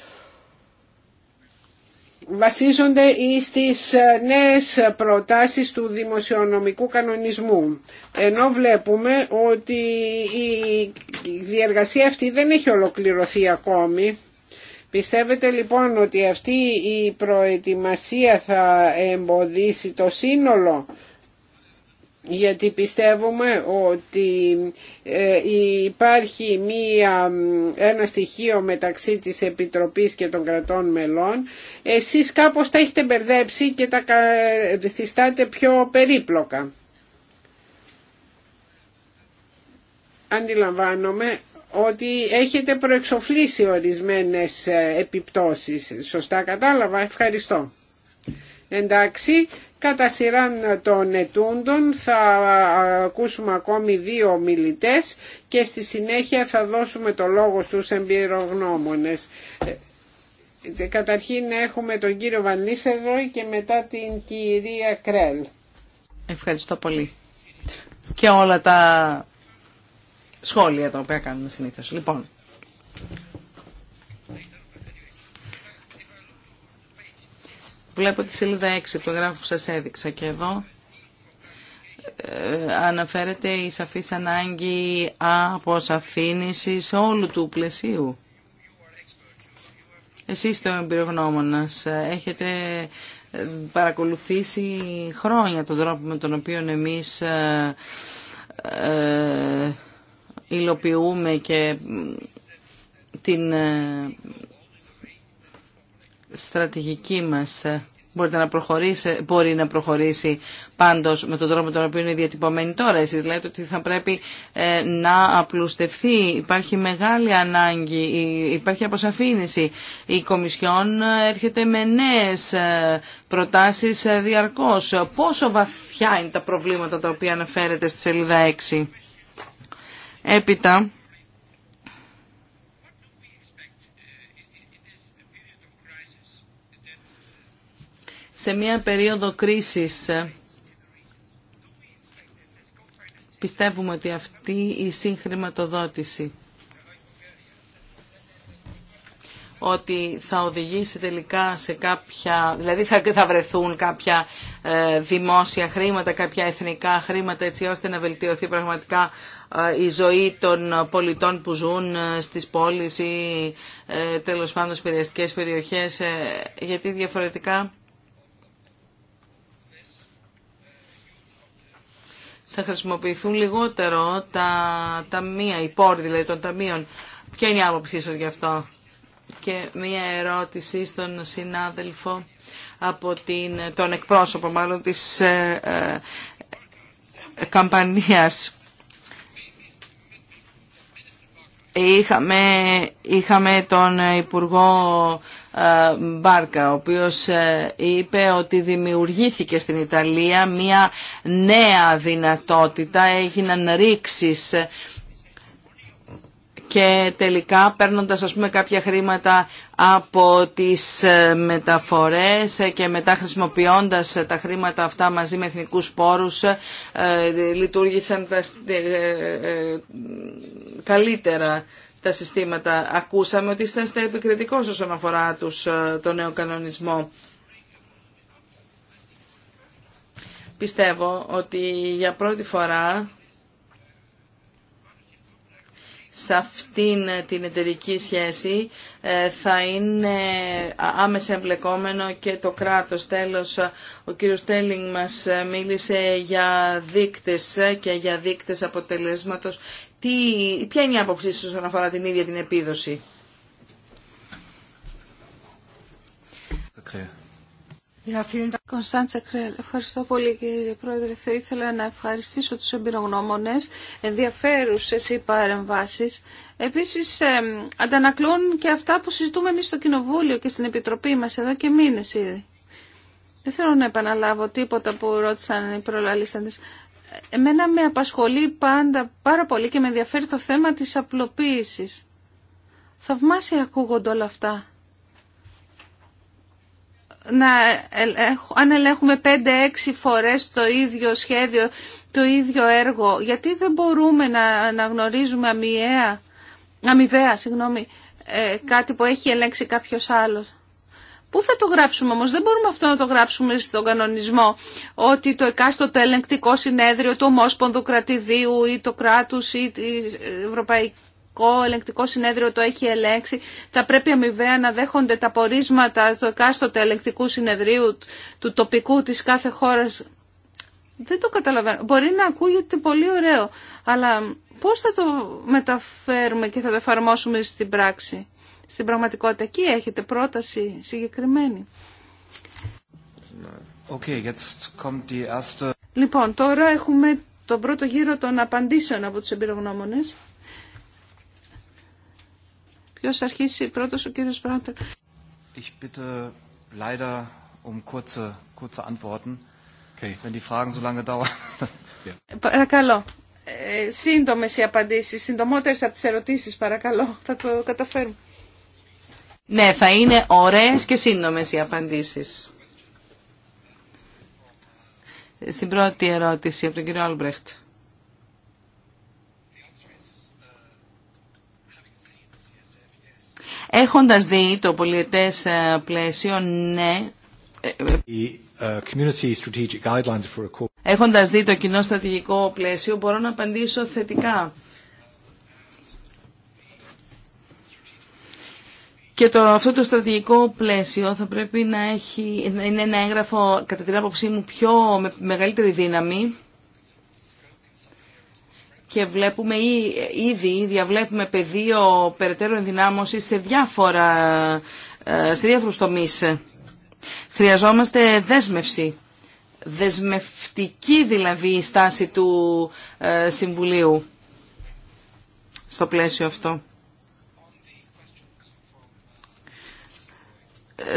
βασίζονται στις ε, νέες προτάσεις του δημοσιονομικού κανονισμού. Ενώ βλέπουμε ότι η διεργασία αυτή δεν έχει ολοκληρωθεί ακόμη. Πιστεύετε λοιπόν ότι αυτή η προετοιμασία θα εμποδίσει το σύνολο γιατί πιστεύουμε ότι ε, υπάρχει μία, ένα στοιχείο μεταξύ της Επιτροπής και των κρατών μελών. Εσείς κάπως τα έχετε μπερδέψει και τα καθιστάτε πιο περίπλοκα. Αντιλαμβάνομαι ότι έχετε προεξοφλήσει ορισμένες ε, επιπτώσεις. Σωστά κατάλαβα. Ευχαριστώ. Εντάξει, Κατά σειράν των ετούντων θα ακούσουμε ακόμη δύο μιλητές και στη συνέχεια θα δώσουμε το λόγο στους εμπειρογνώμονες. Ε, καταρχήν έχουμε τον κύριο Βανίσεροι και μετά την κυρία Κρέλ. Ευχαριστώ πολύ. Και όλα τα σχόλια τα οποία κάνουμε συνήθως. Λοιπόν, Βλέπω τη σελίδα 6 του εγγράφου που σας έδειξα και εδώ ε, αναφέρεται η σαφής ανάγκη σε όλου του πλαισίου. Εσείς ο εμπειρογνώμονας έχετε παρακολουθήσει χρόνια τον τρόπο με τον οποίο εμείς ε, ε, υλοποιούμε και την στρατηγική μας ε, να προχωρήσει, μπορεί να προχωρήσει πάντως με τον τρόπο τον οποίο είναι διατυπωμένη τώρα. Εσείς λέτε ότι θα πρέπει ε, να απλουστευθεί. Υπάρχει μεγάλη ανάγκη, υπάρχει αποσαφήνιση. Η Κομισιόν έρχεται με νέες ε, προτάσεις διαρκώς. Πόσο βαθιά είναι τα προβλήματα τα οποία αναφέρεται στη σελίδα 6. Έπειτα, σε μια περίοδο κρίσης. Ε, πιστεύουμε ότι αυτή η συγχρηματοδότηση ότι θα οδηγήσει τελικά σε κάποια, δηλαδή θα, θα βρεθούν κάποια ε, δημόσια χρήματα, κάποια εθνικά χρήματα έτσι ώστε να βελτιωθεί πραγματικά ε, η ζωή των πολιτών που ζουν στις πόλεις ή τέλος πάντων στις περιοχές γιατί διαφορετικά θα χρησιμοποιηθούν λιγότερο τα ταμεία, οι πόροι δηλαδή των ταμείων. Ποια είναι η άποψή σας γι' αυτό. Και μία ερώτηση στον συνάδελφο από την, τον εκπρόσωπο μάλλον της ε, ε καμπανίας. Είχαμε, είχαμε τον Υπουργό Μπάρκα, ο οποίος ε, είπε ότι δημιουργήθηκε στην Ιταλία μια νέα δυνατότητα, έγιναν ρήξεις και τελικά παίρνοντας ας πούμε κάποια χρήματα από τις ε, μεταφορές και μετά χρησιμοποιώντας τα χρήματα αυτά μαζί με εθνικούς πόρους ε, λειτουργήσαν καλύτερα τα συστήματα. Ακούσαμε ότι είστε επικριτικός όσον αφορά τους, ε, τον νέο κανονισμό. Πιστεύω ότι για πρώτη φορά σε αυτήν την εταιρική σχέση ε, θα είναι άμεσα εμπλεκόμενο και το κράτος. Τέλος, ο κύριος Τέλινγκ μας μίλησε για δείκτες και για δείκτες αποτελέσματος τι, ποια είναι η άποψή σας όσον αφορά την ίδια την επίδοση. Κωνσταντσα Κρέλ, ευχαριστώ πολύ κύριε Πρόεδρε. Θα ήθελα να ευχαριστήσω τους εμπειρογνώμονες, ενδιαφέρουσες οι παρεμβάσεις. Επίσης αντανακλούν και αυτά που συζητούμε εμείς στο Κοινοβούλιο και στην Επιτροπή μας εδώ και μήνες ήδη. Δεν θέλω να επαναλάβω τίποτα που ρώτησαν οι προλαλήσαντες. Εμένα με απασχολεί πάντα πάρα πολύ και με ενδιαφέρει το θέμα της απλοποίησης. Θαυμάσια ακούγονται όλα αυτά. Να, αν ελέγχουμε 5-6 φορές το ίδιο σχέδιο, το ίδιο έργο, γιατί δεν μπορούμε να γνωρίζουμε αμοιβαία, αμοιβαία συγγνώμη, ε, κάτι που έχει ελέγξει κάποιος άλλος. Πού θα το γράψουμε όμως, δεν μπορούμε αυτό να το γράψουμε στον κανονισμό, ότι το εκάστοτε ελεγκτικό συνέδριο του Ομόσπονδου Κρατηδίου ή το κράτους ή το ε, Ευρωπαϊκό Ελεγκτικό Συνέδριο το έχει ελέγξει, θα πρέπει αμοιβαία να δέχονται τα πορίσματα του εκάστοτε ελεγκτικού συνεδρίου του τοπικού της κάθε χώρας. Δεν το καταλαβαίνω. Μπορεί να ακούγεται πολύ ωραίο, αλλά πώς θα το μεταφέρουμε και θα το εφαρμόσουμε στην πράξη στην πραγματικότητα. Εκεί έχετε πρόταση συγκεκριμένη. Λοιπόν, τώρα έχουμε τον πρώτο γύρο των απαντήσεων από τους εμπειρογνώμονες. Ποιος αρχίσει πρώτος, ο κύριος Πράτερ. Ich Παρακαλώ. σύντομες οι απαντήσεις, συντομότερες από τις ερωτήσεις, παρακαλώ. Θα το καταφέρουμε. Ναι, θα είναι ωραίες και σύντομες οι απαντήσεις. Στην πρώτη ερώτηση από τον κύριο Άλμπρεχτ. Έχοντας δει το πολιετές ε, πλαίσιο, ναι. Έχοντας δει το κοινό στρατηγικό πλαίσιο, μπορώ να απαντήσω θετικά. Και το, αυτό το στρατηγικό πλαίσιο θα πρέπει να έχει, είναι ένα έγγραφο, κατά την άποψή μου, πιο, με μεγαλύτερη δύναμη και βλέπουμε ή, ήδη διαβλέπουμε πεδίο περαιτέρω ενδυνάμωσης σε διάφορα, ε, σε διάφορους τομείς. Χρειαζόμαστε δέσμευση, δεσμευτική δηλαδή η ηδη διαβλεπουμε πεδιο περαιτερω ενδυνάμωση σε διαφορα σε διαφορους τομεις χρειαζομαστε δεσμευση δεσμευτικη δηλαδη η σταση του ε, Συμβουλίου στο πλαίσιο αυτό.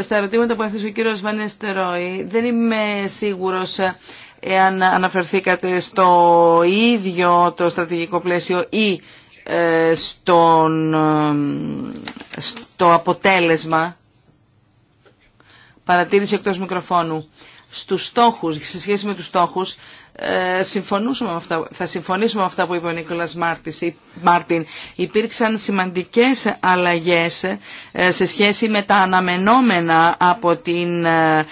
στα ερωτήματα που έθεσε ο κύριος Βανέστεροι, δεν είμαι σίγουρος εάν αναφερθήκατε στο ίδιο το στρατηγικό πλαίσιο ή ε, στον, ε, στο αποτέλεσμα παρατήρηση εκτός μικροφώνου στους στόχους, σε σχέση με τους στόχους ε, αυτά, θα συμφωνήσουμε με αυτά που είπε ο Νίκολας Μάρτιν. Υπήρξαν σημαντικές αλλαγές ε, σε σχέση με τα αναμενόμενα από την ε,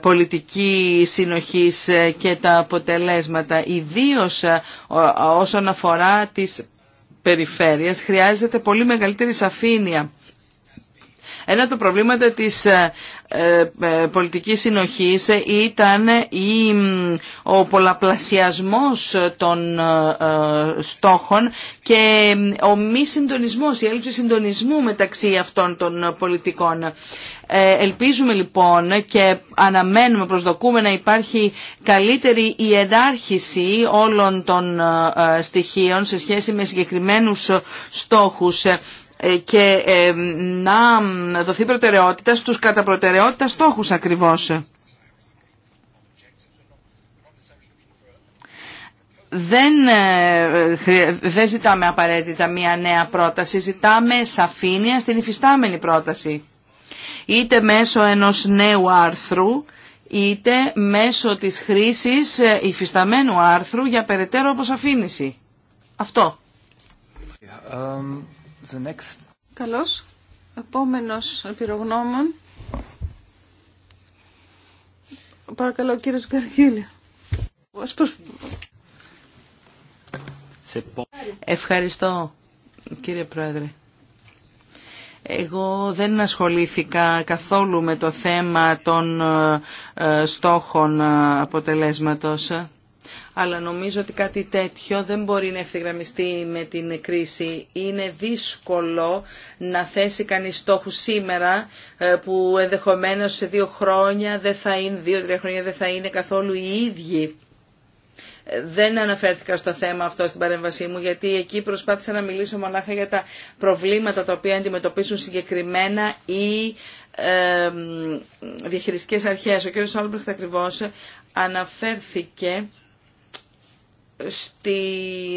πολιτική συνοχής και τα αποτελέσματα, ιδίως όσον αφορά τις περιφέρειες, χρειάζεται πολύ μεγαλύτερη σαφήνεια ένα από τα προβλήματα της ε, ε, πολιτικής συνοχής ήταν η, ο πολλαπλασιασμός των ε, στόχων και ο μη συντονισμός, η έλλειψη συντονισμού μεταξύ αυτών των πολιτικών. Ελπίζουμε λοιπόν και αναμένουμε, προσδοκούμε να υπάρχει καλύτερη ιεράρχηση όλων των στοιχείων σε σχέση με συγκεκριμένους στόχους ε, και ε, να δοθεί προτεραιότητα στους κατά προτεραιότητα στόχους ακριβώς. Δεν, ε, δεν ζητάμε απαραίτητα μία νέα πρόταση, ζητάμε σαφήνεια στην υφιστάμενη πρόταση. Είτε μέσω ενός νέου άρθρου, είτε μέσω της χρήσης υφισταμένου άρθρου για περαιτέρω αποσαφήνιση. Αυτό. Καλώς. Επόμενος επιρρογνώμων. Παρακαλώ, κύριος Γκαργίλη. Ευχαριστώ, κύριε Πρόεδρε. Εγώ δεν ασχολήθηκα καθόλου με το θέμα των ε, ε, στόχων ε, αποτελέσματος αλλά νομίζω ότι κάτι τέτοιο δεν μπορεί να ευθυγραμμιστεί με την κρίση. Είναι δύσκολο να θέσει κανείς στόχους σήμερα ε, που ενδεχομένως σε δύο χρόνια δεν θα είναι, δύο-τρία χρόνια δεν θα είναι καθόλου οι ίδιοι. Ε, δεν αναφέρθηκα στο θέμα αυτό στην παρέμβασή μου, γιατί εκεί προσπάθησα να μιλήσω μονάχα για τα προβλήματα τα οποία αντιμετωπίσουν συγκεκριμένα οι διαχειριστικές αρχές. Ο κ. Σόλμπρεχτ ακριβώς αναφέρθηκε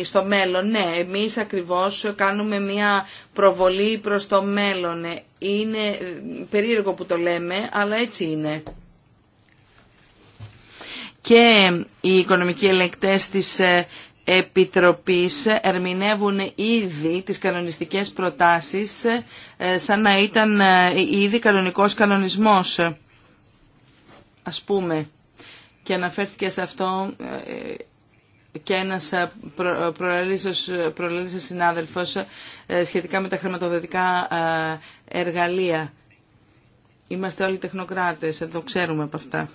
στο μέλλον. Ναι, εμείς ακριβώς κάνουμε μια προβολή προς το μέλλον. Είναι περίεργο που το λέμε, αλλά έτσι είναι. Και οι οικονομικοί ελεκτές της ε, Επιτροπής ερμηνεύουν ήδη τις κανονιστικές προτάσεις ε, σαν να ήταν ε, ήδη κανονικός κανονισμός, ας πούμε. Και αναφέρθηκε σε αυτό και ένας ε, ε, προελήσεως ε, συνάδελφος σχετικά με τα χρηματοδοτικά εργαλεία. Είμαστε όλοι τεχνοκράτες, εδώ ξέρουμε από αυτά.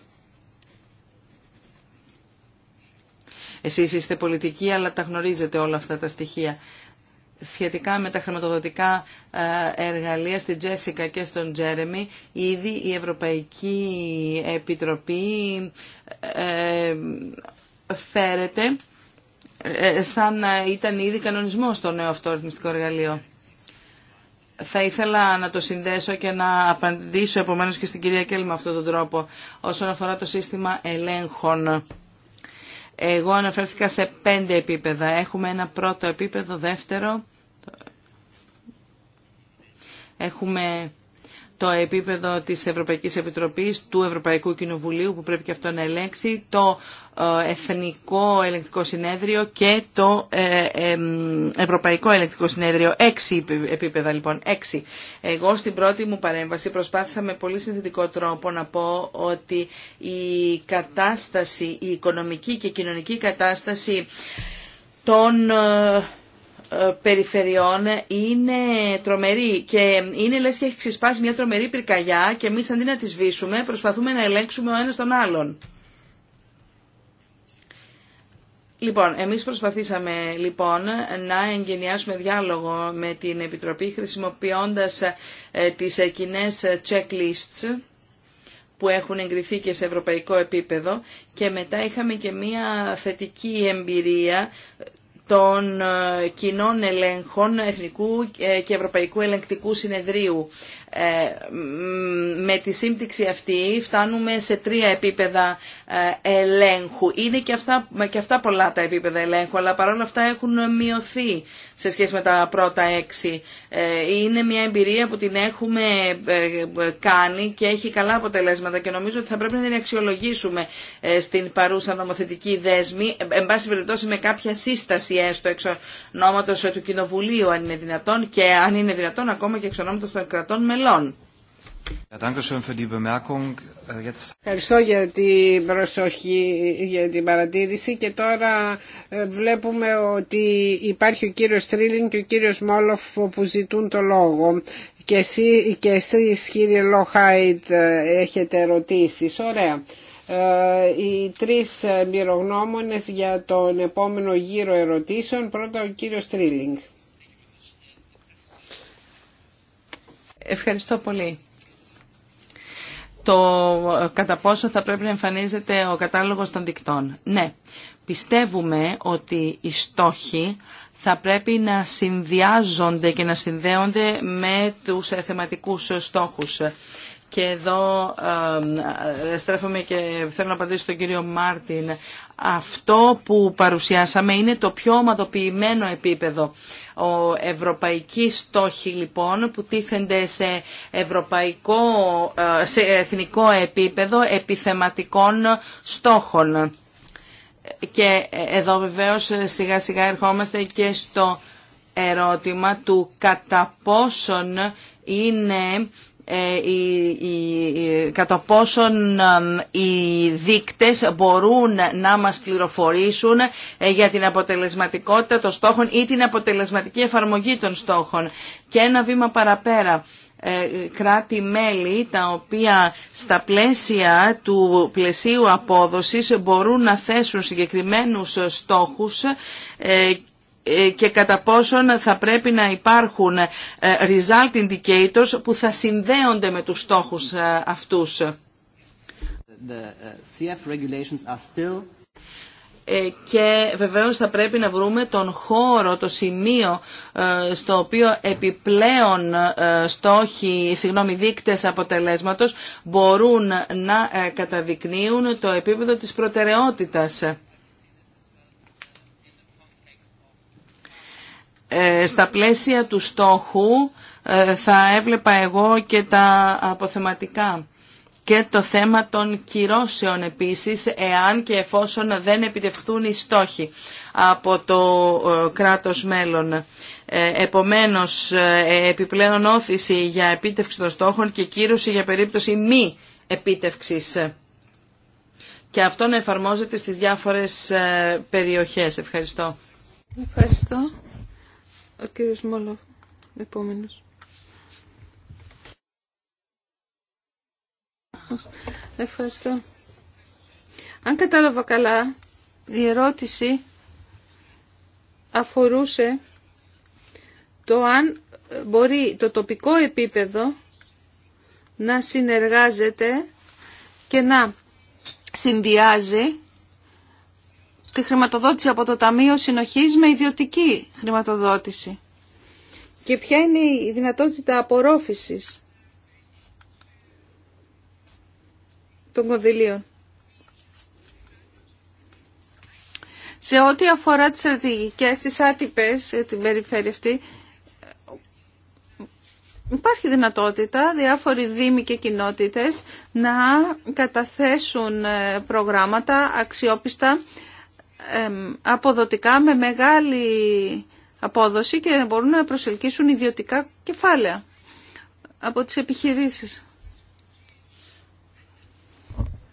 Εσείς είστε πολιτικοί, αλλά τα γνωρίζετε όλα αυτά τα στοιχεία. Σχετικά με τα χρηματοδοτικά εργαλεία στην Τζέσικα και στον Τζέρεμι, ήδη η Ευρωπαϊκή Επιτροπή φέρεται ε, σαν να ήταν ήδη κανονισμό το νέο αυτό εργαλείο. Θα ήθελα να το συνδέσω και να απαντήσω επομένως και στην κυρία Κέλμα με αυτόν τον τρόπο όσον αφορά το σύστημα ελέγχων. Εγώ αναφέρθηκα σε πέντε επίπεδα. Έχουμε ένα πρώτο επίπεδο, δεύτερο. Έχουμε το επίπεδο της Ευρωπαϊκής Επιτροπής, του Ευρωπαϊκού Κοινοβουλίου που πρέπει και αυτό να ελέγξει, το ε, Εθνικό Ελεκτικό Συνέδριο και το ε, ε, Ευρωπαϊκό Ελεκτικό Συνέδριο. Έξι επίπεδα λοιπόν, έξι. Εγώ στην πρώτη μου παρέμβαση προσπάθησα με πολύ συνθετικό τρόπο να πω ότι η κατάσταση, η οικονομική και κοινωνική κατάσταση των ε, περιφερειών είναι τρομερή και είναι λες και έχει ξεσπάσει μια τρομερή πυρκαγιά και εμείς αντί να τη σβήσουμε προσπαθούμε να ελέγξουμε ο ένας τον άλλον. Λοιπόν, εμείς προσπαθήσαμε λοιπόν να εγκαινιάσουμε διάλογο με την Επιτροπή χρησιμοποιώντας ε, τις ε, κοινέ checklists που έχουν εγκριθεί και σε ευρωπαϊκό επίπεδο και μετά είχαμε και μία θετική εμπειρία των ε, κοινών ελέγχων Εθνικού ε, και Ευρωπαϊκού Ελεγκτικού Συνεδρίου. Ε, με τη σύμπτυξη αυτή φτάνουμε σε τρία επίπεδα ε, ελέγχου. Είναι και αυτά, και αυτά πολλά τα επίπεδα ελέγχου, αλλά παρόλα αυτά έχουν μειωθεί σε σχέση με τα πρώτα έξι. Ε, είναι μια εμπειρία που την έχουμε κάνει και έχει καλά αποτελέσματα και νομίζω ότι θα πρέπει να την αξιολογήσουμε στην παρούσα νομοθετική δέσμη, εν πάση περιπτώσει με κάποια σύσταση έστω εξ του Κοινοβουλίου, αν είναι δυνατόν, και αν είναι δυνατόν ακόμα και εξ των κρατών μελών. Äh, Ευχαριστώ για την προσοχή, για την παρατήρηση και τώρα ε, βλέπουμε ότι υπάρχει ο κύριος Τρίλιν και ο κύριος Μόλοφ που ζητούν το λόγο και, εσύ, και εσείς κύριε Λοχάιτ ε, έχετε ερωτήσεις. Ωραία. Ε, οι τρεις μυρογνώμονες για τον επόμενο γύρο ερωτήσεων. Πρώτα ο κύριος Τρίλινγκ. Ευχαριστώ πολύ. Το κατά πόσο θα πρέπει να εμφανίζεται ο κατάλογος των δικτών. Ναι, πιστεύουμε ότι οι στόχοι θα πρέπει να συνδυάζονται και να συνδέονται με τους θεματικούς στόχους. Και εδώ ε, στρέφομαι και θέλω να απαντήσω στον κύριο Μάρτιν αυτό που παρουσιάσαμε είναι το πιο ομαδοποιημένο επίπεδο. Ο ευρωπαϊκής στόχη λοιπόν που τίθενται σε, ευρωπαϊκό, ε, σε εθνικό επίπεδο επιθεματικών στόχων. Και εδώ βεβαίως σιγά σιγά ερχόμαστε και στο ερώτημα του κατά πόσον είναι ε, κατά πόσον οι δείκτες μπορούν να μας πληροφορήσουν ε, για την αποτελεσματικότητα των στόχων ή την αποτελεσματική εφαρμογή των στόχων. Και ένα βήμα παραπέρα ε, κράτη-μέλη τα οποία στα πλαίσια του πλαισίου απόδοσης μπορούν να θέσουν συγκεκριμένους στόχους ε, και κατά πόσον θα πρέπει να υπάρχουν ε, result indicators που θα συνδέονται με τους στόχους ε, αυτούς. The και βεβαίως θα πρέπει να βρούμε τον χώρο, το σημείο στο οποίο επιπλέον στόχοι, συγγνώμη, δείκτες αποτελέσματος μπορούν να καταδεικνύουν το επίπεδο της προτεραιότητας. Ε, στα πλαίσια του στόχου ε, θα έβλεπα εγώ και τα αποθεματικά και το θέμα των κυρώσεων επίσης, εάν και εφόσον δεν επιτευχθούν οι στόχοι από το ε, κράτος μέλλον. Επομένως, επιπλέον όθηση για επίτευξη των στόχων και κύρωση για περίπτωση μη επίτευξης. Και αυτό να εφαρμόζεται στις διάφορες περιοχές. Ευχαριστώ. Ευχαριστώ. Ο κύριος μόλο επόμενος. Ευχαριστώ. Αν κατάλαβα καλά, η ερώτηση αφορούσε το αν μπορεί το τοπικό επίπεδο να συνεργάζεται και να συνδυάζει τη χρηματοδότηση από το Ταμείο Συνοχής με ιδιωτική χρηματοδότηση. Και ποια είναι η δυνατότητα απορρόφησης των κονδυλίων. Σε ό,τι αφορά τις στρατηγικές, τις άτυπες, ε, την περιφέρεια αυτή, υπάρχει δυνατότητα διάφοροι δήμοι και κοινότητες να καταθέσουν ε, προγράμματα αξιόπιστα αποδοτικά με μεγάλη απόδοση και μπορούν να προσελκύσουν ιδιωτικά κεφάλαια από τις επιχειρήσεις.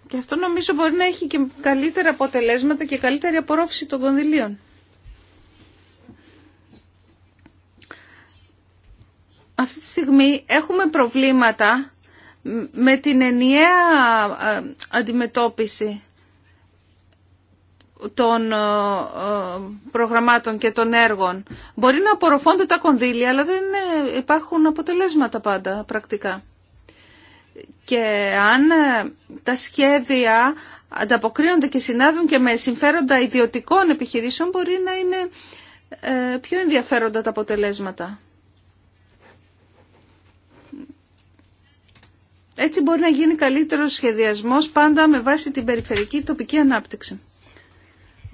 Και αυτό νομίζω μπορεί να έχει και καλύτερα αποτελέσματα και καλύτερη απορρόφηση των κονδυλίων. Αυτή τη στιγμή έχουμε προβλήματα με την ενιαία ε, αντιμετώπιση των ε, ε, προγραμμάτων και των έργων. Μπορεί να απορροφώνται τα κονδύλια, αλλά δεν υπάρχουν αποτελέσματα πάντα πρακτικά. Και αν ε, τα σχέδια ανταποκρίνονται και συνάδουν και με συμφέροντα ιδιωτικών επιχειρήσεων, μπορεί να είναι πιο ενδιαφέροντα τα αποτελέσματα. Έτσι μπορεί να γίνει καλύτερος σχεδιασμός πάντα με βάση την περιφερική τοπική ανάπτυξη.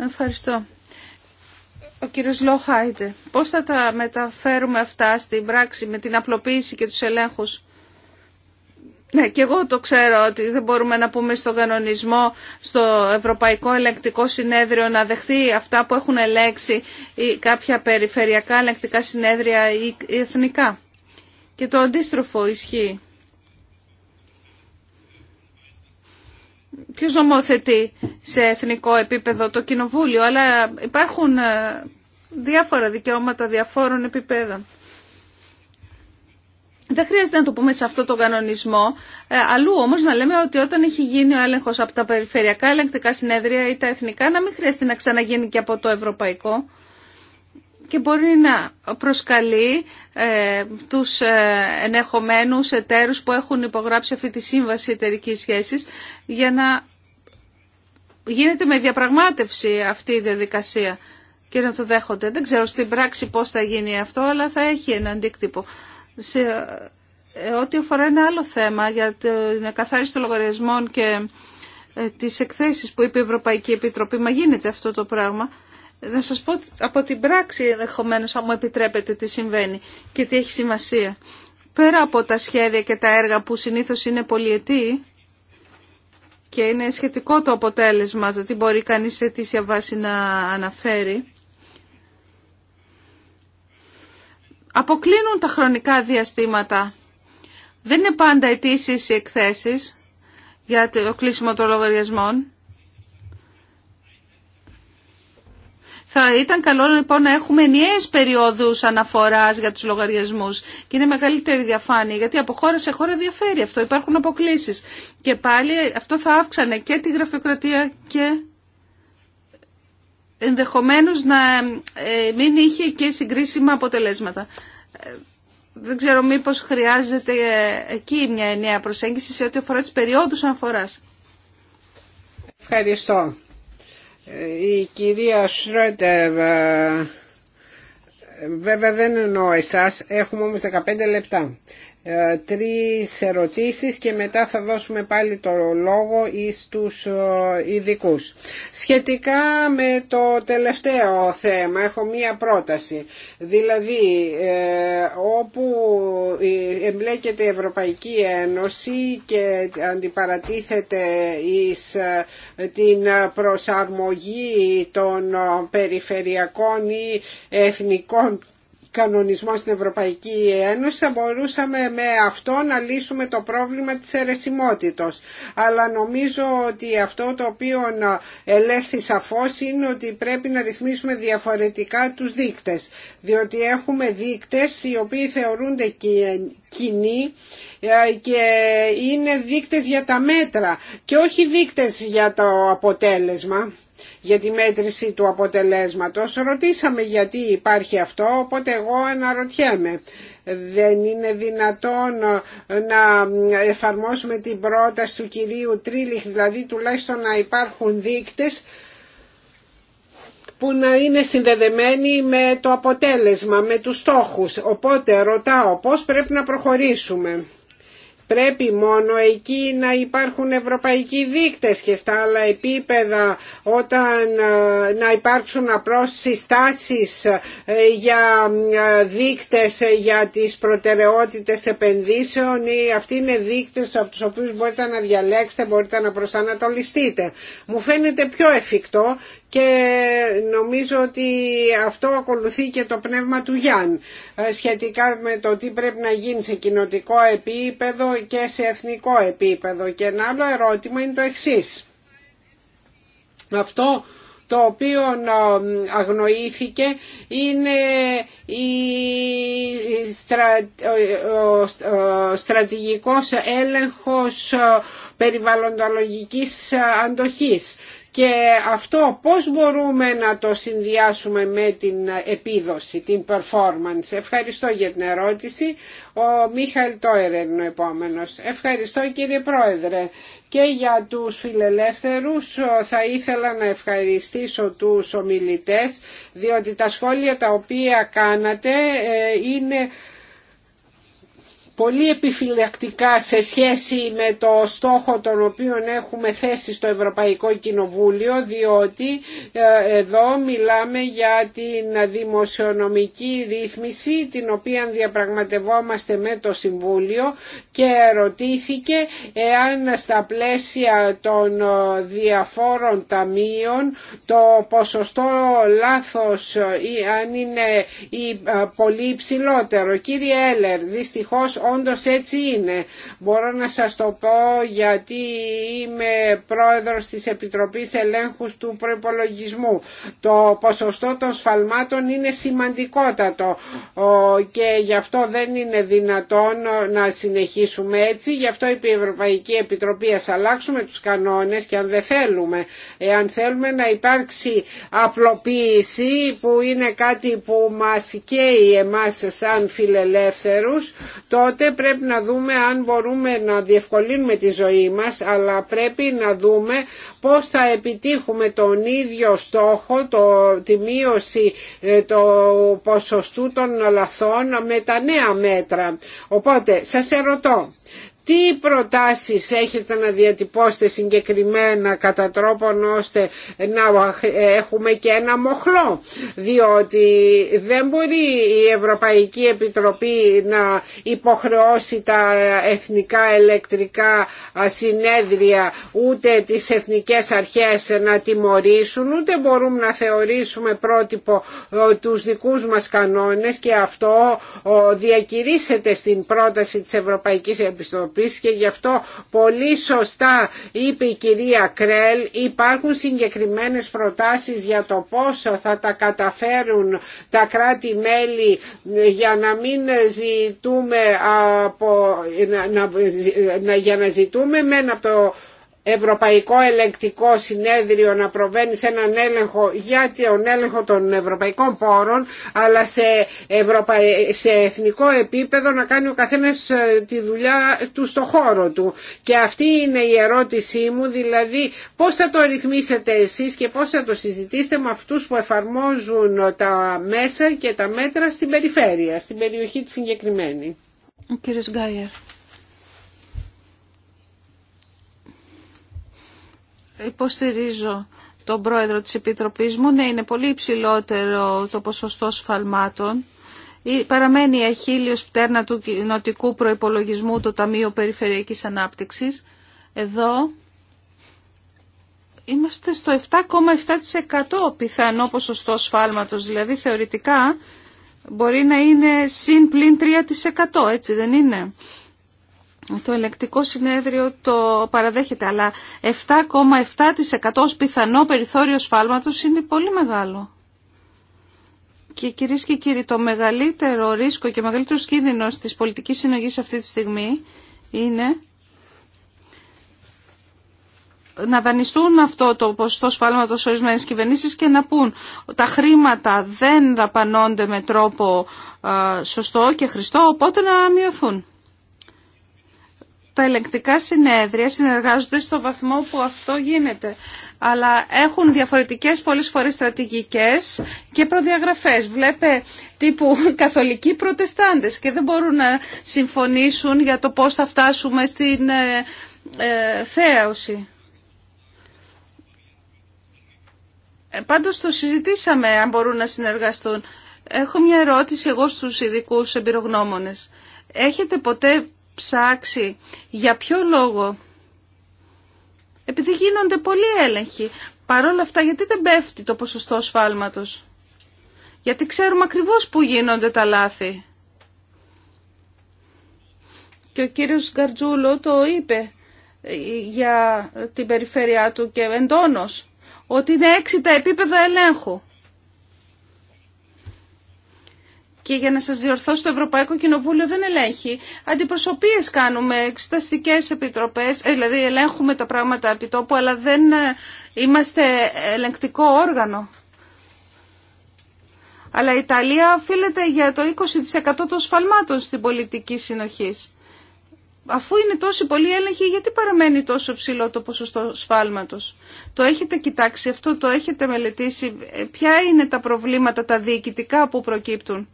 Ευχαριστώ. Ο κύριος Λόχάιντε, πώς θα τα μεταφέρουμε αυτά στην πράξη με την απλοποίηση και τους ελέγχους. Ναι, και εγώ το ξέρω ότι δεν μπορούμε να πούμε στον κανονισμό, στο Ευρωπαϊκό Ελεκτικό Συνέδριο να δεχθεί αυτά που έχουν ελέξει ή κάποια περιφερειακά ελεκτικά συνέδρια ή εθνικά. Και το αντίστροφο ισχύει. ποιος νομοθετεί σε εθνικό επίπεδο το κοινοβούλιο, αλλά υπάρχουν ε, διάφορα δικαιώματα διαφόρων επίπεδων. Δεν χρειάζεται να το πούμε σε αυτό τον κανονισμό, ε, αλλού όμως να λέμε ότι όταν έχει γίνει ο έλεγχος από τα περιφερειακά ελεγκτικά συνέδρια ή τα εθνικά, να μην χρειάζεται να ξαναγίνει και από το ευρωπαϊκό και μπορεί να προσκαλεί ε, τους ε, ενεχομένους εταίρους που έχουν υπογράψει αυτή τη σύμβαση εταιρικής σχέσης για να γίνεται με διαπραγμάτευση αυτή η διαδικασία και να το δέχονται. Δεν ξέρω στην πράξη πώς θα γίνει αυτό, αλλά θα έχει ένα αντίκτυπο. Σε, ε, ό,τι αφορά ένα άλλο θέμα για την καθάριση των λογαριασμών και ε, τις εκθέσεις που είπε η Ευρωπαϊκή Επιτροπή, μα γίνεται αυτό το πράγμα, να σας πω από την πράξη ενδεχομένω αν μου επιτρέπετε τι συμβαίνει και τι έχει σημασία. Πέρα από τα σχέδια και τα έργα που συνήθως είναι πολυετή και είναι σχετικό το αποτέλεσμα το τι μπορεί κανείς σε αιτήσια βάση να αναφέρει, αποκλίνουν τα χρονικά διαστήματα. Δεν είναι πάντα αιτήσεις οι εκθέσεις για το κλείσιμο των λογαριασμών. Θα ήταν καλό λοιπόν να έχουμε ενιαίες περιόδους αναφοράς για τους λογαριασμούς και είναι μεγαλύτερη διαφάνεια γιατί από χώρα σε χώρα διαφέρει αυτό, υπάρχουν αποκλήσεις και πάλι αυτό θα αύξανε και τη γραφειοκρατία και ενδεχομένως να ε, μην είχε και συγκρίσιμα αποτελέσματα. Ε, δεν ξέρω μήπως χρειάζεται ε, εκεί μια ενιαία προσέγγιση σε ό,τι αφορά τις περιόδους αναφοράς. Ευχαριστώ. Ε, η κυρία Σρέτερ, βέβαια δεν εννοώ εσάς, έχουμε όμως 15 λεπτά. Ε, τρεις ερωτήσεις και μετά θα δώσουμε πάλι το λόγο στους ε, ειδικού. Σχετικά με το τελευταίο θέμα έχω μία πρόταση. Δηλαδή ε, όπου εμπλέκεται η Ευρωπαϊκή Ένωση και αντιπαρατίθεται εις την προσαρμογή των περιφερειακών ή εθνικών κανονισμό στην Ευρωπαϊκή Ένωση θα μπορούσαμε με αυτό να λύσουμε το πρόβλημα της αιρεσιμότητος. Αλλά νομίζω ότι αυτό το οποίο ελέγχθη σαφώς είναι ότι πρέπει να ρυθμίσουμε διαφορετικά τους δείκτες. Διότι έχουμε δείκτες οι οποίοι θεωρούνται κοινοί ε, και είναι δείκτες για τα μέτρα και όχι δείκτες για το αποτέλεσμα για τη μέτρηση του αποτελέσματος. Ρωτήσαμε γιατί υπάρχει αυτό, οπότε εγώ αναρωτιέμαι. Δεν είναι δυνατόν να εφαρμόσουμε την πρόταση του κυρίου Τρίλιχ, δηλαδή τουλάχιστον να υπάρχουν δείκτες που να είναι συνδεδεμένοι με το αποτέλεσμα, με τους στόχους. Οπότε ρωτάω πώς πρέπει να προχωρήσουμε. Πρέπει μόνο εκεί να υπάρχουν ευρωπαϊκοί δείκτες και στα άλλα επίπεδα όταν ε, να υπάρξουν απλώς ε, για ε, δείκτες για τις προτεραιότητες επενδύσεων ή αυτοί είναι δείκτες από τους οποίους μπορείτε να διαλέξετε, μπορείτε να προσανατολιστείτε. Μου φαίνεται πιο εφικτό και νομίζω ότι αυτό ακολουθεί και το πνεύμα του Γιάννη. Ε, σχετικά με το τι πρέπει να γίνει σε κοινοτικό επίπεδο και σε εθνικό επίπεδο. Και ένα άλλο ερώτημα είναι το εξής. Αυτό το οποίο ε, αγνοήθηκε είναι ε, ο στρατηγικός έλεγχος περιβαλλοντολογικής αντοχής και αυτό πώς μπορούμε να το συνδυάσουμε με την επίδοση, την performance. Ευχαριστώ για την ερώτηση. Ο Μίχαλ Τόερεν είναι ο επόμενος. Ευχαριστώ κύριε Πρόεδρε. Και για τους φιλελεύθερους θα ήθελα να ευχαριστήσω τους ομιλητές διότι τα σχόλια τα οποία κάνατε ε, είναι πολύ επιφυλακτικά σε σχέση με το στόχο τον οποίο έχουμε θέσει στο Ευρωπαϊκό Κοινοβούλιο διότι ε, εδώ μιλάμε για την δημοσιονομική ρύθμιση την οποία διαπραγματευόμαστε με το Συμβούλιο και ρωτήθηκε εάν στα πλαίσια των ε, διαφόρων ταμείων το ποσοστό λάθος ε, ή αν είναι πολύ υψηλότερο. Κύριε Έλερ, δυστυχώς Όντως έτσι είναι. Μπορώ να σας το πω γιατί είμαι πρόεδρος της Επιτροπής Ελέγχου του Προϋπολογισμού. Το ποσοστό των σφαλμάτων είναι σημαντικότατο και γι' αυτό δεν είναι δυνατόν να συνεχίσουμε έτσι. Γι' αυτό είπε η Ευρωπαϊκή Επιτροπή ας αλλάξουμε τους κανόνες και αν δεν θέλουμε, εάν θέλουμε να υπάρξει απλοποίηση που είναι κάτι που μας καίει εμάς σαν φιλελεύθερους, Οπότε πρέπει να δούμε αν μπορούμε να διευκολύνουμε τη ζωή μας, αλλά πρέπει να δούμε πώς θα επιτύχουμε τον ίδιο στόχο, το, τη μείωση ε, του ποσοστού των λαθών με τα νέα μέτρα. Οπότε σας ερωτώ, τι προτάσεις έχετε να διατυπώσετε συγκεκριμένα κατά τρόπον ώστε να έχουμε και ένα μοχλό διότι δεν μπορεί η Ευρωπαϊκή Επιτροπή να υποχρεώσει τα εθνικά ηλεκτρικά συνέδρια ούτε τις εθνικές αρχές να τιμωρήσουν ούτε μπορούμε να θεωρήσουμε πρότυπο ε, τους δικούς μας κανόνες και αυτό ε, διακηρύσσεται στην πρόταση της Ευρωπαϊκής Επιτροπής και γι' αυτό πολύ σωστά είπε η κυρία Κρέλ υπάρχουν συγκεκριμένες προτάσεις για το πόσο θα τα καταφέρουν τα κράτη-μέλη για να μην ζητούμε από, να, να, για να ζητούμε μεν από το Ευρωπαϊκό Ελεγκτικό Συνέδριο να προβαίνει σε έναν έλεγχο για τον έλεγχο των ευρωπαϊκών πόρων αλλά σε, εθνικό επίπεδο να κάνει ο καθένας ε, τη δουλειά του στο χώρο του. Και αυτή είναι η ερώτησή μου, δηλαδή πώς θα το ρυθμίσετε εσείς και πώς θα το συζητήσετε με αυτούς που εφαρμόζουν τα μέσα και τα μέτρα στην περιφέρεια, στην περιοχή τη συγκεκριμένη. κύριος Γκάιερ. Υποστηρίζω τον πρόεδρο της Επιτροπής μου. Ναι, είναι πολύ υψηλότερο το ποσοστό σφαλμάτων. Παραμένει η αχίλιος πτέρνα του κοινοτικού προϋπολογισμού το Ταμείου Περιφερειακής Ανάπτυξης. Εδώ είμαστε στο 7,7% πιθανό ποσοστό σφάλματος. Δηλαδή θεωρητικά μπορεί να είναι συν πλην 3% έτσι δεν είναι. Το ελεκτικό συνέδριο το παραδέχεται, αλλά 7,7% πιθανό περιθώριο σφάλματος είναι πολύ μεγάλο. Και κυρίε και κύριοι, το μεγαλύτερο ρίσκο και μεγαλύτερο κίνδυνο τη πολιτική συνογή αυτή τη στιγμή είναι να δανειστούν αυτό το ποσοστό σφάλματος ορισμένε κυβερνήσει και να πούν τα χρήματα δεν δαπανώνται με τρόπο σωστό και χρηστό, οπότε να μειωθούν τα ελεγκτικά συνέδρια συνεργάζονται στο βαθμό που αυτό γίνεται. Αλλά έχουν διαφορετικές πολλές φορές στρατηγικές και προδιαγραφές. Βλέπε τύπου καθολικοί προτεστάντες και δεν μπορούν να συμφωνήσουν για το πώς θα φτάσουμε στην ε, ε, θέαωση. Ε, πάντως το συζητήσαμε αν μπορούν να συνεργαστούν. Έχω μια ερώτηση εγώ στους ειδικούς εμπειρογνώμονες. Έχετε ποτέ ψάξει για ποιο λόγο. Επειδή γίνονται πολλοί έλεγχοι. Παρόλα αυτά γιατί δεν πέφτει το ποσοστό σφάλματος. Γιατί ξέρουμε ακριβώς πού γίνονται τα λάθη. Και ο κύριος Γκαρτζούλο το είπε ε, για την περιφέρειά του και εντόνως ότι είναι έξι τα επίπεδα ελέγχου. και για να σας διορθώσω το Ευρωπαϊκό Κοινοβούλιο δεν ελέγχει. Αντιπροσωπείες κάνουμε, εξεταστικές επιτροπές, ε, δηλαδή ελέγχουμε τα πράγματα επί τόπου, αλλά δεν ε, είμαστε ελεγκτικό όργανο. Αλλά η Ιταλία οφείλεται για το 20% των σφαλμάτων στην πολιτική συνοχή. Αφού είναι τόσο πολύ έλεγχη, γιατί παραμένει τόσο ψηλό το ποσοστό σφάλματος. Το έχετε κοιτάξει αυτό, το έχετε μελετήσει. Ε, ποια είναι τα προβλήματα τα διοικητικά που προκύπτουν.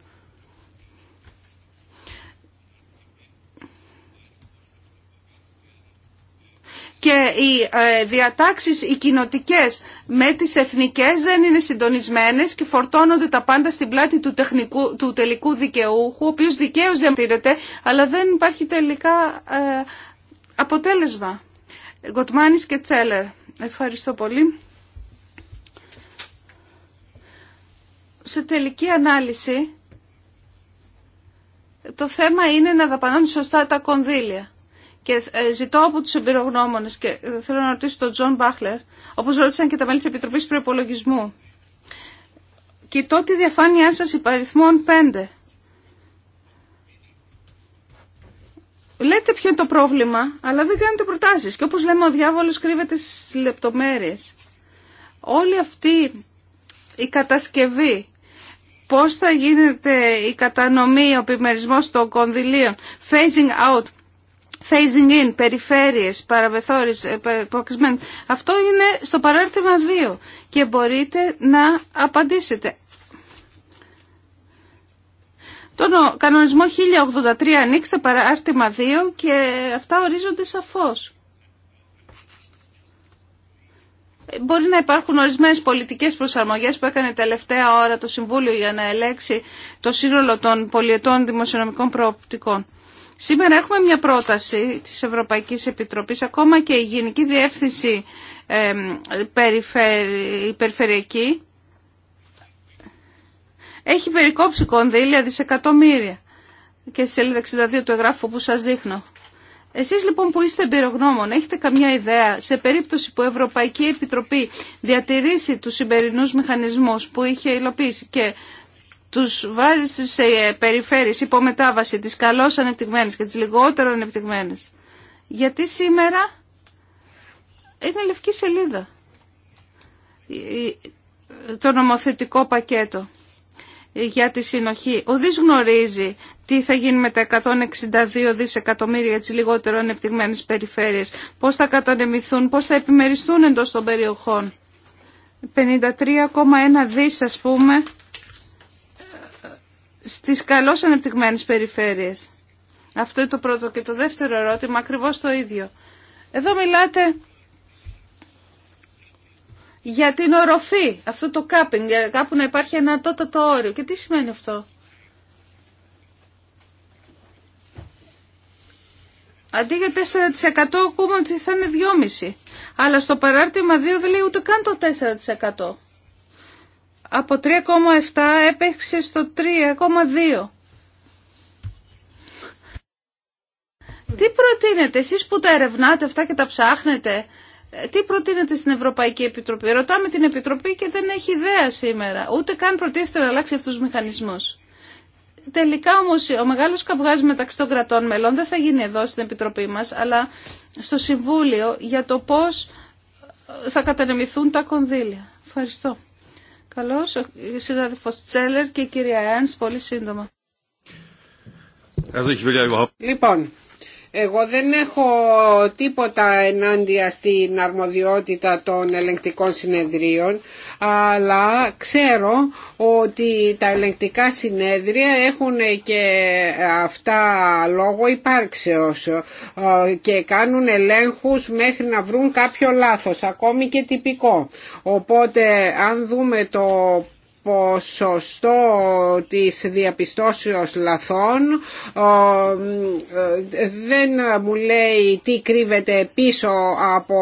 και οι ε, διατάξεις οι κοινοτικές με τις εθνικές δεν είναι συντονισμένες και φορτώνονται τα πάντα στην πλάτη του, τεχνικού, του τελικού δικαιούχου, ο οποίος δικαίως διαμετήρεται, αλλά δεν υπάρχει τελικά ε, αποτέλεσμα. Γκοτμάνης και Τσέλερ. Ευχαριστώ πολύ. Σε τελική ανάλυση, το θέμα είναι να δαπανώνει σωστά τα κονδύλια. Και ε, ζητώ από τους εμπειρογνώμονες και ε, θέλω να ρωτήσω τον Τζον Μπάχλερ, όπως ρώτησαν και τα μέλη της Επιτροπής Προϋπολογισμού. Κοιτώ τη διαφάνειά σας υπαριθμών 5. Λέτε ποιο είναι το πρόβλημα, αλλά δεν κάνετε προτάσεις. Και όπως λέμε, ο διάβολος κρύβεται στις λεπτομέρειες. Όλη αυτή η κατασκευή, πώς θα γίνεται η κατανομή, ο επιμερισμός των κονδυλίων, phasing out, phasing in, περιφέρειες, ε, υποκρισμένε. αυτό είναι στο παράρτημα 2 και μπορείτε να απαντήσετε. Τον κανονισμό 1083 ανοίξτε παράρτημα 2 και αυτά ορίζονται σαφώς. Ε, μπορεί να υπάρχουν ορισμένες πολιτικές προσαρμογές που έκανε τελευταία ώρα το Συμβούλιο για να ελέξει το σύνολο των πολιετών δημοσιονομικών προοπτικών. Σήμερα έχουμε μια πρόταση της Ευρωπαϊκής Επιτροπής, ακόμα και η Γενική Διεύθυνση ε, Περιφερειακή έχει περικόψει κονδύλια δισεκατομμύρια και στη σελίδα 62 του εγγράφου που σας δείχνω. Εσείς λοιπόν που είστε εμπειρογνώμων, έχετε καμιά ιδέα σε περίπτωση που η Ευρωπαϊκή Επιτροπή διατηρήσει τους σημερινούς μηχανισμούς που είχε υλοποιήσει και τους βάζει σε περιφέρειες υπομετάβαση τις καλώς ανεπτυγμένης και τις λιγότερο ανεπτυγμένης. Γιατί σήμερα είναι λευκή σελίδα το νομοθετικό πακέτο για τη συνοχή. Ο Δης γνωρίζει τι θα γίνει με τα 162 δισεκατομμύρια της λιγότερο ανεπτυγμένης περιφέρειας, πώς θα κατανεμηθούν, πώς θα επιμεριστούν εντός των περιοχών. 53,1 δις ας πούμε στις καλώς ανεπτυγμένες περιφέρειες. Αυτό είναι το πρώτο. Και το δεύτερο ερώτημα, ακριβώς το ίδιο. Εδώ μιλάτε για την οροφή, αυτό το κάπινγκ, κάπου να υπάρχει ένα το όριο. Και τι σημαίνει αυτό. Αντί για 4% ακούμε ότι θα είναι 2,5%. Αλλά στο παράρτημα 2 δεν λέει ούτε καν το 4% από 3,7 έπαιξε στο 3,2. Τι προτείνετε εσείς που τα ερευνάτε αυτά και τα ψάχνετε, ε, τι προτείνετε στην Ευρωπαϊκή Επιτροπή. Ρωτάμε την Επιτροπή και δεν έχει ιδέα σήμερα, ούτε καν προτίθεται να αλλάξει αυτούς τους μηχανισμούς. Τελικά όμως ο μεγάλος καυγάς μεταξύ των κρατών μελών δεν θα γίνει εδώ στην Επιτροπή μας, αλλά στο Συμβούλιο για το πώς θα κατανεμηθούν τα κονδύλια. Ευχαριστώ. Καλώς, ο συνάδελφος Τσέλερ και η κυρία Έρνς, πολύ σύντομα. Λοιπόν, εγώ δεν έχω τίποτα ενάντια στην αρμοδιότητα των ελεγκτικών συνεδρίων, αλλά ξέρω ότι τα ελεγκτικά συνέδρια έχουν και αυτά λόγο υπάρξεως ε, και κάνουν ελέγχους μέχρι να βρουν κάποιο λάθος, ακόμη και τυπικό. Οπότε αν δούμε το ποσοστό της διαπιστώσεως λαθών δεν μου λέει τι κρύβεται πίσω από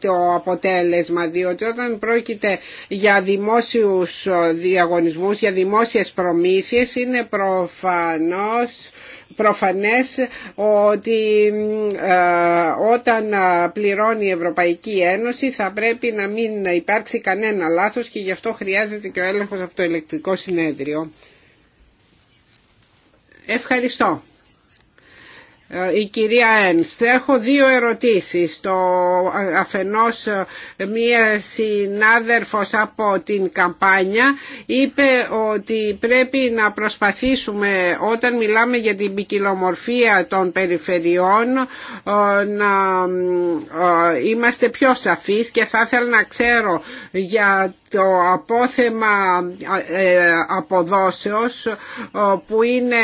το αποτέλεσμα διότι όταν πρόκειται για δημόσιους διαγωνισμούς, για δημόσιες προμήθειες είναι προφανώς προφανές ότι ε, όταν ε, πληρώνει η Ευρωπαϊκή Ένωση θα πρέπει να μην υπάρξει κανένα λάθος και γι' αυτό χρειάζεται και ο έλεγχος από το ηλεκτρικό συνέδριο. Ευχαριστώ. Ε, η κυρία Ένστ, έχω δύο ερωτήσεις. Το ε, αφενός ε, μία συνάδελφος από την καμπάνια είπε ότι πρέπει να προσπαθήσουμε όταν μιλάμε για την ποικιλομορφία των περιφερειών να είμαστε πιο σαφείς και θα ήθελα να ξέρω για το απόθεμα αποδόσεως που είναι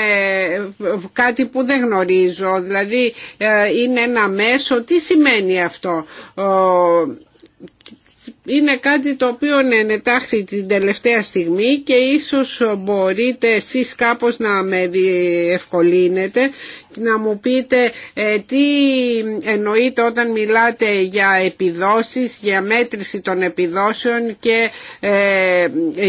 κάτι που δεν γνωρίζω δηλαδή ε, είναι ένα μέσο. Τι σημαίνει αυτό είναι κάτι το οποίο ενετάχθη την τελευταία στιγμή και ίσως μπορείτε εσείς κάπως να με διευκολύνετε να μου πείτε ε, τι εννοείτε όταν μιλάτε για επιδόσεις, για μέτρηση των επιδόσεων και ε,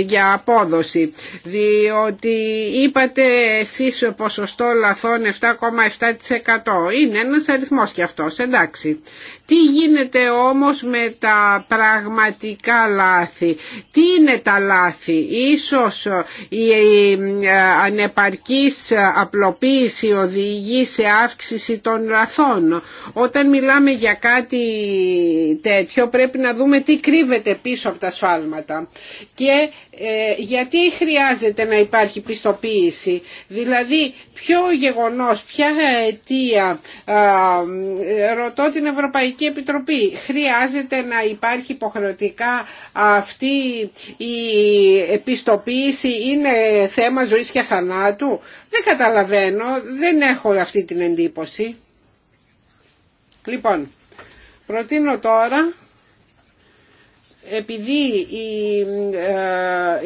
για απόδοση. Διότι είπατε εσείς ποσοστό λαθών 7,7%. Είναι ένας αριθμός και αυτός, εντάξει. Τι γίνεται όμως με τα πράγματα πραγματικά λάθη. Τι είναι τα λάθη. Ίσως η ε, ανεπαρκής απλοποίηση οδηγεί σε αύξηση των λαθών. Όταν μιλάμε για κάτι τέτοιο πρέπει να δούμε τι κρύβεται πίσω από τα σφάλματα. Και ε, γιατί χρειάζεται να υπάρχει πιστοποίηση. Δηλαδή ποιο γεγονός, ποια αιτία, ρωτώ την Ευρωπαϊκή Επιτροπή, χρειάζεται να υπάρχει υποχρεωτικά αυτή η πιστοποίηση, είναι θέμα ζωής και θανάτου. Δεν καταλαβαίνω, δεν έχω αυτή την εντύπωση. Λοιπόν, προτείνω τώρα επειδή ε,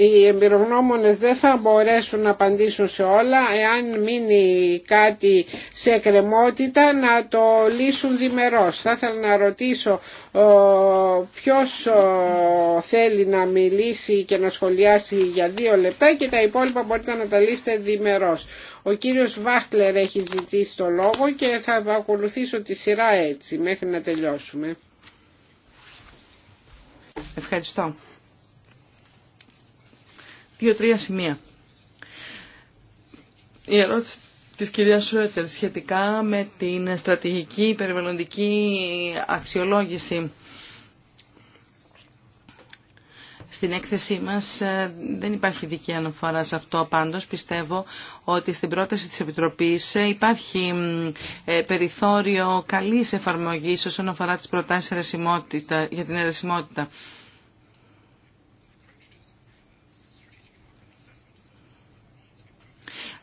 οι εμπειρογνώμονες δεν θα μπορέσουν να απαντήσουν σε όλα, εάν μείνει κάτι σε κρεμότητα να το λύσουν διμερώς. Θα ήθελα να ρωτήσω ποιος θέλει να μιλήσει και να σχολιάσει για δύο λεπτά και τα υπόλοιπα μπορείτε να τα λύσετε διμερώς. Ο κύριος Βάχτλερ έχει ζητήσει το λόγο και θα ακολουθήσω τη σειρά έτσι μέχρι να τελειώσουμε. Ευχαριστώ. Δύο-τρία σημεία. Η ερώτηση της κυρίας Σουέτερ σχετικά με την στρατηγική περιβαλλοντική αξιολόγηση Στην έκθεσή μας ε, δεν υπάρχει δική αναφορά σε αυτό πάντως. Πιστεύω ότι στην πρόταση της Επιτροπής ε, υπάρχει ε, περιθώριο καλής εφαρμογής όσον αφορά τις προτάσεις για την αιρεσιμότητα.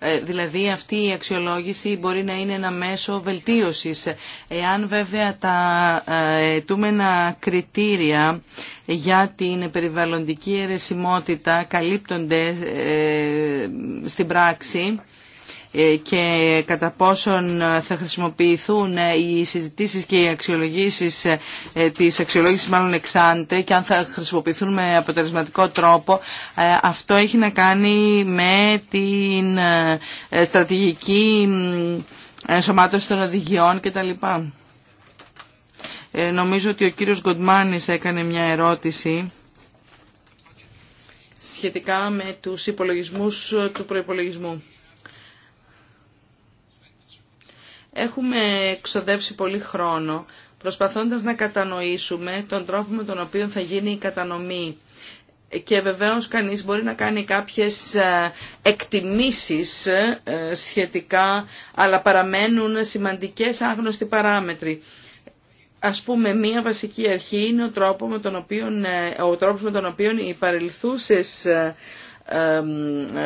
Ε, δηλαδή αυτή η αξιολόγηση μπορεί να είναι ένα μέσο βελτίωσης. Εάν βέβαια τα ετούμενα κριτήρια για την περιβαλλοντική αιρεσιμότητα καλύπτονται ε, στην πράξη, ε, και κατά πόσον θα χρησιμοποιηθούν ε, οι συζητήσεις και οι αξιολογήσεις ε, της αξιολόγησης μάλλον εξάντε και αν θα χρησιμοποιηθούν με αποτελεσματικό τρόπο αυτό έχει να κάνει με την στρατηγική ενσωμάτωση των οδηγιών κτλ. Νομίζω ότι ο κύριος Γκοντμάνης έκανε μια ερώτηση σχετικά με τους υπολογισμούς του προϋπολογισμού. έχουμε ξοδέψει πολύ χρόνο προσπαθώντας να κατανοήσουμε τον τρόπο με τον οποίο θα γίνει η κατανομή. Και βεβαίως κανείς μπορεί να κάνει κάποιες ε, εκτιμήσεις ε, σχετικά, αλλά παραμένουν σημαντικές άγνωστοι παράμετροι. Ας πούμε, μία βασική αρχή είναι ο, τρόπο με τον οποίο, ε, ο τρόπος με τον οποίο οι παρελθούσες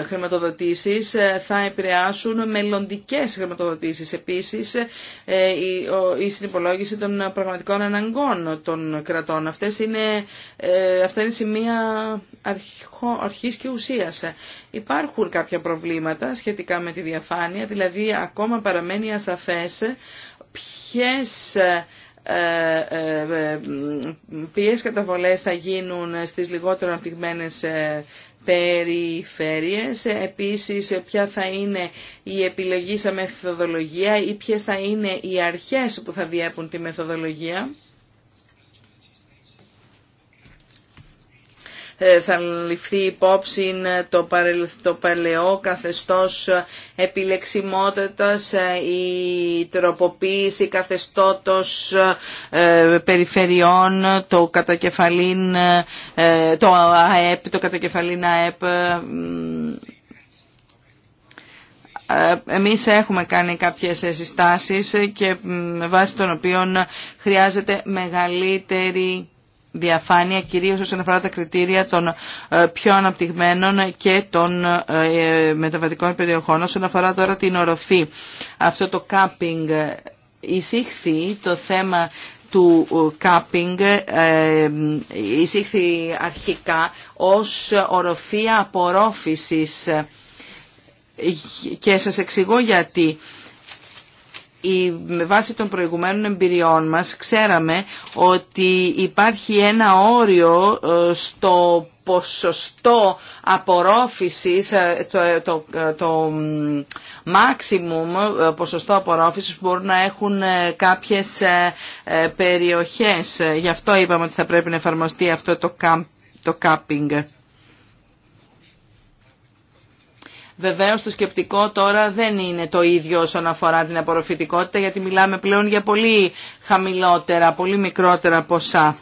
χρηματοδοτήσεις ε, θα επηρεάσουν μελλοντικές χρηματοδοτήσεις. Επίσης, ε, η συνυπολόγηση των πραγματικών αναγκών των κρατών. Αυτές είναι, ε, αυτά είναι σημεία αρχής και ουσίας. Υπάρχουν κάποια προβλήματα σχετικά με τη διαφάνεια, δηλαδή ακόμα παραμένει ασαφές ποιες ποιες καταβολές θα γίνουν στις λιγότερο αναπτυγμένες περιφέρειες, επίσης ποια θα είναι η επιλογή σε μεθοδολογία ή ποιες θα είναι οι αρχές που θα διέπουν τη μεθοδολογία. Ε, θα ληφθεί υπόψη το, το παλαιό καθεστώς επιλεξιμότητας, ε, η τροποποίηση καθεστώτος ε, περιφερειών, το κατακεφαλήν, το ΑΕΠ, το κατακεφαλήν ΑΕΠ, εμείς έχουμε κάνει κάποιες συστάσεις και με βάση των οποίων χρειάζεται μεγαλύτερη διαφάνεια, κυρίως όσον αφορά τα κριτήρια των ε, πιο αναπτυγμένων και των ε, ε, μεταβατικών περιοχών. Όσον αφορά τώρα την οροφή, αυτό το κάπινγκ εισήχθη το θέμα του κάπινγκ εισήχθη αρχικά ως οροφία απορρόφησης και σας εξηγώ γιατί με βάση των προηγουμένων εμπειριών μας ξέραμε ότι υπάρχει ένα όριο ε, στο ποσοστό απορρόφησης, ε, το, ε, το, το maximum ποσοστό απορρόφησης που μπορούν να έχουν κάποιες περιοχές. Γι' αυτό είπαμε ότι θα πρέπει να εφαρμοστεί αυτό το, το capping. Βεβαίως το σκεπτικό τώρα δεν είναι το ίδιο όσον αφορά την απορροφητικότητα γιατί μιλάμε πλέον για πολύ χαμηλότερα, πολύ μικρότερα ποσά.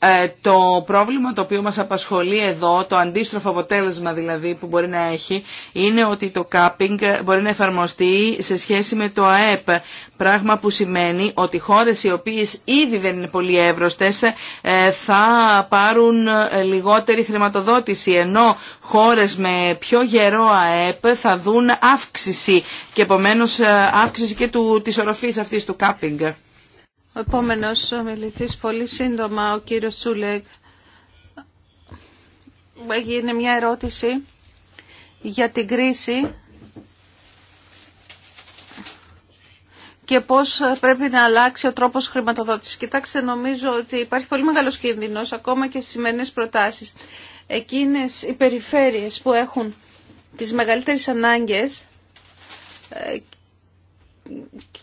Ε, το πρόβλημα το οποίο μας απασχολεί εδώ, το αντίστροφο αποτέλεσμα δηλαδή που μπορεί να έχει, είναι ότι το κάπινγκ μπορεί να εφαρμοστεί σε σχέση με το ΑΕΠ, πράγμα που σημαίνει ότι χώρες οι οποίες ήδη δεν είναι πολύ εύρωστες ε, θα πάρουν ε, λιγότερη χρηματοδότηση, ενώ χώρες με πιο γερό ΑΕΠ θα δουν αύξηση και επομένως αύξηση και του, της οροφής αυτής του κάπινγκ. Ο επόμενος πολύ σύντομα, ο κύριος Τσούλεγ. Έγινε μια ερώτηση για την κρίση και πώς πρέπει να αλλάξει ο τρόπος χρηματοδότησης. Κοιτάξτε, νομίζω ότι υπάρχει πολύ μεγάλος κίνδυνος, ακόμα και στις σημερινές προτάσεις. Εκείνες οι περιφέρειες που έχουν τις μεγαλύτερες ανάγκες ε,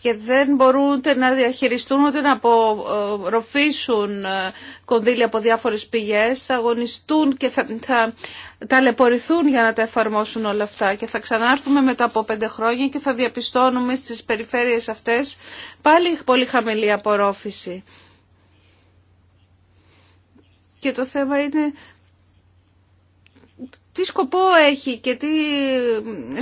και δεν μπορούν ούτε να διαχειριστούν ούτε να απορροφήσουν ε, κονδύλια από διάφορες πηγές, θα αγωνιστούν και θα, θα ταλαιπωρηθούν για να τα εφαρμόσουν όλα αυτά και θα ξανάρθουμε μετά από πέντε χρόνια και θα διαπιστώνουμε στις περιφέρειες αυτές πάλι πολύ χαμηλή απορρόφηση. Και το θέμα είναι τι σκοπό έχει και τι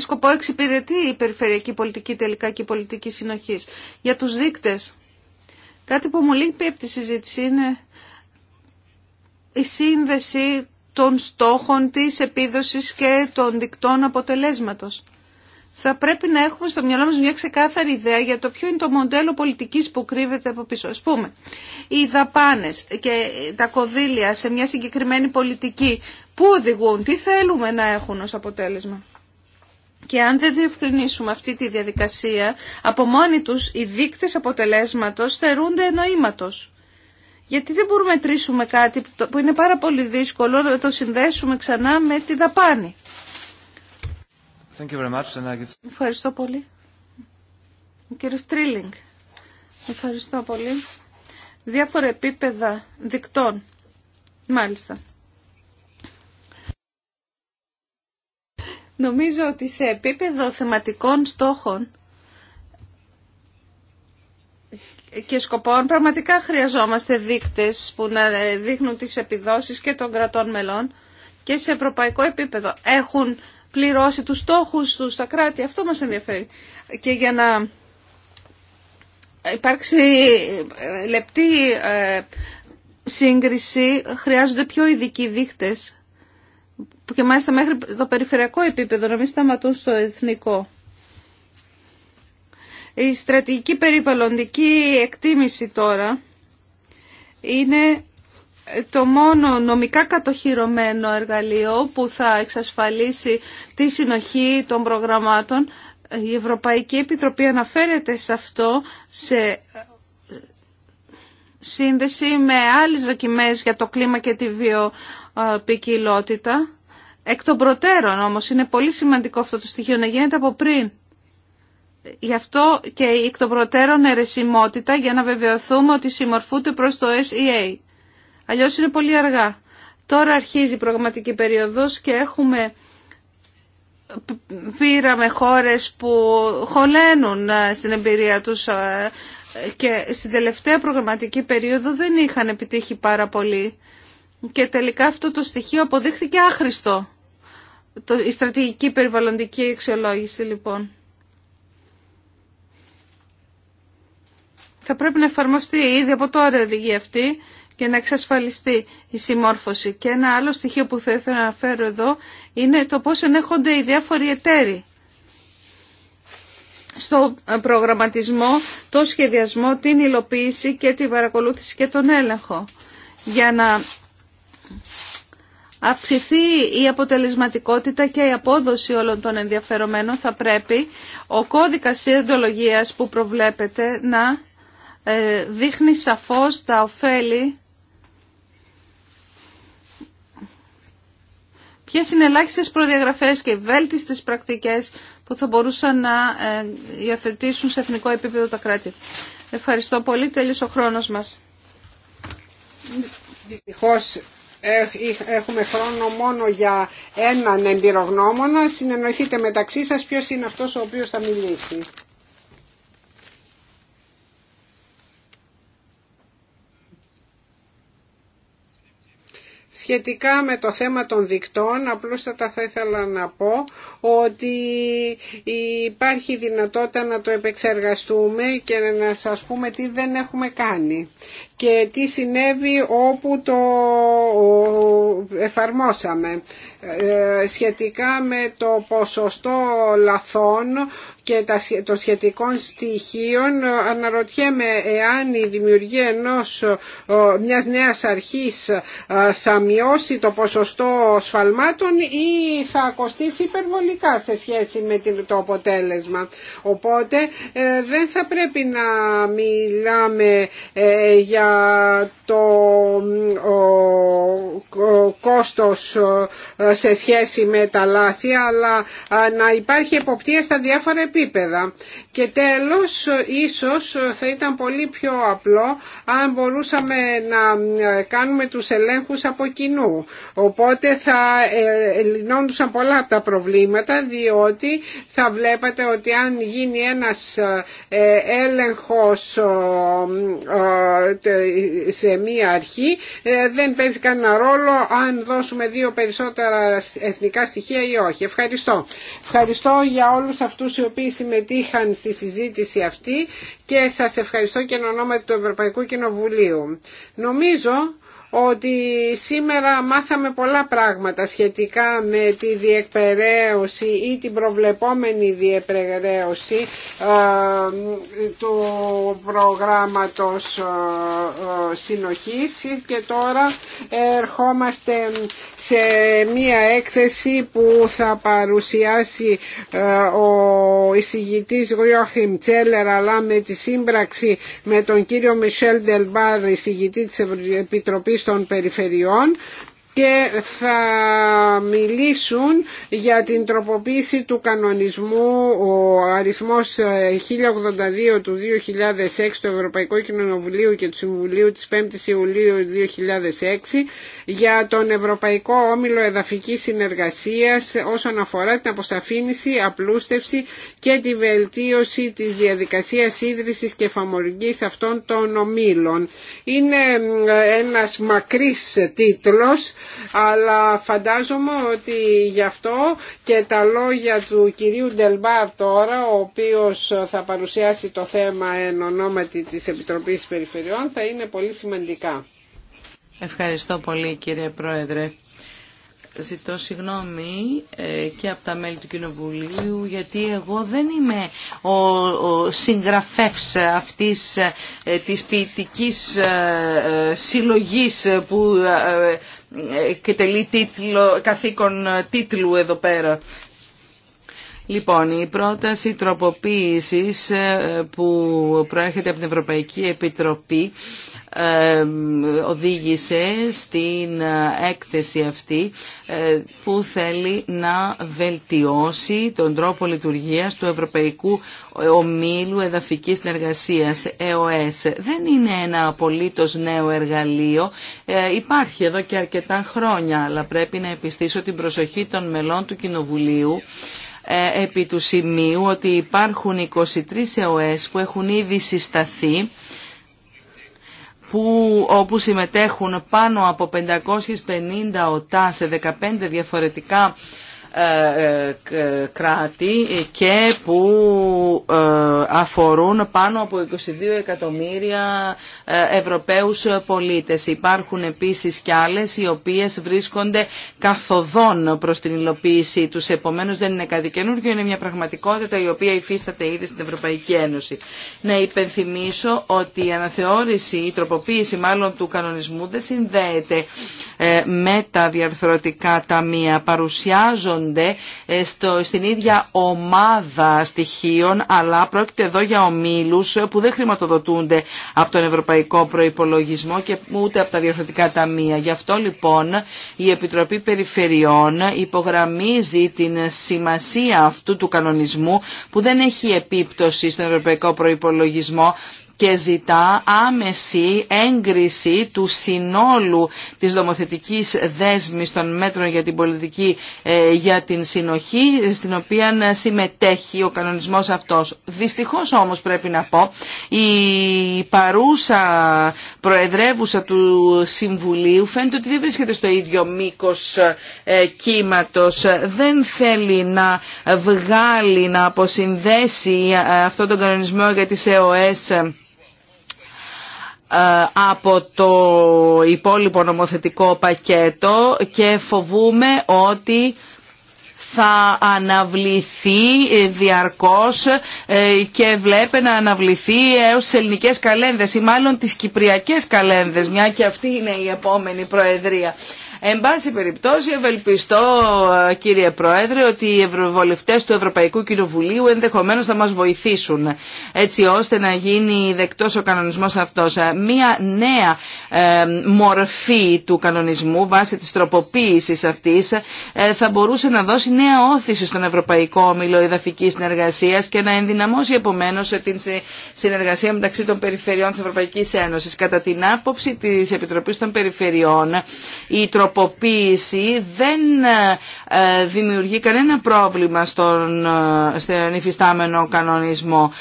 σκοπό εξυπηρετεί η περιφερειακή πολιτική τελικά και η πολιτική συνοχής. Για τους δείκτες, κάτι που μου λείπει από τη συζήτηση είναι η σύνδεση των στόχων της επίδοσης και των δικτών αποτελέσματος. Θα πρέπει να έχουμε στο μυαλό μας μια ξεκάθαρη ιδέα για το ποιο είναι το μοντέλο πολιτικής που κρύβεται από πίσω. Ας πούμε, οι δαπάνες και τα κονδύλια σε μια συγκεκριμένη πολιτική Πού οδηγούν, τι θέλουμε να έχουν ως αποτέλεσμα. Και αν δεν διευκρινίσουμε αυτή τη διαδικασία, από μόνοι τους οι δείκτες αποτελέσματος θερούνται εννοήματος. Γιατί δεν μπορούμε να τρίσουμε κάτι που είναι πάρα πολύ δύσκολο να το συνδέσουμε ξανά με τη δαπάνη. Ευχαριστώ πολύ. Ο κύριος Τρίλινγκ. Ευχαριστώ πολύ. Διάφορα επίπεδα δικτών. Μάλιστα. Νομίζω ότι σε επίπεδο θεματικών στόχων και σκοπών πραγματικά χρειαζόμαστε δείκτες που να δείχνουν τις επιδόσεις και των κρατών μελών και σε ευρωπαϊκό επίπεδο έχουν πληρώσει τους στόχους τους στα κράτη. Αυτό μας ενδιαφέρει. Και για να υπάρξει ε, λεπτή ε, σύγκριση χρειάζονται πιο ειδικοί δείκτες που και μάλιστα μέχρι το περιφερειακό επίπεδο, να μην σταματούν στο εθνικό. Η στρατηγική περιβαλλοντική εκτίμηση τώρα είναι το μόνο νομικά κατοχυρωμένο εργαλείο που θα εξασφαλίσει τη συνοχή των προγραμμάτων. Η Ευρωπαϊκή Επιτροπή αναφέρεται σε αυτό σε σύνδεση με άλλες δοκιμές για το κλίμα και τη βιοποικιλότητα Εκ των προτέρων όμως είναι πολύ σημαντικό αυτό το στοιχείο να γίνεται από πριν. Γι' αυτό και η εκ των προτέρων αιρεσιμότητα για να βεβαιωθούμε ότι συμμορφούνται προς το SEA. Αλλιώς είναι πολύ αργά. Τώρα αρχίζει η προγραμματική περίοδος και έχουμε πήραμε χώρες που χωλένουν ε, στην εμπειρία τους ε, και στην τελευταία προγραμματική περίοδο δεν είχαν επιτύχει πάρα πολύ και τελικά αυτό το στοιχείο αποδείχθηκε άχρηστο το, η στρατηγική περιβαλλοντική αξιολόγηση λοιπόν. Θα πρέπει να εφαρμοστεί ήδη από τώρα η οδηγία αυτή και να εξασφαλιστεί η συμμόρφωση. Και ένα άλλο στοιχείο που θα ήθελα να αναφέρω εδώ είναι το πώς ενέχονται οι διάφοροι εταίροι στο προγραμματισμό, το σχεδιασμό, την υλοποίηση και την παρακολούθηση και τον έλεγχο για να αυξηθεί η αποτελεσματικότητα και η απόδοση όλων των ενδιαφερομένων θα πρέπει ο κώδικας συντολογίας που προβλέπεται να ε, δείχνει σαφώς τα ωφέλη Ποιες είναι ελάχιστες προδιαγραφές και βέλτιστες πρακτικές που θα μπορούσαν να ε, υιοθετήσουν σε εθνικό επίπεδο τα κράτη. Ευχαριστώ πολύ. Τέλειωσε ο χρόνος μας. Δυστυχώς έχουμε χρόνο μόνο για έναν εμπειρογνώμονα. Συνεννοηθείτε μεταξύ σας ποιος είναι αυτός ο οποίος θα μιλήσει. Σχετικά με το θέμα των δικτών, απλούστατα θα ήθελα να πω ότι υπάρχει δυνατότητα να το επεξεργαστούμε και να σας πούμε τι δεν έχουμε κάνει και τι συνέβη όπου το εφαρμόσαμε. Ε, σχετικά με το ποσοστό λαθών και των σχετικών στοιχείων αναρωτιέμαι εάν η δημιουργία ενός, μιας νέας αρχής ε, θα μειώσει το ποσοστό σφαλμάτων ή θα κοστίσει υπερβολικά σε σχέση με το αποτέλεσμα. Οπότε ε, δεν θα πρέπει να μιλάμε για το κόστος σε σχέση με τα λάθη αλλά να υπάρχει εποπτεία στα διάφορα επίπεδα. Και τέλος ίσως θα ήταν πολύ πιο απλό αν μπορούσαμε να ε, κάνουμε τους ελέγχους από κοινού. Οπότε θα ε, λυνόντουσαν πολλά τα προβλήματα διότι θα βλέπατε ότι αν γίνει ένας ε, έλεγχος σε μία αρχή δεν παίζει κανένα ρόλο αν δώσουμε δύο περισσότερα εθνικά στοιχεία ή όχι. Ευχαριστώ. Ευχαριστώ για όλους αυτούς οι οποίοι συμμετείχαν στη συζήτηση αυτή και σας ευχαριστώ και εν ονόματι του Ευρωπαϊκού Κοινοβουλίου. Νομίζω ότι σήμερα μάθαμε πολλά πράγματα σχετικά με τη διεκπαιρέωση ή την προβλεπόμενη διεκπαιρέωση ε, του προγράμματος ε, ε, συνοχής και τώρα ερχόμαστε σε μία έκθεση που θα παρουσιάσει ο εισηγητής Γιώχιμ Τσέλερ αλλά με τη σύμπραξη με τον κύριο Μισελ Ντελμπάρ εισηγητή της Επιτροπής των περιφερειών και θα μιλήσουν για την τροποποίηση του κανονισμού ο αριθμός 1082 ε, του 2006 του Ευρωπαϊκού Κοινοβουλίου και του Συμβουλίου της 5ης Ιουλίου 2006 για τον Ευρωπαϊκό Όμιλο Εδαφικής Συνεργασίας όσον αφορά την αποσαφήνιση, απλούστευση και τη βελτίωση της διαδικασίας ίδρυσης και εφαμοργής αυτών των ομίλων. Είναι ένας μακρύς τίτλος αλλά φαντάζομαι ότι γι' αυτό και τα λόγια του κυρίου Ντελμπάρ τώρα, ο οποίος θα παρουσιάσει το θέμα εν ονόματι της Επιτροπής Περιφερειών, θα είναι πολύ σημαντικά. Ευχαριστώ πολύ κύριε Πρόεδρε. Ζητώ συγγνώμη ε, και από τα μέλη του Κοινοβουλίου γιατί εγώ δεν είμαι ο συγγραφεύς αυτής ε, της ποιητικής ε, συλλογής που και τελεί τίτλο, καθήκον ε, τίτλου εδώ πέρα. Λοιπόν, η πρόταση τροποποίησης ε, που προέρχεται από την Ευρωπαϊκή Επιτροπή οδήγησε στην ε, έκθεση αυτή ε, που θέλει να βελτιώσει τον τρόπο λειτουργίας του Ευρωπαϊκού Ομίλου Εδαφικής Συνεργασίας, ΕΟΕΣ. Δεν είναι ένα απολύτως νέο εργαλείο. Ε, υπάρχει εδώ και αρκετά χρόνια, αλλά πρέπει να επιστήσω την προσοχή των μελών του Κοινοβουλίου επί του σημείου ότι υπάρχουν 23 ΕΟΕΣ που έχουν ήδη συσταθεί που, όπου συμμετέχουν πάνω από 550 οτά σε 15 διαφορετικά ε, ε, κράτη και που ε, αφορούν πάνω από 22 εκατομμύρια Ευρωπαίους πολίτες. Υπάρχουν επίσης κι άλλες οι οποίες βρίσκονται καθοδόν προς την υλοποίησή τους. Επομένως δεν είναι κάτι καινούργιο, είναι μια πραγματικότητα η οποία υφίσταται ήδη στην Ευρωπαϊκή Ένωση. Να υπενθυμίσω ότι η αναθεώρηση, η τροποποίηση μάλλον του κανονισμού δεν συνδέεται με τα διαρθρωτικά ταμεία. Παρουσιάζονται ε, στο, στην ίδια ομάδα στοιχείων, αλλά πρόκειται εδώ για ομίλους που δεν χρηματοδοτούνται από τον Ευρωπαϊκό Προϋπολογισμό και ούτε από τα διορθωτικά ταμεία. Γι' αυτό λοιπόν η Επιτροπή Περιφερειών υπογραμμίζει την σημασία αυτού του κανονισμού που δεν έχει επίπτωση στον Ευρωπαϊκό Προϋπολογισμό και ζητά άμεση έγκριση του συνόλου της δομοθετικής δέσμης των μέτρων για την πολιτική ε, για την συνοχή στην οποία συμμετέχει ο κανονισμός αυτός. Δυστυχώς όμως πρέπει να πω η παρούσα προεδρεύουσα του Συμβουλίου φαίνεται ότι δεν βρίσκεται στο ίδιο μήκος ε, κύματος. Δεν θέλει να βγάλει, να αποσυνδέσει ε, αυτό τον κανονισμό για τις ΕΟΕΣ ε, από το υπόλοιπο νομοθετικό πακέτο και φοβούμε ότι θα αναβληθεί διαρκώς ε, και βλέπε να αναβληθεί έως τις ελληνικές καλένδες ή μάλλον τις κυπριακές καλένδες, μια και αυτή είναι η επόμενη προεδρία. Εν πάση περιπτώσει ευελπιστώ κύριε Πρόεδρε ότι οι ευρωβολευτές του Ευρωπαϊκού Κοινοβουλίου ενδεχομένως θα μας βοηθήσουν έτσι ώστε να γίνει δεκτός ο κανονισμός αυτός. Ε, μία νέα ε, μορφή του κανονισμού βάσει της τροποποίησης αυτής ε, θα μπορούσε να δώσει νέα όθηση στον Ευρωπαϊκό Όμιλο Εδαφικής Συνεργασίας και να ενδυναμώσει επομένως την συνεργασία μεταξύ των περιφερειών της Ευρωπαϊκής Ένωσης. Κατά την άποψη της Επιτροπής των Περιφερειών η τροποποίηση δεν ε, ε, δημιουργεί κανένα πρόβλημα στον, ε, στον υφιστάμενο κανονισμό.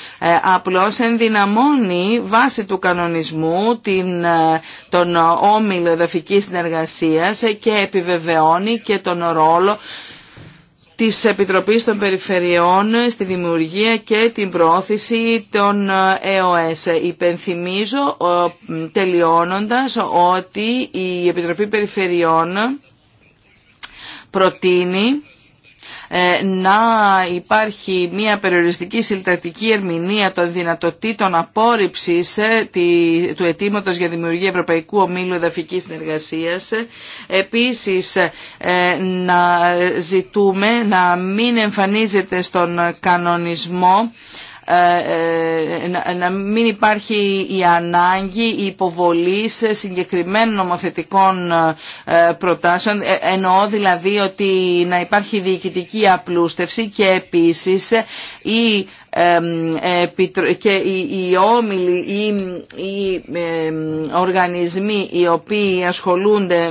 Απλώς ενδυναμώνει βάση του κανονισμού την, τον όμιλο εδαφικής συνεργασίας και επιβεβαιώνει και τον ρόλο της Επιτροπής των Περιφερειών στη δημιουργία και την προώθηση των ε, ΕΟΕΣ. Υπενθυμίζω τελειώνοντας ότι η Επιτροπή Περιφερειών προτείνει ε, να υπάρχει μια περιοριστική συλλητατική ερμηνεία των δυνατοτήτων απόρριψης ε, του αιτήματο για δημιουργία Ευρωπαϊκού Ομίλου Εδαφικής Συνεργασίας. Επίσης ε, να ζητούμε να μην εμφανίζεται στον κανονισμό ε, ε, να μην υπάρχει η ανάγκη σε συγκεκριμένων νομοθετικών ε, προτάσεων. Εννοώ δηλαδή ότι να υπάρχει διοικητική απλούστευση και επίσης και οι όμιλοι ή οι οργανισμοί οι οποίοι ασχολούνται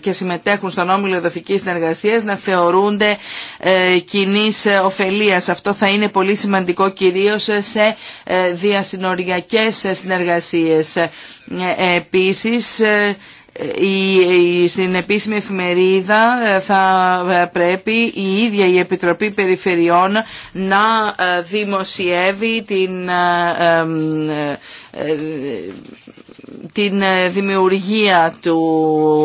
και συμμετέχουν στον όμιλο εδαφικής συνεργασία να θεωρούνται ε, κοινή ωφελίας. Αυτό θα είναι πολύ σημαντικό κυρίως σε ε, διασυνοριακές συνεργασίες. Ε, επίσης ε, στην επίσημη εφημερίδα ε, θα ε, πρέπει η ίδια η Επιτροπή Περιφερειών να δημοσιεύει την την ε, δημιουργία του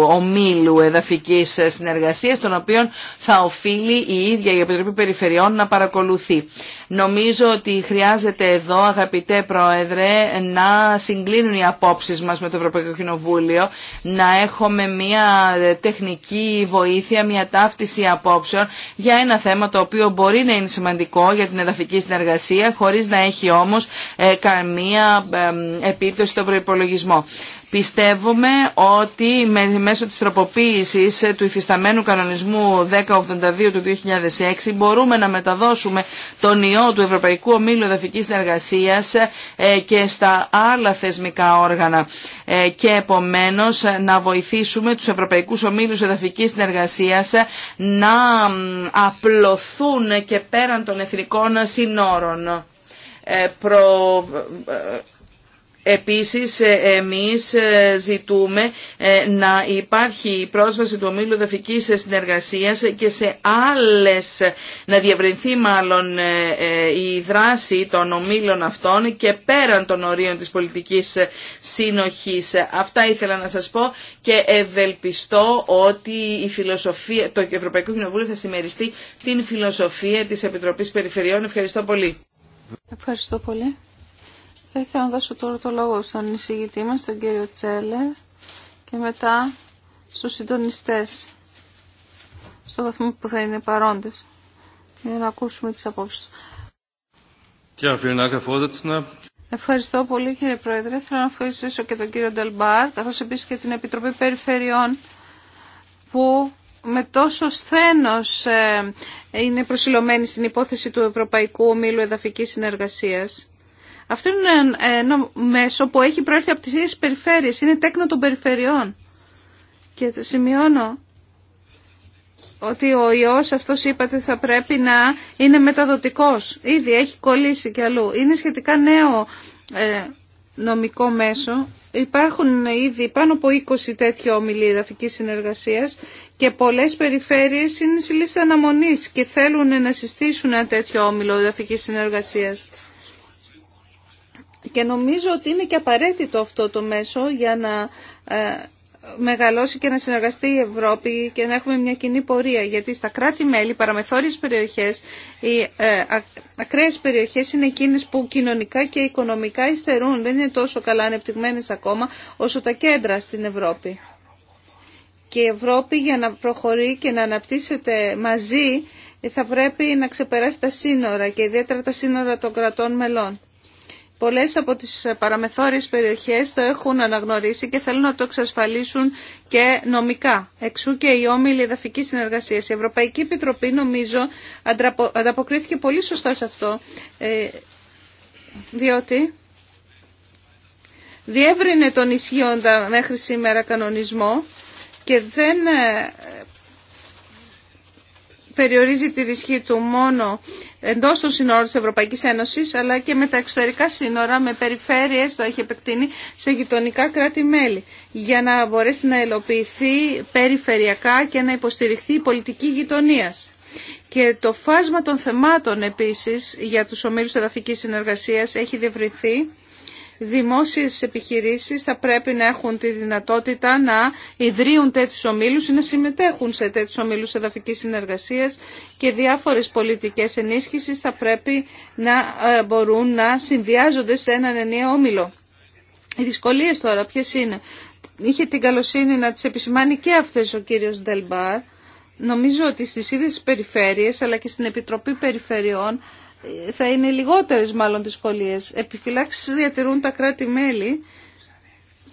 ομίλου εδαφικής ε, συνεργασίας, τον οποίο θα οφείλει η ίδια η Επιτροπή Περιφερειών να παρακολουθεί. Νομίζω ότι χρειάζεται εδώ, αγαπητέ Πρόεδρε, να συγκλίνουν οι απόψεις μας με το Ευρωπαϊκό Κοινοβούλιο, να έχουμε μια ε, τεχνική βοήθεια, μια ταύτιση απόψεων για ένα θέμα το οποίο μπορεί να είναι σημαντικό για την εδαφική συνεργασία, χωρίς να έχει όμως καμία επίπτωση στον προπολογισμό. Πιστεύουμε ότι με, μέσω της τροποποίησης του υφισταμένου κανονισμού 1082 του 2006 μπορούμε να μεταδώσουμε τον ιό του Ευρωπαϊκού Ομίλου Εδαφικής Συνεργασίας ε, και στα άλλα θεσμικά όργανα ε, και επομένως ε, να βοηθήσουμε τους Ευρωπαϊκούς Ομίλους Εδαφικής Συνεργασίας να απλωθούν και πέραν των εθνικών συνόρων. Προ Επίσης ε, εμείς ε, ζητούμε ε, να υπάρχει η πρόσβαση του ομίλου συνεργασία συνεργασίας και σε άλλες, να διευρυνθεί μάλλον η δράση των ομίλων αυτών και πέραν των ορίων της πολιτικής σύνοχης. Αυτά ήθελα να σας πω και ευελπιστώ ότι η φιλοσοφία, το Ευρωπαϊκό Κοινοβούλιο θα συμμεριστεί την φιλοσοφία της Επιτροπής Περιφερειών. Ευχαριστώ πολύ. Ευχαριστώ πολύ. Θα ήθελα να δώσω τώρα το λόγο στον εισηγητή μας, τον κύριο Τσέλε, και μετά στους συντονιστές, στο βαθμό που θα είναι παρόντες, για να ακούσουμε τις απόψεις Ευχαριστώ πολύ κύριε Πρόεδρε. Θέλω να ευχαριστήσω και τον κύριο Ντελμπάρ, καθώς επίσης και την Επιτροπή Περιφερειών, που με τόσο σθένος ε, είναι προσιλωμένη στην υπόθεση του Ευρωπαϊκού Ομίλου Εδαφικής Συνεργασίας αυτό είναι ένα μέσο που έχει προέρθει από τις ίδιες περιφέρειες, είναι τέκνο των περιφερειών. Και το σημειώνω ότι ο ιός αυτός είπατε θα πρέπει να είναι μεταδοτικός. Ήδη έχει κολλήσει κι αλλού. Είναι σχετικά νέο ε, νομικό μέσο. Υπάρχουν ήδη πάνω από 20 τέτοιοι όμιλοι εδαφικής συνεργασίας και πολλές περιφέρειες είναι σε λίστα αναμονής και θέλουν να συστήσουν ένα τέτοιο όμιλο εδαφικής συνεργασίας. Και νομίζω ότι είναι και απαραίτητο αυτό το μέσο για να ε, μεγαλώσει και να συνεργαστεί η Ευρώπη και να έχουμε μια κοινή πορεία. Γιατί στα κράτη-μέλη, παραμεθόριες περιοχές, οι ε, ακραίες περιοχές είναι εκείνες που κοινωνικά και οικονομικά υστερούν. Δεν είναι τόσο καλά ανεπτυγμένες ακόμα όσο τα κέντρα στην Ευρώπη. Και η Ευρώπη για να προχωρεί και να αναπτύσσεται μαζί θα πρέπει να ξεπεράσει τα σύνορα και ιδιαίτερα τα σύνορα των κρατών μελών. Πολλές από τις παραμεθόριες περιοχές το έχουν αναγνωρίσει και θέλουν να το εξασφαλίσουν και νομικά. Εξού και η όμιλη εδαφική συνεργασία. Η Ευρωπαϊκή Επιτροπή νομίζω ανταποκρίθηκε πολύ σωστά σε αυτό, ε, διότι διεύρυνε τον ισχύοντα μέχρι σήμερα κανονισμό και δεν ε, περιορίζει τη ρισκή του μόνο εντός των σύνορων τη Ευρωπαϊκής Ένωσης αλλά και με τα εξωτερικά σύνορα, με περιφέρειες, το έχει επεκτείνει σε γειτονικά κράτη-μέλη για να μπορέσει να ελοποιηθεί περιφερειακά και να υποστηριχθεί η πολιτική γειτονία. Και το φάσμα των θεμάτων επίσης για του ομίλους εδαφικής συνεργασία, έχει διευρυνθεί δημόσιες επιχειρήσεις θα πρέπει να έχουν τη δυνατότητα να ιδρύουν τέτοιους ομίλους ή να συμμετέχουν σε τέτοιους ομίλους εδαφικής συνεργασίας και διάφορες πολιτικές ενίσχυσης θα πρέπει να ε, μπορούν να συνδυάζονται σε έναν ενιαίο όμιλο. Οι δυσκολίες τώρα ποιε είναι. Είχε την καλοσύνη να τις επισημάνει και αυτές ο κύριος Ντελμπάρ. Νομίζω ότι στις ίδιες περιφέρειες αλλά και στην Επιτροπή Περιφερειών θα είναι λιγότερες μάλλον δυσκολίε. επιφυλάξει, διατηρούν τα κράτη-μέλη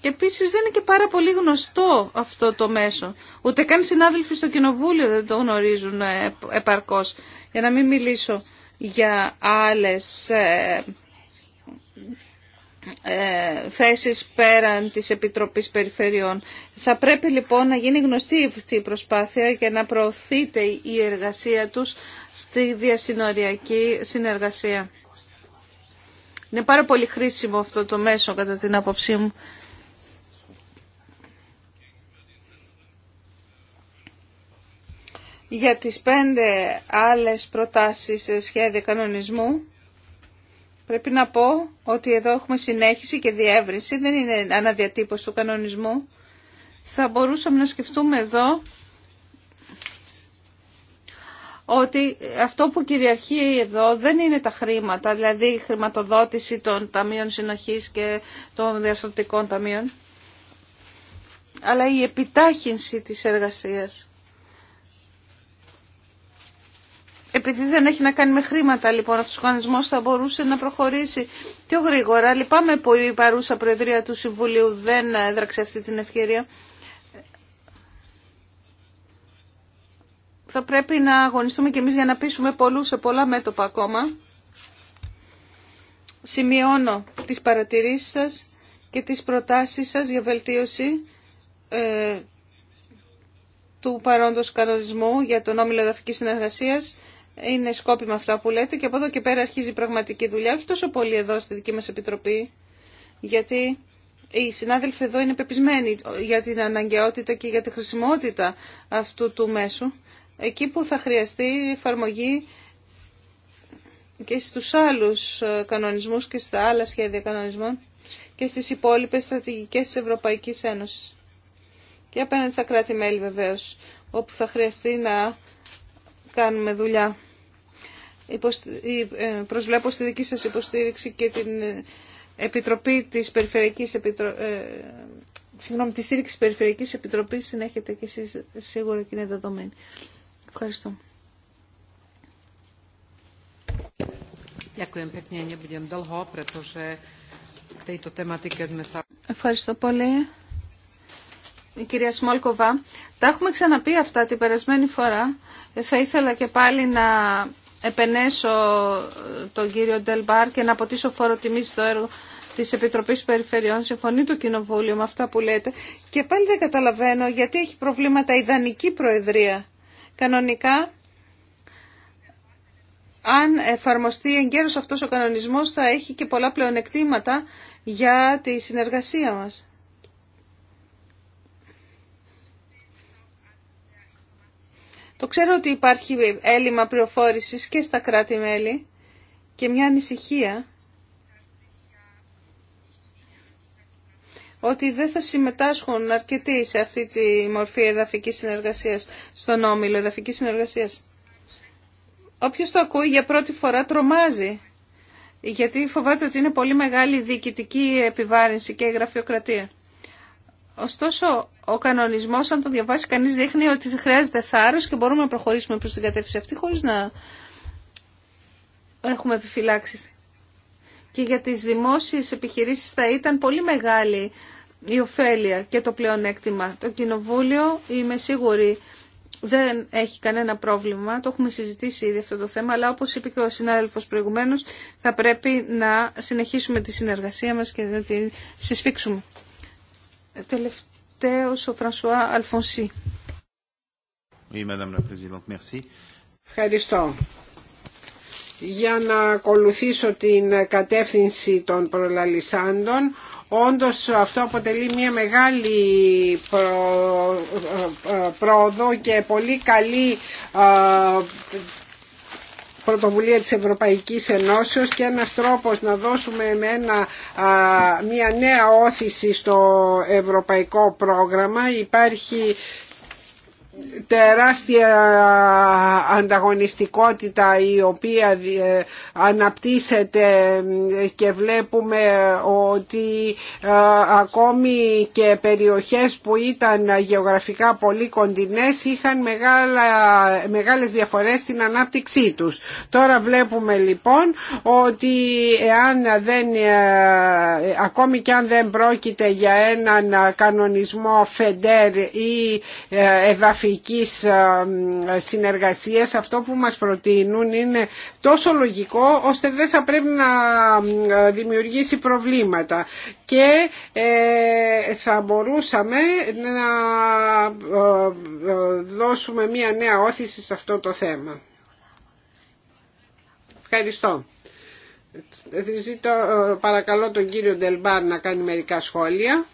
και επίση δεν είναι και πάρα πολύ γνωστό αυτό το μέσο. Ούτε καν συνάδελφοι στο κοινοβούλιο δεν το γνωρίζουν ε, επαρκώς. Για να μην μιλήσω για άλλε ε, ε, θέσεις πέραν της Επιτροπής Περιφερειών. Θα πρέπει λοιπόν να γίνει γνωστή αυτή η προσπάθεια και να προωθείται η εργασία τους στη διασυνοριακή συνεργασία. Είναι πάρα πολύ χρήσιμο αυτό το μέσο κατά την άποψή μου. Για τις πέντε άλλες προτάσεις σε σχέδια κανονισμού πρέπει να πω ότι εδώ έχουμε συνέχιση και διεύρυνση, δεν είναι αναδιατύπωση του κανονισμού. Θα μπορούσαμε να σκεφτούμε εδώ ότι αυτό που κυριαρχεί εδώ δεν είναι τα χρήματα, δηλαδή η χρηματοδότηση των ταμείων συνοχής και των διαστατικών ταμείων, αλλά η επιτάχυνση της εργασίας. Επειδή δεν έχει να κάνει με χρήματα, λοιπόν, αυτός ο κανονισμός θα μπορούσε να προχωρήσει πιο γρήγορα. Λυπάμαι που η παρούσα Προεδρία του Συμβουλίου δεν έδραξε αυτή την ευκαιρία. θα πρέπει να αγωνιστούμε και εμείς για να πείσουμε πολλούς σε πολλά μέτωπα ακόμα. Σημειώνω τις παρατηρήσεις σας και τις προτάσεις σας για βελτίωση ε, του παρόντος κανονισμού για τον όμιλο εδαφικής συνεργασίας. Είναι σκόπιμα αυτά που λέτε και από εδώ και πέρα αρχίζει η πραγματική δουλειά, όχι τόσο πολύ εδώ στη δική μας Επιτροπή, γιατί οι συνάδελφοι εδώ είναι πεπισμένοι για την αναγκαιότητα και για τη χρησιμότητα αυτού του μέσου εκεί που θα χρειαστεί εφαρμογή και στους άλλους ε, κανονισμούς και στα άλλα σχέδια κανονισμών και στις υπόλοιπες στρατηγικές της Ευρωπαϊκής Ένωσης. Και απέναντι στα κράτη-μέλη βεβαίως, όπου θα χρειαστεί να κάνουμε δουλειά. Ε, ε, προσβλέπω στη δική σας υποστήριξη και την Επιτροπή της Περιφερειακής Επιτρο... Συγγνώμη, τη στήριξη της Περιφερειακής Επιτροπής την έχετε και εσείς σίγουρα και είναι δεδομένη. Ευχαριστώ. Ευχαριστώ πολύ. Η κυρία Σμόλκοβα, τα έχουμε ξαναπεί αυτά την περασμένη φορά. Ε, θα ήθελα και πάλι να επενέσω ε, τον κύριο Ντελμπάρ και να αποτίσω φόρο τιμή στο έργο της Επιτροπής Περιφερειών. Συμφωνεί το Κοινοβούλιο με αυτά που λέτε. Και πάλι δεν καταλαβαίνω γιατί έχει προβλήματα η ιδανική προεδρία. Κανονικά, αν εφαρμοστεί εγκαίρως αυτός ο κανονισμός θα έχει και πολλά πλεονεκτήματα για τη συνεργασία μας. Το ξέρω ότι υπάρχει έλλειμμα πληροφόρηση και στα κράτη-μέλη και μια ανησυχία ότι δεν θα συμμετάσχουν αρκετοί σε αυτή τη μορφή εδαφική συνεργασία στον όμιλο εδαφική συνεργασία. Όποιο το ακούει για πρώτη φορά τρομάζει, γιατί φοβάται ότι είναι πολύ μεγάλη διοικητική επιβάρυνση και γραφειοκρατία. Ωστόσο, ο κανονισμό αν το διαβάσει κανεί, δείχνει ότι χρειάζεται θάρρο και μπορούμε να προχωρήσουμε προ την κατεύθυνση αυτή χωρί να έχουμε επιφυλάξεις. Και για τι δημόσιε επιχειρήσει θα ήταν πολύ μεγάλη η ωφέλεια και το πλεονέκτημα. Το Κοινοβούλιο, είμαι σίγουρη, δεν έχει κανένα πρόβλημα, το έχουμε συζητήσει ήδη αυτό το θέμα, αλλά όπως είπε και ο συνάδελφος προηγουμένως, θα πρέπει να συνεχίσουμε τη συνεργασία μας και να τη συσφίξουμε. Τελευταίος ο Φρανσουά Αλφονσί. Ευχαριστώ. Για να ακολουθήσω την κατεύθυνση των προλαλισάντων, Όντως αυτό αποτελεί μια μεγάλη ε, ε, πρόοδο και πολύ καλή ε, πρωτοβουλία της Ευρωπαϊκής Ενώσεως και ένας τρόπος να δώσουμε με μια νέα όθηση στο ευρωπαϊκό πρόγραμμα. Υπάρχει τεράστια ανταγωνιστικότητα η οποία ε, αναπτύσσεται ε, και βλέπουμε ότι ε, ακόμη και περιοχές που ήταν γεωγραφικά πολύ κοντινές είχαν μεγάλα, μεγάλες διαφορές στην ανάπτυξή τους. Τώρα βλέπουμε λοιπόν ότι εάν δεν, ακόμη και αν δεν πρόκειται για έναν κανονισμό φεντέρ ή εδαφικό εδαφικής ε, συνεργασίας αυτό που μας προτείνουν είναι τόσο λογικό ώστε δεν θα πρέπει να ε, δημιουργήσει προβλήματα και ε, θα μπορούσαμε να δώσουμε μία νέα όθηση σε αυτό το θέμα. Ευχαριστώ. Ζητώ παρακαλώ τον κύριο Ντελμπάρ να κάνει μερικά σχόλια.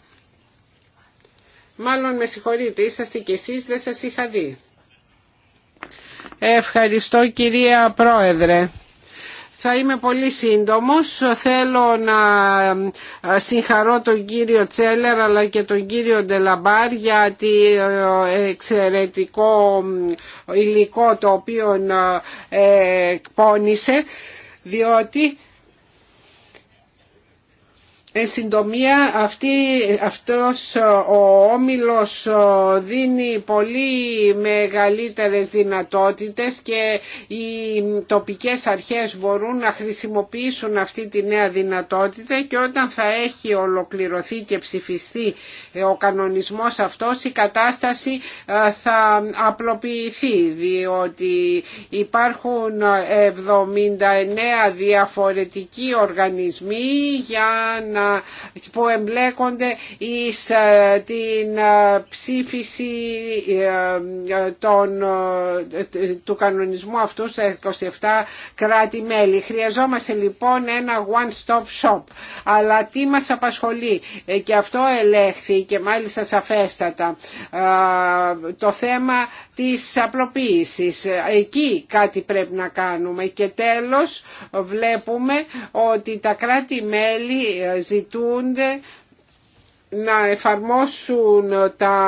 Μάλλον με συγχωρείτε, είσαστε κι εσείς, δεν σας είχα δει. Ευχαριστώ κυρία Πρόεδρε. Θα είμαι πολύ σύντομος. Θέλω να ε, συγχαρώ τον κύριο Τσέλερ αλλά και τον κύριο Ντελαμπάρ για το ε, εξαιρετικό ε, υλικό το οποίο πόνισε διότι Εν συντομία αυτή, αυτός ο όμιλος δίνει πολύ μεγαλύτερες δυνατότητες και οι τοπικές αρχές μπορούν να χρησιμοποιήσουν αυτή τη νέα δυνατότητα και όταν θα έχει ολοκληρωθεί και ψηφιστεί ο κανονισμός αυτός η κατάσταση θα απλοποιηθεί διότι υπάρχουν 79 διαφορετικοί οργανισμοί για να που εμπλέκονται εις ε, την ε, ψήφιση ε, του κανονισμού αυτού στα 27 κράτη-μέλη. Χρειαζόμαστε λοιπόν ένα one-stop shop. Αλλά τι μας απασχολεί και αυτό ελέγχθη και μάλιστα σαφέστατα το θέμα της απλοποίησης. Εκεί κάτι πρέπει να κάνουμε. Και τέλος βλέπουμε ότι τα κράτη-μέλη ζητούνται να εφαρμόσουν τα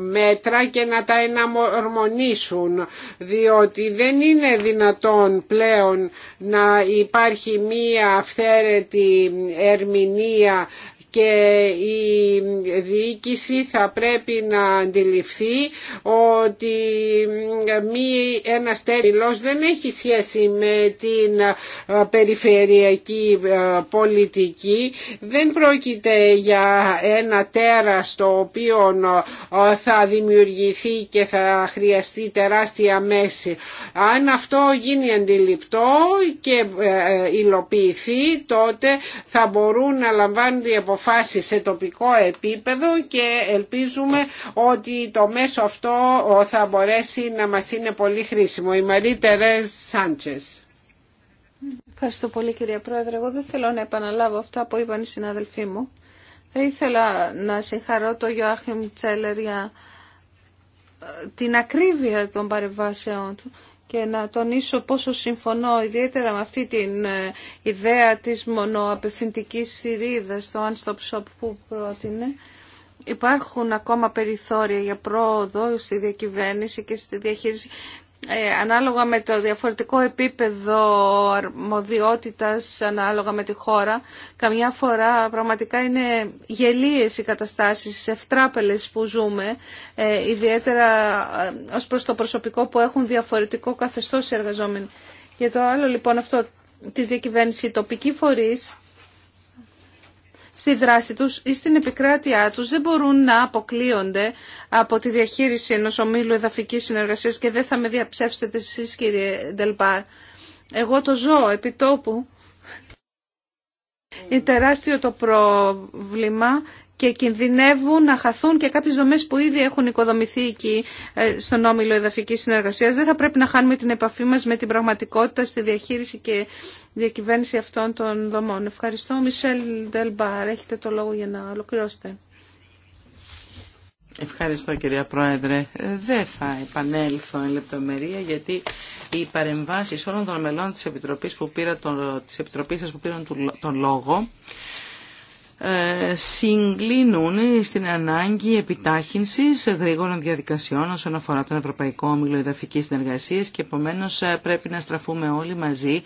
μέτρα και να τα εναρμονίσουν διότι δεν είναι δυνατόν πλέον να υπάρχει μία αυθαίρετη ερμηνεία και η διοίκηση θα πρέπει να αντιληφθεί ότι μη ένα τέλος δεν έχει σχέση με την ε, περιφερειακή ε, πολιτική δεν πρόκειται για ένα τέρας το οποίο ε, θα δημιουργηθεί και θα χρειαστεί τεράστια μέση αν αυτό γίνει αντιληπτό και υλοποιηθεί τότε θα μπορούν να λαμβάνουν οι φάση σε τοπικό επίπεδο και ελπίζουμε ότι το μέσο αυτό θα μπορέσει να μας είναι πολύ χρήσιμο. Η Μαρή Τερέζ Σάντσες. Ευχαριστώ πολύ κυρία Πρόεδρε. Εγώ δεν θέλω να επαναλάβω αυτά που είπαν οι συνάδελφοί μου. Θα ήθελα να συγχαρώ τον Ιωάχιμ Τσέλερ για ε, την ακρίβεια των παρεμβάσεών του και να τονίσω πόσο συμφωνώ ιδιαίτερα με αυτή την ε, ιδέα της μονοαπευθυντικής σειρίδας το One Stop Shop που πρότεινε. Υπάρχουν ακόμα περιθώρια για πρόοδο στη διακυβέρνηση και στη διαχείριση ε, ανάλογα με το διαφορετικό επίπεδο αρμοδιότητας, ανάλογα με τη χώρα, καμιά φορά πραγματικά είναι γελίες οι καταστάσεις, ευτράπελες που ζούμε, ε, ιδιαίτερα ε, ως προς το προσωπικό που έχουν διαφορετικό καθεστώς οι εργαζόμενοι. Για το άλλο λοιπόν αυτό της διακυβέρνηση τοπική φορείς, στη δράση τους ή στην επικράτειά τους δεν μπορούν να αποκλείονται από τη διαχείριση ενός ομίλου εδαφικής συνεργασίας και δεν θα με διαψεύσετε εσείς κύριε Ντελπάρ. Εγώ το ζω επί τόπου. Είναι τεράστιο το πρόβλημα και κινδυνεύουν να χαθούν και κάποιες δομές που ήδη έχουν οικοδομηθεί εκεί ε, στον Όμιλο Εδαφικής συνεργασία. Δεν θα πρέπει να χάνουμε την επαφή μας με την πραγματικότητα στη διαχείριση και διακυβέρνηση αυτών των δομών. Ευχαριστώ. Μισελ Ντελμπάρ, έχετε το λόγο για να ολοκληρώσετε. Ευχαριστώ κυρία Πρόεδρε. Ε, δεν θα επανέλθω εν λεπτομερία γιατί οι παρεμβάσεις όλων των μελών της Επιτροπής, που που πήραν τον λόγο ε, συγκλίνουν στην ανάγκη επιτάχυνσης γρήγορων διαδικασιών όσον αφορά τον Ευρωπαϊκό Όμιλο Εδαφική Συνεργασίας και επομένω ε, πρέπει να στραφούμε όλοι μαζί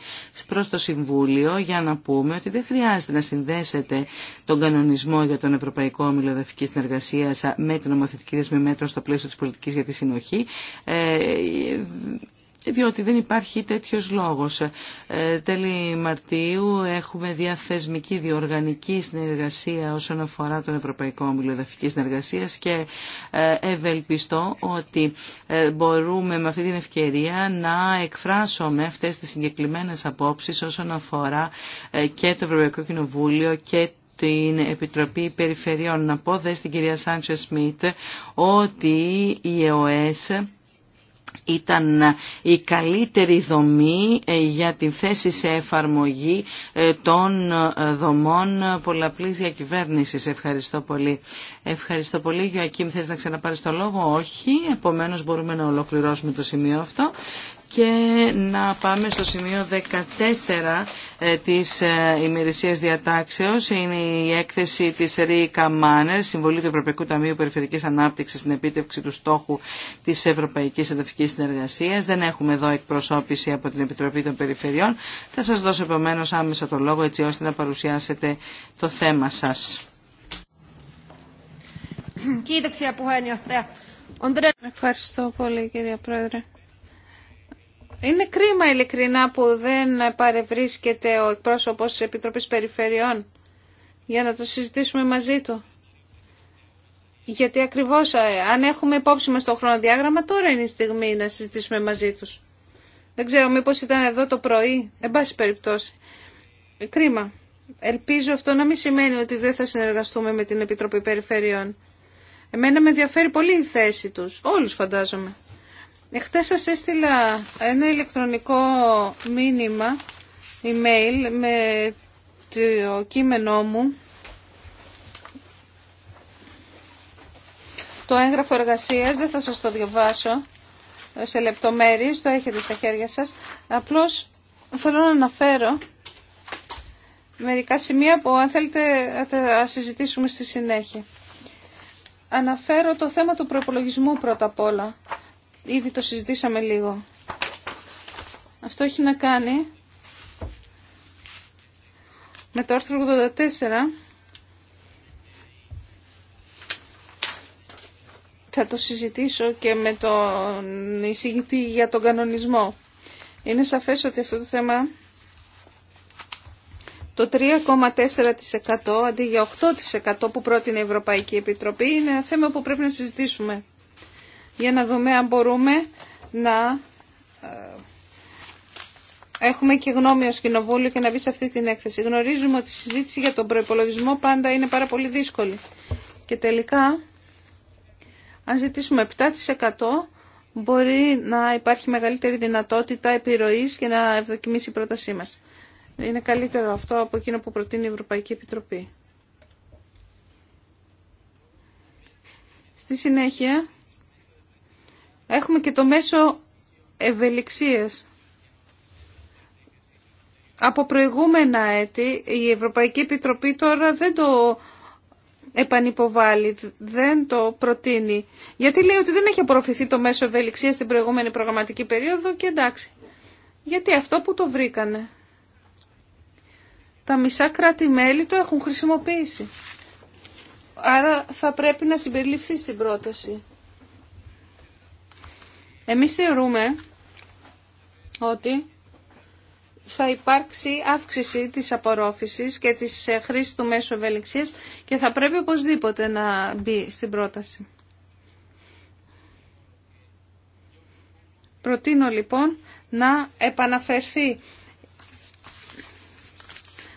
προ το Συμβούλιο για να πούμε ότι δεν χρειάζεται να συνδέσετε τον κανονισμό για τον Ευρωπαϊκό Όμιλο Εδαφική με την νομοθετική δεσμή στο πλαίσιο τη πολιτική για τη συνοχή ε, διότι δεν υπάρχει τέτοιος λόγος. Ε, τέλη Μαρτίου έχουμε διαθεσμική διοργανική συνεργασία όσον αφορά τον Ευρωπαϊκό Όμιλο Εδαφικής Συνεργασίας και ε, ευελπιστώ ότι ε, μπορούμε με αυτή την ευκαιρία να εκφράσουμε αυτές τις συγκεκριμένες απόψεις όσον αφορά και το Ευρωπαϊκό Κοινοβούλιο και την Επιτροπή Περιφερειών. Να πω δε στην κυρία Σάντσε Σμιτ ότι η ΕΟΕΣ ήταν η καλύτερη δομή ε, για την θέση σε εφαρμογή ε, των ε, δομών πολλαπλής διακυβέρνησης. Ευχαριστώ πολύ. Ευχαριστώ πολύ. Γιωακήμ, θες να ξαναπάρεις το λόγο. Όχι. Επομένως μπορούμε να ολοκληρώσουμε το σημείο αυτό και να πάμε στο σημείο 14 ε, της ε, ημερησίας διατάξεως. Είναι η έκθεση της Ρίκα Μάνερ, Συμβολή του Ευρωπαϊκού Ταμείου Περιφερειακής Ανάπτυξης στην επίτευξη του στόχου της Ευρωπαϊκής Εντατικής Συνεργασίας. Δεν έχουμε εδώ εκπροσώπηση από την Επιτροπή των Περιφερειών. Θα σας δώσω επομένω άμεσα το λόγο έτσι ώστε να παρουσιάσετε το θέμα σας. Ευχαριστώ πολύ κύριε Πρόεδρε. Είναι κρίμα ειλικρινά που δεν παρευρίσκεται ο εκπρόσωπος της Επιτροπής Περιφερειών για να το συζητήσουμε μαζί του. Γιατί ακριβώς ε, αν έχουμε υπόψη μας το χρονοδιάγραμμα τώρα είναι η στιγμή να συζητήσουμε μαζί τους. Δεν ξέρω μήπως ήταν εδώ το πρωί, εν πάση περιπτώσει. Κρίμα. Ελπίζω αυτό να μην σημαίνει ότι δεν θα συνεργαστούμε με την Επιτροπή Περιφερειών. Εμένα με ενδιαφέρει πολύ η θέση τους, όλους φαντάζομαι. Εχθές σας έστειλα ένα ηλεκτρονικό μήνυμα, email, με το κείμενό μου. Το έγγραφο εργασίας, δεν θα σας το διαβάσω σε λεπτομέρειες, το έχετε στα χέρια σας. Απλώς θέλω να αναφέρω μερικά σημεία που αν θέλετε θα συζητήσουμε στη συνέχεια. Αναφέρω το θέμα του προπολογισμού πρώτα απ' όλα. Ήδη το συζητήσαμε λίγο. Αυτό έχει να κάνει με το άρθρο 84 θα το συζητήσω και με τον εισηγητή για τον κανονισμό. Είναι σαφές ότι αυτό το θέμα το 3,4% αντί για 8% που πρότεινε η Ευρωπαϊκή Επιτροπή είναι θέμα που πρέπει να συζητήσουμε για να δούμε αν μπορούμε να ε, έχουμε και γνώμη ως κοινοβούλιο και να μπει σε αυτή την έκθεση. Γνωρίζουμε ότι η συζήτηση για τον προϋπολογισμό πάντα είναι πάρα πολύ δύσκολη. Και τελικά, αν ζητήσουμε 7% μπορεί να υπάρχει μεγαλύτερη δυνατότητα επιρροής και να ευδοκιμήσει η πρότασή μας. Είναι καλύτερο αυτό από εκείνο που προτείνει η Ευρωπαϊκή Επιτροπή. Στη συνέχεια, Έχουμε και το μέσο ευελιξίες. Από προηγούμενα έτη η Ευρωπαϊκή Επιτροπή τώρα δεν το επανυποβάλλει, δεν το προτείνει. Γιατί λέει ότι δεν έχει απορροφηθεί το μέσο ευελιξίες στην προηγούμενη προγραμματική περίοδο και εντάξει. Γιατί αυτό που το βρήκανε. Τα μισά κράτη-μέλη το έχουν χρησιμοποιήσει. Άρα θα πρέπει να συμπεριληφθεί στην πρόταση. Εμείς θεωρούμε ότι θα υπάρξει αύξηση της απορρόφησης και της ε, χρήσης του μέσου ευελιξίας και θα πρέπει οπωσδήποτε να μπει στην πρόταση. Προτείνω λοιπόν να επαναφερθεί,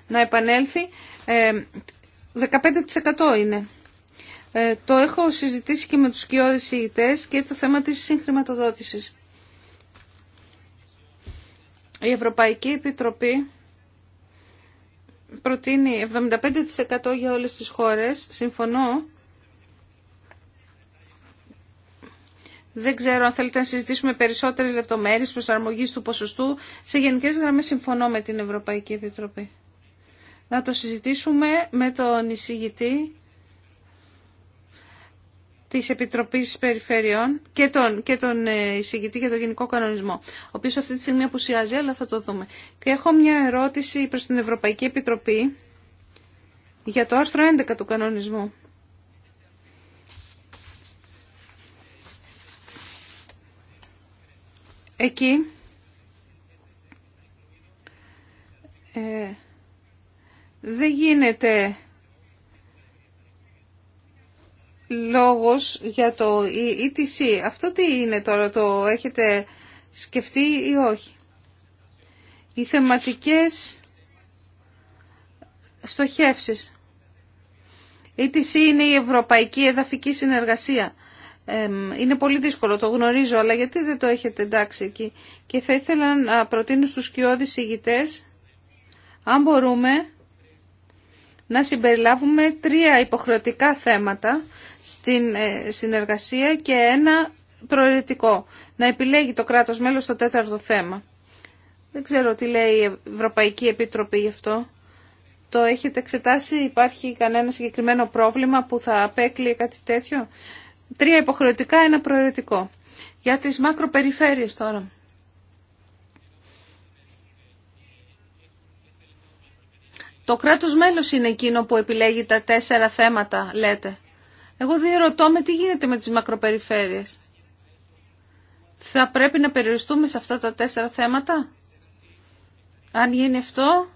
να επανέλθει, 15% ε, είναι ε, το έχω συζητήσει και με τους κοιόδης ηγητές και το θέμα της συγχρηματοδότησης. Η Ευρωπαϊκή Επιτροπή προτείνει 75% για όλες τις χώρες. Συμφωνώ. Δεν ξέρω αν θέλετε να συζητήσουμε περισσότερες λεπτομέρειες προσαρμογής του ποσοστού. Σε γενικές γραμμές συμφωνώ με την Ευρωπαϊκή Επιτροπή. Να το συζητήσουμε με τον εισηγητή της Επιτροπής Περιφερειών και τον, και τον ε, εισηγητή για τον Γενικό Κανονισμό, ο οποίος αυτή τη στιγμή απουσιάζει, αλλά θα το δούμε. Και έχω μια ερώτηση προς την Ευρωπαϊκή Επιτροπή για το άρθρο 11 του κανονισμού. Εκεί ε, δεν γίνεται λόγος για το ETC. E Αυτό τι είναι τώρα, το έχετε σκεφτεί ή όχι. Οι θεματικές στοχεύσεις. ETC είναι η Ευρωπαϊκή Εδαφική Συνεργασία. Είναι πολύ δύσκολο, το γνωρίζω, αλλά γιατί δεν το έχετε εντάξει εκεί. Και θα ήθελα να προτείνω στους κοιόδης ηγητές, αν μπορούμε, να συμπεριλάβουμε τρία υποχρεωτικά θέματα στην ε, συνεργασία και ένα προαιρετικό. Να επιλέγει το κράτος μέλος το τέταρτο θέμα. Δεν ξέρω τι λέει η Ευρωπαϊκή Επιτροπή γι' αυτό. Το έχετε εξετάσει, υπάρχει κανένα συγκεκριμένο πρόβλημα που θα απέκλειε κάτι τέτοιο. Τρία υποχρεωτικά, ένα προαιρετικό. Για τις μακροπεριφέρειες τώρα. Το κράτος μέλος είναι εκείνο που επιλέγει τα τέσσερα θέματα, λέτε. Εγώ διερωτώ με τι γίνεται με τις μακροπεριφέρειες. Θα πρέπει να περιοριστούμε σε αυτά τα τέσσερα θέματα. Αν γίνει αυτό,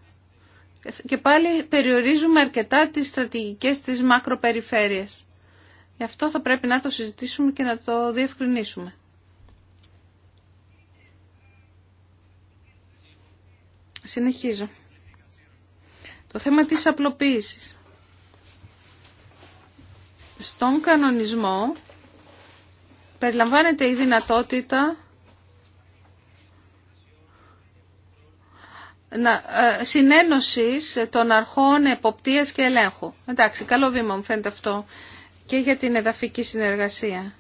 και πάλι περιορίζουμε αρκετά τις στρατηγικές της μακροπεριφέρειας. Γι' αυτό θα πρέπει να το συζητήσουμε και να το διευκρινίσουμε. Συνεχίζω. Το θέμα της απλοποίησης. Στον κανονισμό περιλαμβάνεται η δυνατότητα να, ε, συνένωσης των αρχών εποπτείας και ελέγχου. Εντάξει, καλό βήμα μου φαίνεται αυτό και για την εδαφική συνεργασία.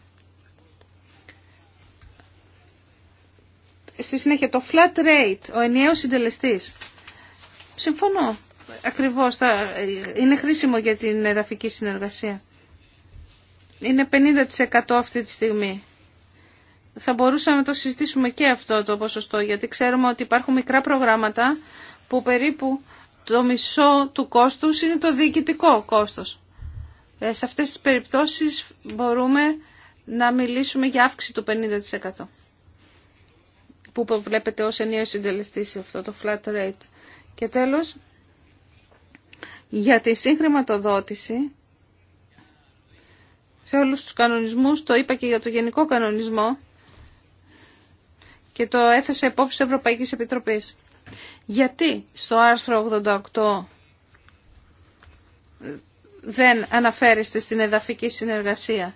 Στη συνέχεια το flat rate, ο ενιαίος συντελεστής. Συμφωνώ. Ακριβώς, είναι χρήσιμο για την εδαφική συνεργασία. Είναι 50% αυτή τη στιγμή. Θα μπορούσαμε να το συζητήσουμε και αυτό το ποσοστό, γιατί ξέρουμε ότι υπάρχουν μικρά προγράμματα που περίπου το μισό του κόστους είναι το διοικητικό κόστος. Ε, σε αυτές τις περιπτώσεις μπορούμε να μιλήσουμε για αύξηση του 50% που βλέπετε ως ενίο συντελεστή σε αυτό το flat rate. Και τέλος, για τη συγχρηματοδότηση σε όλους τους κανονισμούς, το είπα και για το γενικό κανονισμό και το έθεσε υπόψη Ευρωπαϊκής Επιτροπής. Γιατί στο άρθρο 88 δεν αναφέρεστε στην εδαφική συνεργασία.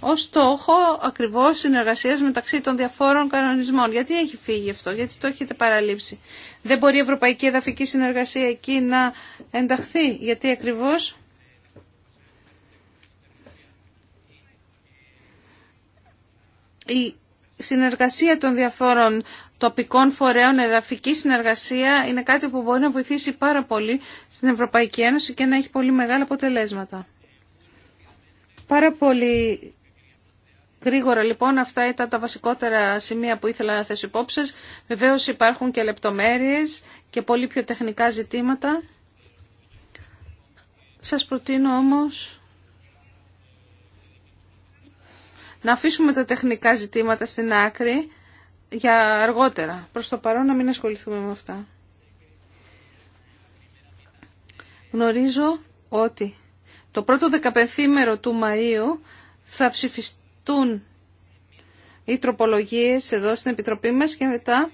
Ω στόχο ακριβώ συνεργασία μεταξύ των διαφόρων κανονισμών. Γιατί έχει φύγει αυτό, γιατί το έχετε παραλείψει. Δεν μπορεί η Ευρωπαϊκή Εδαφική Συνεργασία εκεί να ενταχθεί, γιατί ακριβώ. η συνεργασία των διαφόρων τοπικών φορέων, εδαφική συνεργασία είναι κάτι που μπορεί να βοηθήσει πάρα πολύ στην Ευρωπαϊκή Ένωση και να έχει πολύ μεγάλα αποτελέσματα. Πάρα πολύ... Γρήγορα λοιπόν αυτά ήταν τα βασικότερα σημεία που ήθελα να θέσω υπόψη. Βεβαίω υπάρχουν και λεπτομέρειες και πολύ πιο τεχνικά ζητήματα. Σας προτείνω όμως να αφήσουμε τα τεχνικά ζητήματα στην άκρη για αργότερα. Προς το παρόν να μην ασχοληθούμε με αυτά. Γνωρίζω ότι το πρώτο δεκαπενθήμερο του Μαΐου θα ψηφιστεί τον οι τροπολογίες εδώ στην Επιτροπή μας και μετά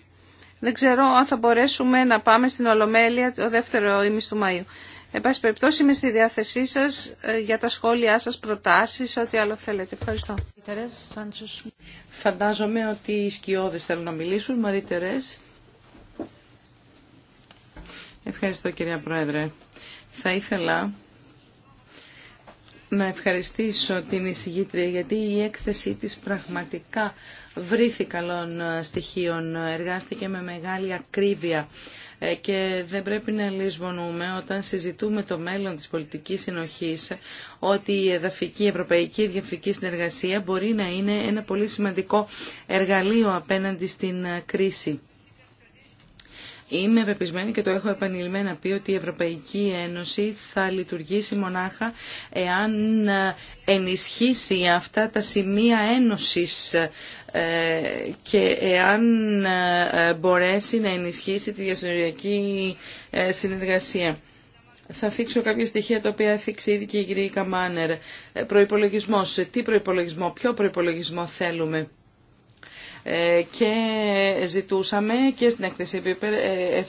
δεν ξέρω αν θα μπορέσουμε να πάμε στην Ολομέλεια το δεύτερο ήμις του Μαΐου. Εν πάση περιπτώσει είμαι στη διάθεσή σας ε, για τα σχόλιά σας, προτάσεις, ό,τι άλλο θέλετε. Ευχαριστώ. Φαντάζομαι ότι οι σκιώδες θέλουν να μιλήσουν. Μαρή Τερές. Ευχαριστώ κυρία Πρόεδρε. Θα ήθελα να ευχαριστήσω την εισηγήτρια γιατί η έκθεσή της πραγματικά βρήθη καλών ε, στοιχείων, εργάστηκε με μεγάλη ακρίβεια ε, και δεν πρέπει να λησμονούμε όταν συζητούμε το μέλλον της πολιτικής συνοχής ότι η εδαφική, ευρωπαϊκή διαφυγική συνεργασία μπορεί να είναι ένα πολύ σημαντικό εργαλείο απέναντι στην ε, κρίση. Είμαι πεπισμένη και το έχω επανειλημμένα πει ότι η Ευρωπαϊκή Ένωση θα λειτουργήσει μονάχα εάν ενισχύσει αυτά τα σημεία ένωσης ε, και εάν ε, μπορέσει να ενισχύσει τη διασυνοριακή ε, συνεργασία. Θα θίξω κάποια στοιχεία τα οποία θίξει ήδη και η κυρία Καμάνερ. Προϋπολογισμός. Τι προϋπολογισμό, ποιο προϋπολογισμό θέλουμε. Ε, και ζητούσαμε και στην έκθεση 7% ε,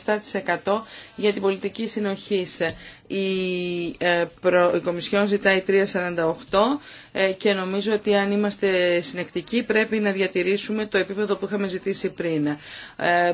για την πολιτική συνοχής. Ε, η Κομισιόν ζητάει 3,48 ε, και νομίζω ότι αν είμαστε συνεκτικοί πρέπει να διατηρήσουμε το επίπεδο που είχαμε ζητήσει πριν. Ε,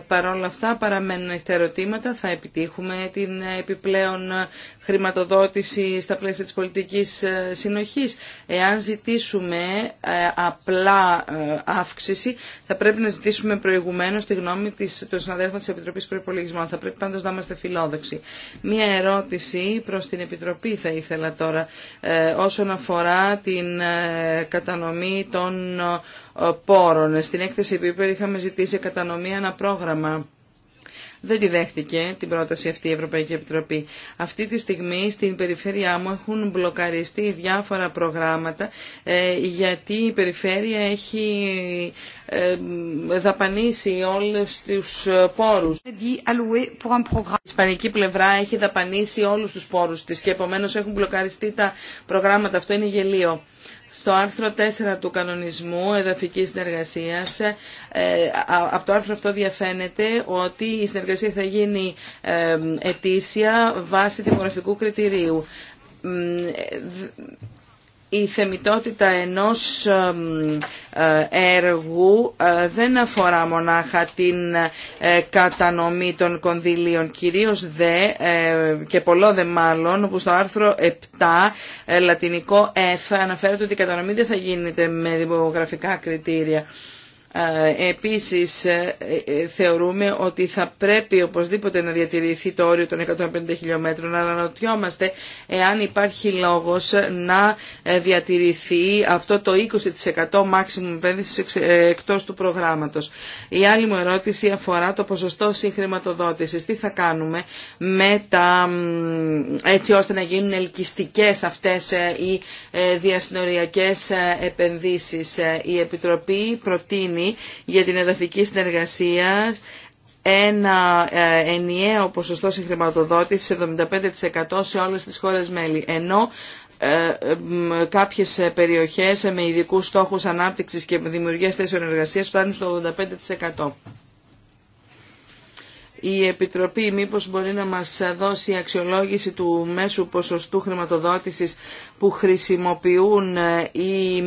Παρ' όλα αυτά παραμένουν ανοιχτά ερωτήματα. Θα επιτύχουμε την επιπλέον χρηματοδότηση στα πλαίσια της πολιτικής συνοχής. Εάν ζητήσουμε απλά αύξηση θα πρέπει να ζητήσουμε προηγουμένως τη γνώμη των συναδέλφων της Επιτροπής Προϋπολογισμών. Θα πρέπει πάντως να είμαστε φιλόδοξοι. Μία ερώτηση Προ προς την Επιτροπή θα ήθελα τώρα ε, όσον αφορά την ε, κατανομή των ε, πόρων. Στην έκθεση Επίπερ είχαμε ζητήσει κατανομή ένα πρόγραμμα δεν τη δέχτηκε την πρόταση αυτή η Ευρωπαϊκή Επιτροπή. Αυτή τη στιγμή στην περιφέρειά μου έχουν μπλοκαριστεί διάφορα προγράμματα ε, γιατί η περιφέρεια έχει ε, δαπανίσει όλους τους ε, πόρους. Η ισπανική πλευρά έχει δαπανίσει όλους τους πόρους της και επομένως έχουν μπλοκαριστεί τα προγράμματα. Αυτό είναι γελίο στο άρθρο 4 του κανονισμού εδαφικής συνεργασίας. Ε, από το άρθρο αυτό διαφαίνεται ότι η συνεργασία θα γίνει ε, ετήσια βάσει δημογραφικού κριτηρίου ε, η θεμητότητα ενός ε, έργου ε, δεν αφορά μονάχα την ε, κατανομή των κονδυλίων, κυρίως δε και πολλό δε μάλλον, όπου στο άρθρο 7 λατινικό F αναφέρεται ότι η κατανομή δεν θα γίνεται με δημογραφικά κριτήρια. Ε, επίσης ε, ε, θεωρούμε ότι θα πρέπει οπωσδήποτε να διατηρηθεί το όριο των 150 χιλιόμετρων αλλά αναρωτιόμαστε εάν υπάρχει λόγος να διατηρηθεί αυτό το 20% maximum επένδυσης εκτός του προγράμματος. Η άλλη μου ερώτηση αφορά το ποσοστό συγχρηματοδότησης. Τι θα κάνουμε με τα, έτσι ώστε να γίνουν ελκυστικές αυτές οι διασυνοριακές επενδύσεις. Η Επιτροπή προτείνει για την εδαφική συνεργασία ένα ε, ενιαίο ποσοστό συγχρηματοδότησης 75% σε όλες τις χώρες μέλη, ενώ ε, κάποιες περιοχές με ειδικούς στόχους ανάπτυξης και δημιουργίας θέσεων εργασίας φτάνουν στο 85% η Επιτροπή μήπως μπορεί να μας δώσει αξιολόγηση του μέσου ποσοστού χρηματοδότησης που χρησιμοποιούν ε, οι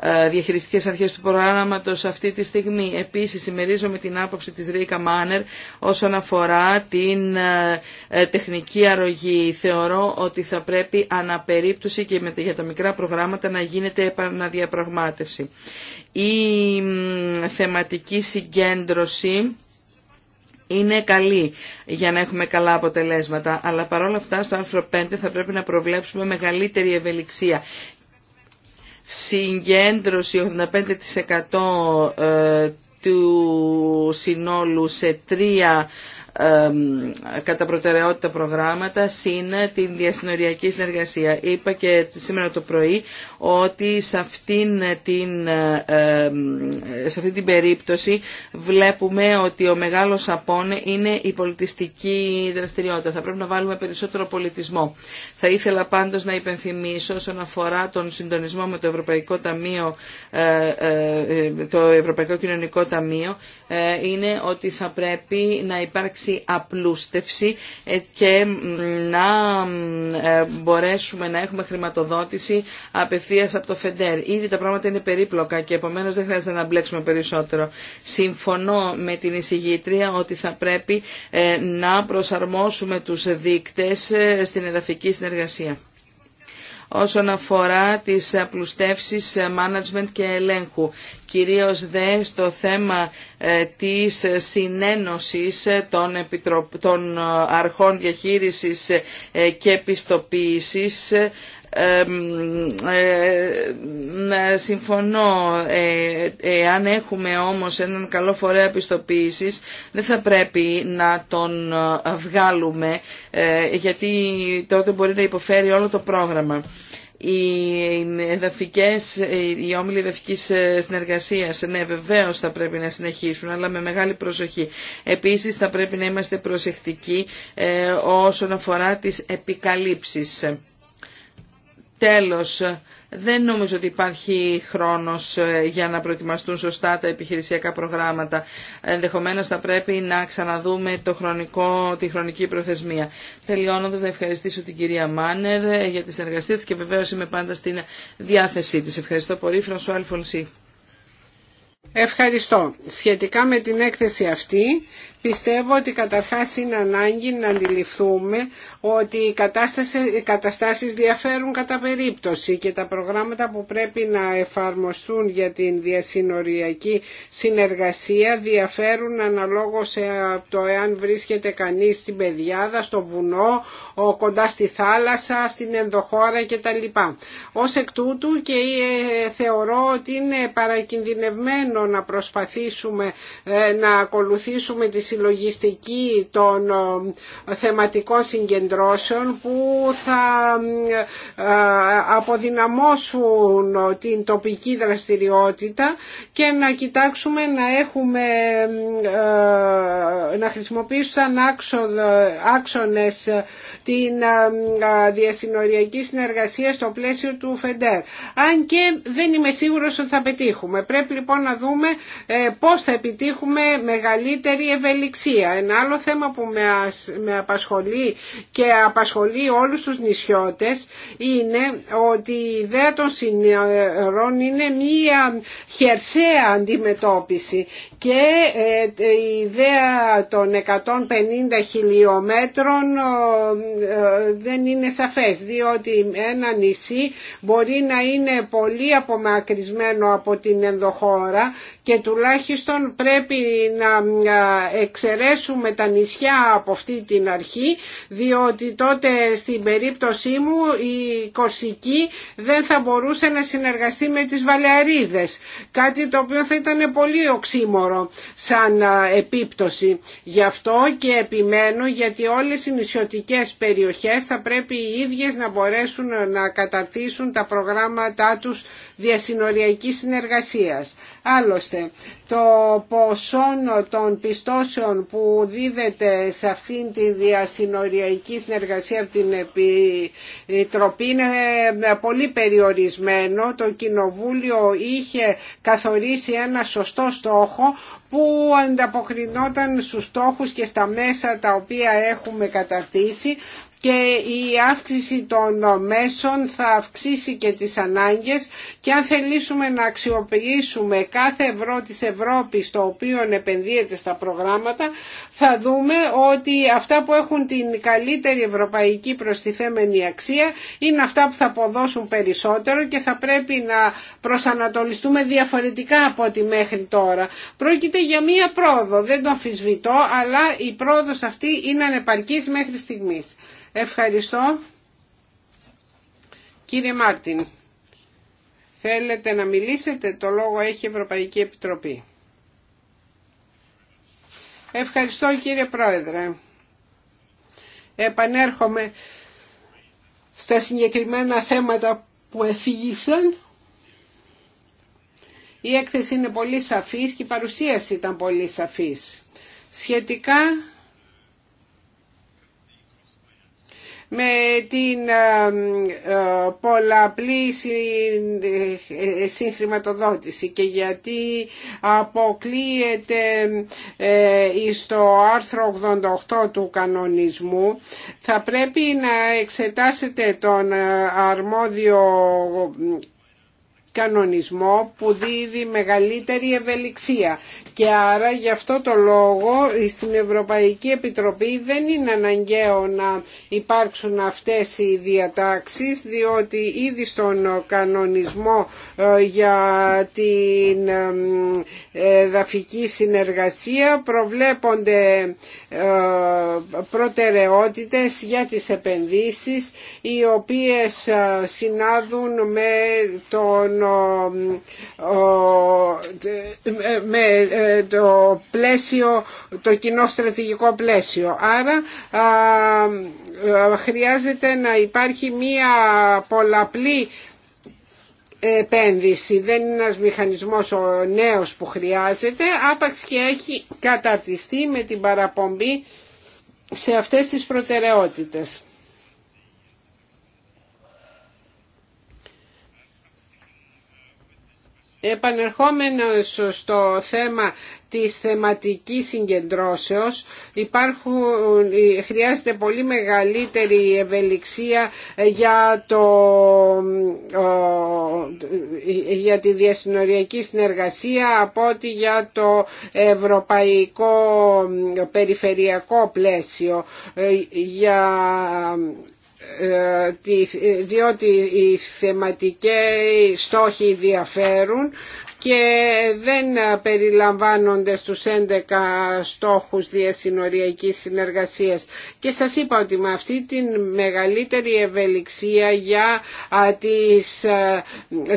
ε, διαχειριστικές αρχές του προγράμματος αυτή τη στιγμή. Επίσης, συμμερίζομαι την άποψη της Ρίκα Μάνερ όσον αφορά την ε, τεχνική αρρωγή. Θεωρώ ότι θα πρέπει αναπερίπτωση και για τα μικρά προγράμματα να γίνεται επαναδιαπραγμάτευση. Η θεματική συγκέντρωση είναι καλή για να έχουμε καλά αποτελέσματα, αλλά παρόλα αυτά στο άρθρο 5 θα πρέπει να προβλέψουμε μεγαλύτερη ευελιξία συγκέντρωση 85% ε, του συνόλου σε τρία κατά προτεραιότητα προγράμματα συν την διασυνοριακή συνεργασία. Είπα και σήμερα το πρωί ότι σε αυτήν την, σε αυτή την περίπτωση βλέπουμε ότι ο μεγάλος απόν είναι η πολιτιστική δραστηριότητα. Θα πρέπει να βάλουμε περισσότερο πολιτισμό. Θα ήθελα πάντως να υπενθυμίσω όσον αφορά τον συντονισμό με το Ευρωπαϊκό Ταμείο, ε, ε, το Ευρωπαϊκό Κοινωνικό Ταμείο, ε, είναι ότι θα πρέπει να υπάρξει απλούστευση ε, και να ε, μπορέσουμε να έχουμε χρηματοδότηση απευθείας από το ΦΕΝΤΕΡ. Ήδη τα πράγματα είναι περίπλοκα και επομένως δεν χρειάζεται να μπλέξουμε περισσότερο. Συμφωνώ με την εισηγήτρια ότι θα πρέπει να προσαρμόσουμε τους δείκτες στην εδαφική συνεργασία όσον αφορά τις απλουστεύσεις ε, management και ελέγχου. Κυρίως δε στο θέμα ε, της συνένωσης ε, των, επιτροπ... των αρχών διαχείρισης και επιστοποίησης ε, ε, συμφωνώ ε, εάν έχουμε όμως έναν καλό φορέα πιστοποίησης δεν θα πρέπει να τον ε, βγάλουμε ε, γιατί τότε μπορεί να υποφέρει όλο το πρόγραμμα οι εδαφικές, οι όμιλοι εδαφικής ε, συνεργασίας, ναι βεβαίως θα πρέπει να συνεχίσουν, αλλά με μεγάλη προσοχή. Επίσης θα πρέπει να είμαστε προσεκτικοί όσον αφορά τις επικαλύψεις. Τέλος, δεν νομίζω ότι υπάρχει χρόνος ε, για να προετοιμαστούν σωστά τα επιχειρησιακά προγράμματα. Ενδεχομένως θα πρέπει να ξαναδούμε το χρονικό, τη χρονική προθεσμία. Τελειώνοντας να ευχαριστήσω την κυρία Μάνερ ε, για τη συνεργασία της και βεβαίω είμαι πάντα στην διάθεσή της. Ευχαριστώ πολύ. Φρανσουά Ευχαριστώ. Σχετικά με την έκθεση αυτή Πιστεύω ότι καταρχάς είναι ανάγκη να αντιληφθούμε ότι οι, οι καταστάσεις διαφέρουν κατά περίπτωση και τα προγράμματα που πρέπει να εφαρμοστούν για την διασυνοριακή συνεργασία διαφέρουν αναλόγως ε, από το εάν βρίσκεται κανείς στην πεδιάδα, στο βουνό, κοντά στη θάλασσα, στην ενδοχώρα κτλ. Ως εκ τούτου και ε, θεωρώ ότι είναι παρακινδυνευμένο να προσπαθήσουμε ε, να ακολουθήσουμε τις συλλογιστική των ε, θεματικών συγκεντρώσεων που θα ε, αποδυναμώσουν την τοπική δραστηριότητα και να κοιτάξουμε να έχουμε ε, να χρησιμοποιήσουν άξονες την διασυνοριακή συνεργασία στο πλαίσιο του ΦΕΝΤΕΡ. Αν και δεν είμαι σίγουρος ότι θα πετύχουμε. Πρέπει λοιπόν να δούμε πώς θα επιτύχουμε μεγαλύτερη ευελιξία ευελιξία. Ένα άλλο θέμα που με απασχολεί και απασχολεί όλους τους νησιώτες είναι ότι η ιδέα των συνερών είναι μία χερσαία αντιμετώπιση και ε, ε, η ιδέα των 150 χιλιόμετρων ε, δεν είναι σαφές διότι ένα νησί μπορεί να είναι πολύ απομακρυσμένο από την ενδοχώρα και τουλάχιστον πρέπει να εξαιρέσουμε τα νησιά από αυτή την αρχή διότι τότε στην περίπτωσή μου η Κορσική δεν θα μπορούσε να συνεργαστεί με τις Βαλεαρίδες κάτι το οποίο θα ήταν πολύ οξύμορο σαν επίπτωση γι' αυτό και επιμένω γιατί όλες οι νησιωτικές περιοχές θα πρέπει οι ίδιες να μπορέσουν να καταρτήσουν τα προγράμματά τους διασυνοριακής συνεργασίας. Άλλωστε, το ποσό των πιστώσεων που δίδεται σε αυτήν τη διασυνοριακή συνεργασία από την Επιτροπή είναι ε, πολύ περιορισμένο. Το Κοινοβούλιο είχε καθορίσει ένα σωστό στόχο που ανταποκρινόταν στους στόχους και στα μέσα τα οποία έχουμε καταρτήσει και η αύξηση των μέσων θα αυξήσει και τις ανάγκες και αν θελήσουμε να αξιοποιήσουμε κάθε ευρώ της Ευρώπης το οποίο επενδύεται στα προγράμματα θα δούμε ότι αυτά που έχουν την καλύτερη ευρωπαϊκή προστιθέμενη αξία είναι αυτά που θα αποδώσουν περισσότερο και θα πρέπει να προσανατολιστούμε διαφορετικά από ό,τι μέχρι τώρα. Πρόκειται για μία πρόοδο, δεν το αμφισβητώ, αλλά η πρόοδος αυτή είναι ανεπαρκής μέχρι στιγμής. Ευχαριστώ. Κύριε Μάρτιν, θέλετε να μιλήσετε, το λόγο έχει η Ευρωπαϊκή Επιτροπή. Ευχαριστώ κύριε Πρόεδρε. Επανέρχομαι στα συγκεκριμένα θέματα που εφήγησαν. Η έκθεση είναι πολύ σαφής και η παρουσίαση ήταν πολύ σαφής. Σχετικά με την ε, ε, πολλαπλή συγχρηματοδότηση και γιατί αποκλείεται ε, στο άρθρο 88 του κανονισμού θα πρέπει να εξετάσετε τον αρμόδιο κανονισμό που δίδει μεγαλύτερη ευελιξία και άρα γι' αυτό το λόγο στην Ευρωπαϊκή Επιτροπή δεν είναι αναγκαίο να υπάρξουν αυτές οι διατάξεις διότι ήδη στον κανονισμό ε, για την ε, ε, δαφική συνεργασία προβλέπονται προτεραιότητες για τις επενδύσεις οι οποίες συνάδουν με τον με ε, το πλαίσιο, το κοινό στρατηγικό πλαίσιο. Άρα χρειάζεται να υπάρχει μία πολλαπλή επένδυση. Δεν είναι ένας μηχανισμός ο νέος που χρειάζεται, άπαξ και έχει καταρτιστεί με την παραπομπή σε αυτές τις προτεραιότητες. Επανερχόμενος στο θέμα της θεματικής συγκεντρώσεως υπάρχουν, ε, χρειάζεται πολύ μεγαλύτερη ευελιξία για, το, ε, ε, για τη διασυνοριακή συνεργασία από ότι για το ευρωπαϊκό περιφερειακό πλαίσιο για ε, ε, διότι οι θεματικές στόχοι διαφέρουν και δεν περιλαμβάνονται στους 11 στόχους διασυνοριακής συνεργασίας. Και σας είπα ότι με αυτή τη μεγαλύτερη ευελιξία για τις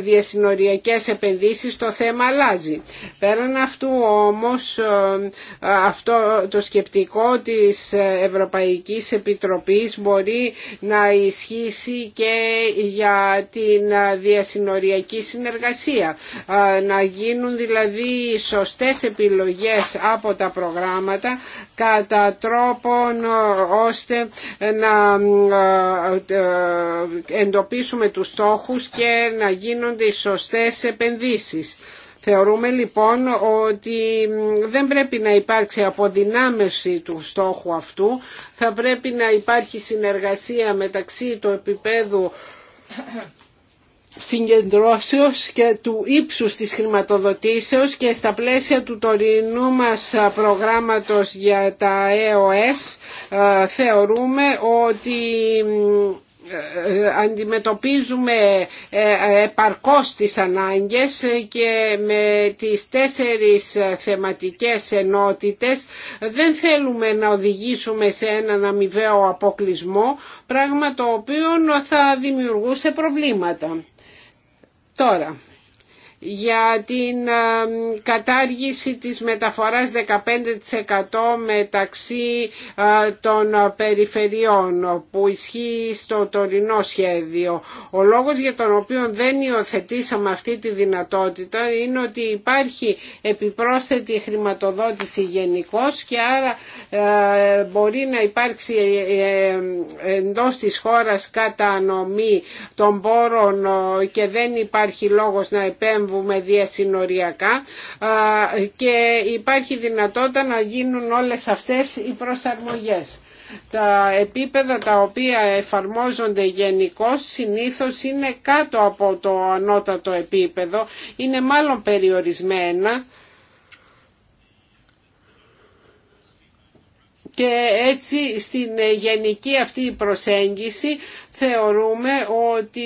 διασυνοριακές επενδύσεις το θέμα αλλάζει. Πέραν αυτού όμως αυτό το σκεπτικό της Ευρωπαϊκής Επιτροπής μπορεί να ισχύσει και για την διασυνοριακή συνεργασία να γίνουν δηλαδή σωστές επιλογές από τα προγράμματα κατά τρόπον ε, ώστε να ε, ε, εντοπίσουμε τους στόχους και να γίνονται οι σωστές επενδύσεις. Θεωρούμε λοιπόν ότι δεν πρέπει να υπάρξει αποδυνάμεση του στόχου αυτού, θα πρέπει να υπάρχει συνεργασία μεταξύ του επίπεδου συγκεντρώσεως και του ύψους της χρηματοδοτήσεως και στα πλαίσια του τωρινού μας προγράμματος για τα EOS θεωρούμε ότι ε, αντιμετωπίζουμε ε, επαρκώς τις ανάγκες και με τις τέσσερις θεματικές ενότητες δεν θέλουμε να οδηγήσουμε σε έναν αμοιβαίο αποκλεισμό, πράγμα το οποίο θα δημιουργούσε προβλήματα. Τώρα, για την κατάργηση της μεταφοράς 15% μεταξύ ε, των περιφερειών που ισχύει στο τωρινό σχέδιο. Ο λόγος για τον οποίο δεν υιοθετήσαμε αυτή τη δυνατότητα είναι ότι υπάρχει επιπρόσθετη χρηματοδότηση γενικώ και άρα ε, μπορεί να υπάρξει ε, εντός της χώρας κατανομή των πόρων και δεν υπάρχει λόγος να επέμβουμε διασυνοριακά και υπάρχει δυνατότητα να γίνουν όλες αυτές οι προσαρμογές. Τα επίπεδα τα οποία εφαρμόζονται γενικώ συνήθως είναι κάτω από το ανώτατο επίπεδο, είναι μάλλον περιορισμένα και έτσι στην γενική αυτή προσέγγιση θεωρούμε ότι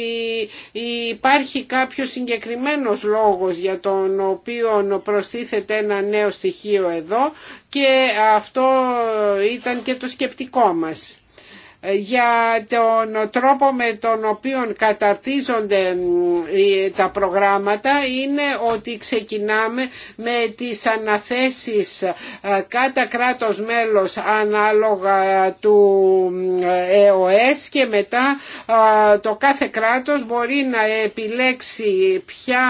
υπάρχει κάποιος συγκεκριμένος λόγος για τον οποίο προστίθεται ένα νέο στοιχείο εδώ και αυτό ήταν και το σκεπτικό μας για τον τρόπο με τον οποίο καταρτίζονται τα προγράμματα είναι ότι ξεκινάμε με τις αναθέσεις ε, κατά κράτος μέλος ανάλογα του ΕΟΕΣ και μετά ε, το κάθε κράτος μπορεί να επιλέξει ποια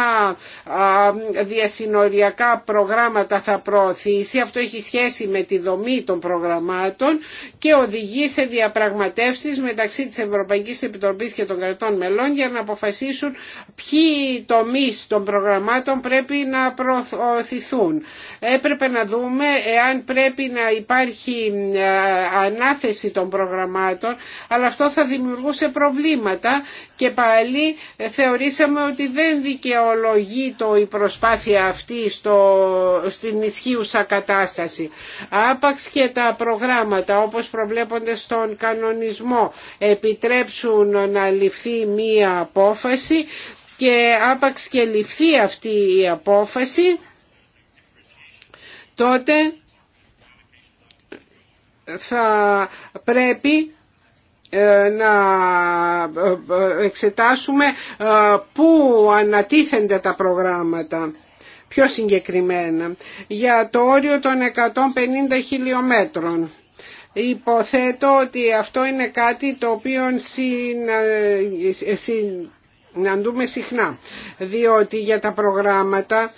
ε, διασυνοριακά προγράμματα θα προωθήσει. Αυτό έχει σχέση με τη δομή των προγραμμάτων και οδηγεί σε διαπραγματεύσεις διαπραγματεύσεις μεταξύ της Ευρωπαϊκής Επιτροπής και των κρατών μελών για να αποφασίσουν ποιοι τομείς των προγραμμάτων πρέπει να προωθηθούν. Έπρεπε να δούμε εάν πρέπει να υπάρχει ε, ανάθεση των προγραμμάτων, αλλά αυτό θα δημιουργούσε προβλήματα και πάλι θεωρήσαμε ότι δεν δικαιολογεί το η προσπάθεια αυτή στο, στην ισχύουσα κατάσταση. Άπαξ και τα προγράμματα όπως προβλέπονται στον κανονισμό επιτρέψουν να ληφθεί μία απόφαση και άπαξ και ληφθεί αυτή η απόφαση τότε θα πρέπει ε, να ε, ε, εξετάσουμε πού ανατίθενται τα προγράμματα πιο συγκεκριμένα για το όριο των 150 χιλιόμετρων. Υποθέτω ότι αυτό είναι κάτι το οποίο συν, ε, να δούμε συχνά διότι για τα προγράμματα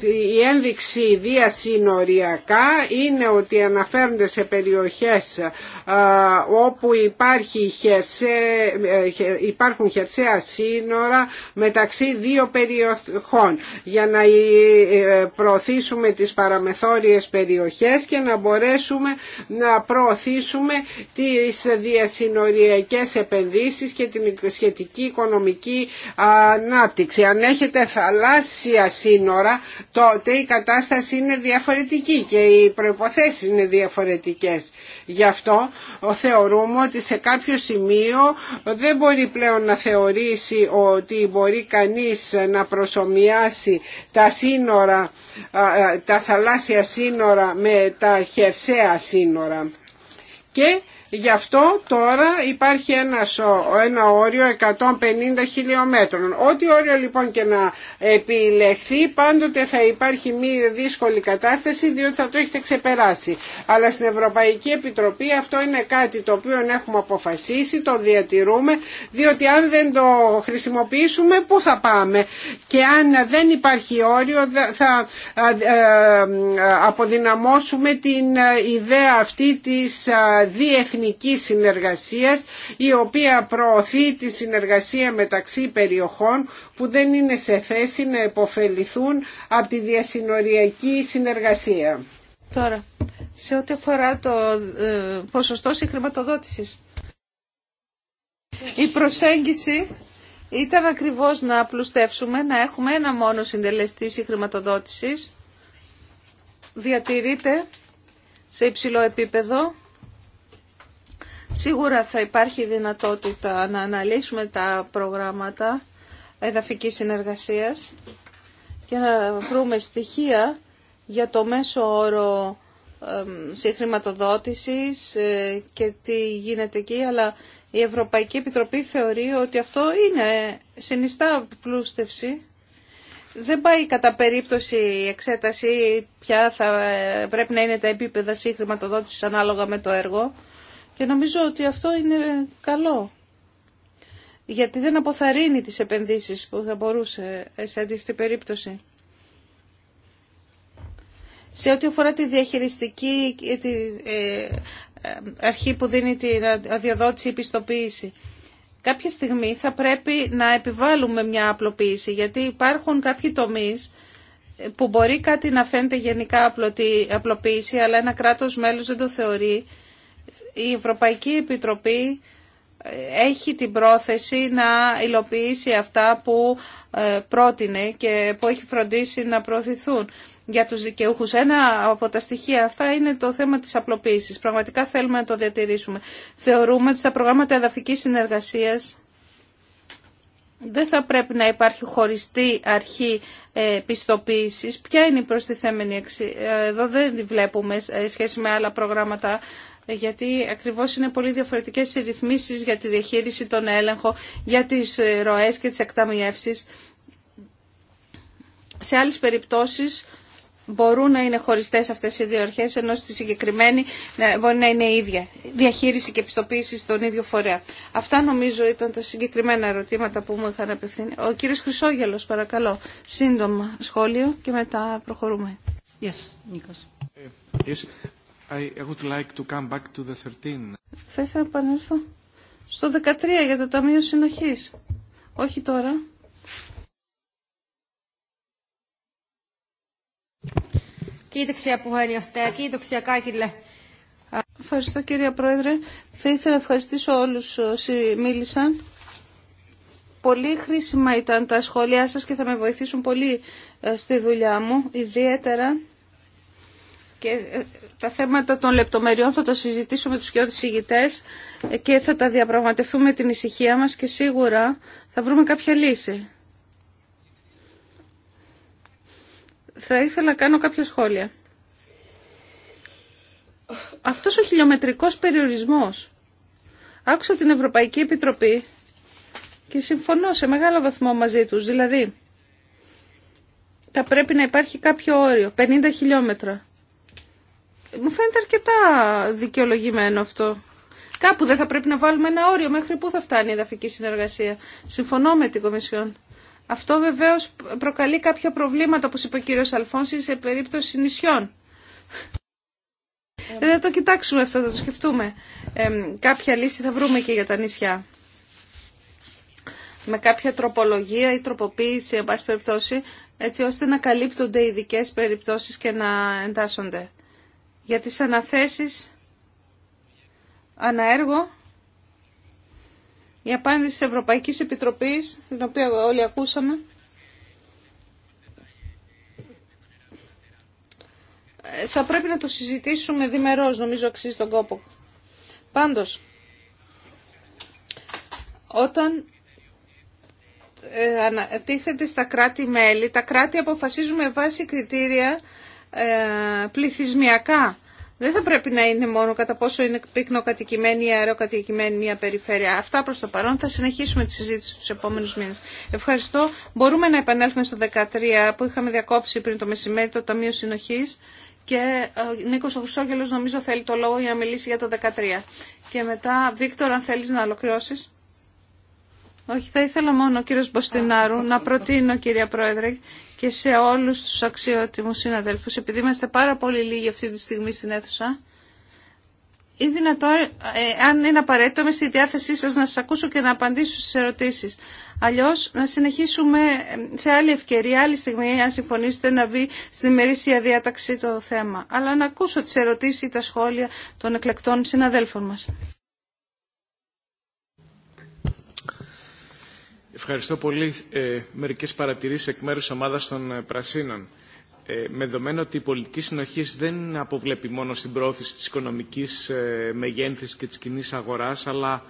η ένδειξη διασύνοριακά είναι ότι αναφέρονται σε περιοχές όπου υπάρχει ε, υπάρχουν χερσαία σύνορα μεταξύ δύο περιοχών για να ε, προωθήσουμε τις παραμεθόριες περιοχές και να μπορέσουμε να προωθήσουμε τις διασυνοριακές επενδύσεις και την σχετική οικονομική ανάπτυξη. Αν έχετε θαλάσσια σύνορα τότε η κατάσταση είναι διαφορετική και οι προποθέσει είναι διαφορετικές. Γι' αυτό θεωρούμε ότι σε κάποιο σημείο δεν μπορεί πλέον να θεωρήσει ότι μπορεί κανείς να προσωμιάσει τα σύνορα, τα θαλάσσια σύνορα με τα χερσαία σύνορα. Και Γι' αυτό τώρα υπάρχει ένα όριο 150 χιλιόμετρων. Ό,τι όριο λοιπόν και να επιλεχθεί πάντοτε θα υπάρχει μία δύσκολη κατάσταση διότι θα το έχετε ξεπεράσει. Αλλά στην Ευρωπαϊκή Επιτροπή αυτό είναι κάτι το οποίο έχουμε αποφασίσει, το διατηρούμε διότι αν δεν το χρησιμοποιήσουμε πού θα πάμε και αν δεν υπάρχει όριο θα αποδυναμώσουμε την ε, ιδέα αυτή της διεθνής εθνικής συνεργασίας η οποία προωθεί τη συνεργασία μεταξύ περιοχών που δεν είναι σε θέση να υποφεληθούν από τη διασυνοριακή συνεργασία. Τώρα, σε ό,τι αφορά το ε, ποσοστό συγχρηματοδότησης. Η προσέγγιση ήταν ακριβώς να απλουστεύσουμε, να έχουμε ένα μόνο συντελεστή συγχρηματοδότησης. Διατηρείται σε υψηλό επίπεδο Σίγουρα θα υπάρχει δυνατότητα να αναλύσουμε τα προγράμματα εδαφικής συνεργασίας και να βρούμε στοιχεία για το μέσο όρο συγχρηματοδότησης ε, και τι γίνεται εκεί, αλλά η Ευρωπαϊκή Επιτροπή θεωρεί ότι αυτό είναι συνιστά πλούστευση. Δεν πάει κατά περίπτωση η εξέταση ποια θα ε, πρέπει να είναι τα επίπεδα συγχρηματοδότησης ανάλογα με το έργο. Και νομίζω ότι αυτό είναι καλό. Γιατί δεν αποθαρρύνει τις επενδύσεις που θα μπορούσε σε αντίθετη περίπτωση. Σε ό,τι αφορά τη διαχειριστική τη, ε, ε, αρχή που δίνει την αδειοδότηση ή πιστοποίηση. Κάποια στιγμή θα πρέπει να επιβάλλουμε μια απλοποίηση, γιατί υπάρχουν κάποιοι τομείς που μπορεί κάτι να φαίνεται γενικά απλοποίηση, αλλά ένα κράτος μέλος δεν το θεωρεί η Ευρωπαϊκή Επιτροπή ε, έχει την πρόθεση να υλοποιήσει αυτά που ε, πρότεινε και που έχει φροντίσει να προωθηθούν για τους δικαιούχους. Ένα από τα στοιχεία αυτά είναι το θέμα της απλοποίησης. Πραγματικά θέλουμε να το διατηρήσουμε. Θεωρούμε ότι στα προγράμματα εδαφικής συνεργασίας δεν θα πρέπει να υπάρχει χωριστή αρχή ε, πιστοποίησης. Ποια είναι η προστιθέμενη αξία. Εδώ δεν τη βλέπουμε σχέση με άλλα προγράμματα γιατί ακριβώς είναι πολύ διαφορετικές οι ρυθμίσεις για τη διαχείριση, τον έλεγχο, για τις ε, ροές και τις εκταμιεύσεις. Σε άλλες περιπτώσεις μπορούν να είναι χωριστές αυτές οι δύο αρχές, ενώ στη συγκεκριμένη ε, μπορεί να είναι η ίδια. Διαχείριση και επιστοποίηση στον ίδιο φορέα. Αυτά νομίζω ήταν τα συγκεκριμένα ερωτήματα που μου είχαν απευθύνει. Ο κύριος Χρυσόγελος, παρακαλώ, σύντομα σχόλιο και μετά προχωρούμε. Yes, θα ήθελα να επανέλθω στο 13 για το Ταμείο Συνοχής. Όχι τώρα. Ευχαριστώ κύριε Πρόεδρε. Θα ήθελα να ευχαριστήσω όλους όσοι μίλησαν. Πολύ χρήσιμα ήταν τα σχόλιά σας και θα με βοηθήσουν πολύ ε, στη δουλειά μου, ιδιαίτερα και ε, τα θέματα των λεπτομεριών θα τα συζητήσουμε με τους και ε, και θα τα διαπραγματευτούμε την ησυχία μας και σίγουρα θα βρούμε κάποια λύση. Θα ήθελα να κάνω κάποια σχόλια. Αυτός ο χιλιομετρικός περιορισμός. Άκουσα την Ευρωπαϊκή Επιτροπή και συμφωνώ σε μεγάλο βαθμό μαζί τους. Δηλαδή, θα πρέπει να υπάρχει κάποιο όριο, 50 χιλιόμετρα. Μου φαίνεται αρκετά δικαιολογημένο αυτό. Κάπου δεν θα πρέπει να βάλουμε ένα όριο μέχρι πού θα φτάνει η εδαφική συνεργασία. Συμφωνώ με την Κομισιόν. Αυτό βεβαίω προκαλεί κάποια προβλήματα, όπω είπε ο κύριο Αλφόνση, σε περίπτωση νησιών. Ε, δεν θα το κοιτάξουμε αυτό, θα το σκεφτούμε. Ε, κάποια λύση θα βρούμε και για τα νησιά. Με κάποια τροπολογία ή τροποποίηση, εν πάση περιπτώσει, έτσι ώστε να καλύπτονται ειδικέ περιπτώσει και να εντάσσονται για τις αναθέσεις αναέργο. Η απάντηση της Ευρωπαϊκής Επιτροπής, την οποία όλοι ακούσαμε, θα πρέπει να το συζητήσουμε διμερώς, νομίζω αξίζει τον κόπο. Πάντως, όταν ε, ανατίθεται στα κράτη-μέλη, τα κράτη αποφασίζουν με βάση κριτήρια ε, πληθυσμιακά δεν θα πρέπει να είναι μόνο κατά πόσο είναι πυκνοκατοικημένη ή αεροκατοικημένη μια περιφέρεια. Αυτά προς το παρόν. Θα συνεχίσουμε τη συζήτηση τους επόμενους μήνες. Ευχαριστώ. Μπορούμε να επανέλθουμε στο 13 που είχαμε διακόψει πριν το μεσημέρι το Ταμείο Συνοχής και ε, ο Νίκος Χρυσόγελος νομίζω θέλει το λόγο για να μιλήσει για το 13. Και μετά, Βίκτορ, αν θέλεις να ολοκληρώσεις. Όχι, θα ήθελα μόνο ο κύριος Μποστινάρου να προτείνω κυρία Πρόεδρε και σε όλους τους αξιότιμους συναδέλφους, επειδή είμαστε πάρα πολύ λίγοι αυτή τη στιγμή στην αίθουσα, ή δυνατόν, ε, αν είναι απαραίτητο, είμαι στη διάθεσή σας να σας ακούσω και να απαντήσω στις ερωτήσεις. Αλλιώς, να συνεχίσουμε ε, σε άλλη ευκαιρία, άλλη στιγμή, αν συμφωνήσετε, να μπει στην ημερήσια διάταξη το θέμα. Αλλά να ακούσω τις ερωτήσεις ή τα σχόλια των εκλεκτών συναδέλφων μας. Ευχαριστώ πολύ. Ε, μερικές παρατηρήσεις εκ μέρους ομάδας των ε, Πρασίνων. Ε, με δεδομένο ότι η πολιτική συνοχή δεν αποβλέπει μόνο στην πρόθεση της οικονομικής ε, μεγένθησης και της κοινή αγοράς, αλλά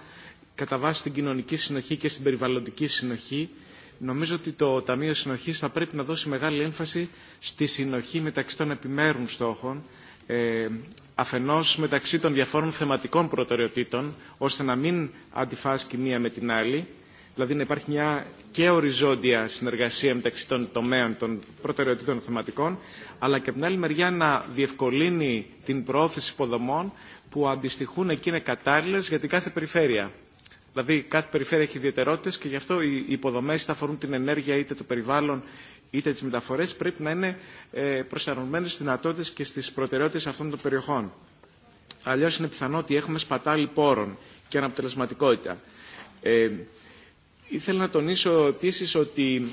κατά βάση στην κοινωνική συνοχή και στην περιβαλλοντική συνοχή, νομίζω ότι το Ταμείο Συνοχής θα πρέπει να δώσει μεγάλη έμφαση στη συνοχή μεταξύ των επιμέρων στόχων, ε, αφενός μεταξύ των διαφόρων θεματικών προτεραιοτήτων, ώστε να μην αντιφάσκει μία με την άλλη, δηλαδή να υπάρχει μια και οριζόντια συνεργασία μεταξύ των τομέων των προτεραιοτήτων θεματικών, αλλά και από την άλλη μεριά να διευκολύνει την προώθηση υποδομών που αντιστοιχούν και είναι κατάλληλε για την κάθε περιφέρεια. Δηλαδή, κάθε περιφέρεια έχει ιδιαιτερότητε και γι' αυτό οι υποδομέ, θα αφορούν την ενέργεια, είτε το περιβάλλον, είτε τι μεταφορέ, πρέπει να είναι ε, προσαρμοσμένε στι δυνατότητε και στι προτεραιότητε αυτών των περιοχών. Αλλιώ είναι πιθανό ότι έχουμε σπατάλη πόρων και αναποτελεσματικότητα. Ε, Ήθελα να τονίσω επίσης ότι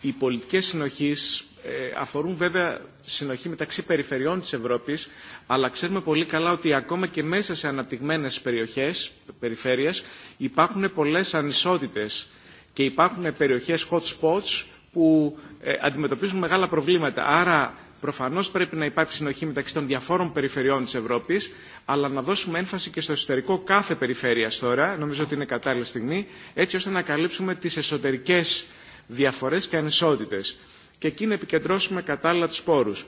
οι πολιτικές συνοχής ε, αφορούν βέβαια συνοχή μεταξύ περιφερειών της Ευρώπης, αλλά ξέρουμε πολύ καλά ότι ακόμα και μέσα σε αναπτυγμένες περιοχές, περιφέρειες, υπάρχουν πολλές ανισότητες και υπάρχουν περιοχές hot spots που ε, αντιμετωπίζουν μεγάλα προβλήματα. Άρα Προφανώς πρέπει να υπάρχει συνοχή μεταξύ των διαφόρων περιφερειών της Ευρώπης, αλλά να δώσουμε έμφαση και στο εσωτερικό κάθε περιφέρειας τώρα, νομίζω ότι είναι κατάλληλη στιγμή, έτσι ώστε να καλύψουμε τις εσωτερικές διαφορές και ανισότητες. Και εκεί να επικεντρώσουμε κατάλληλα τους πόρους.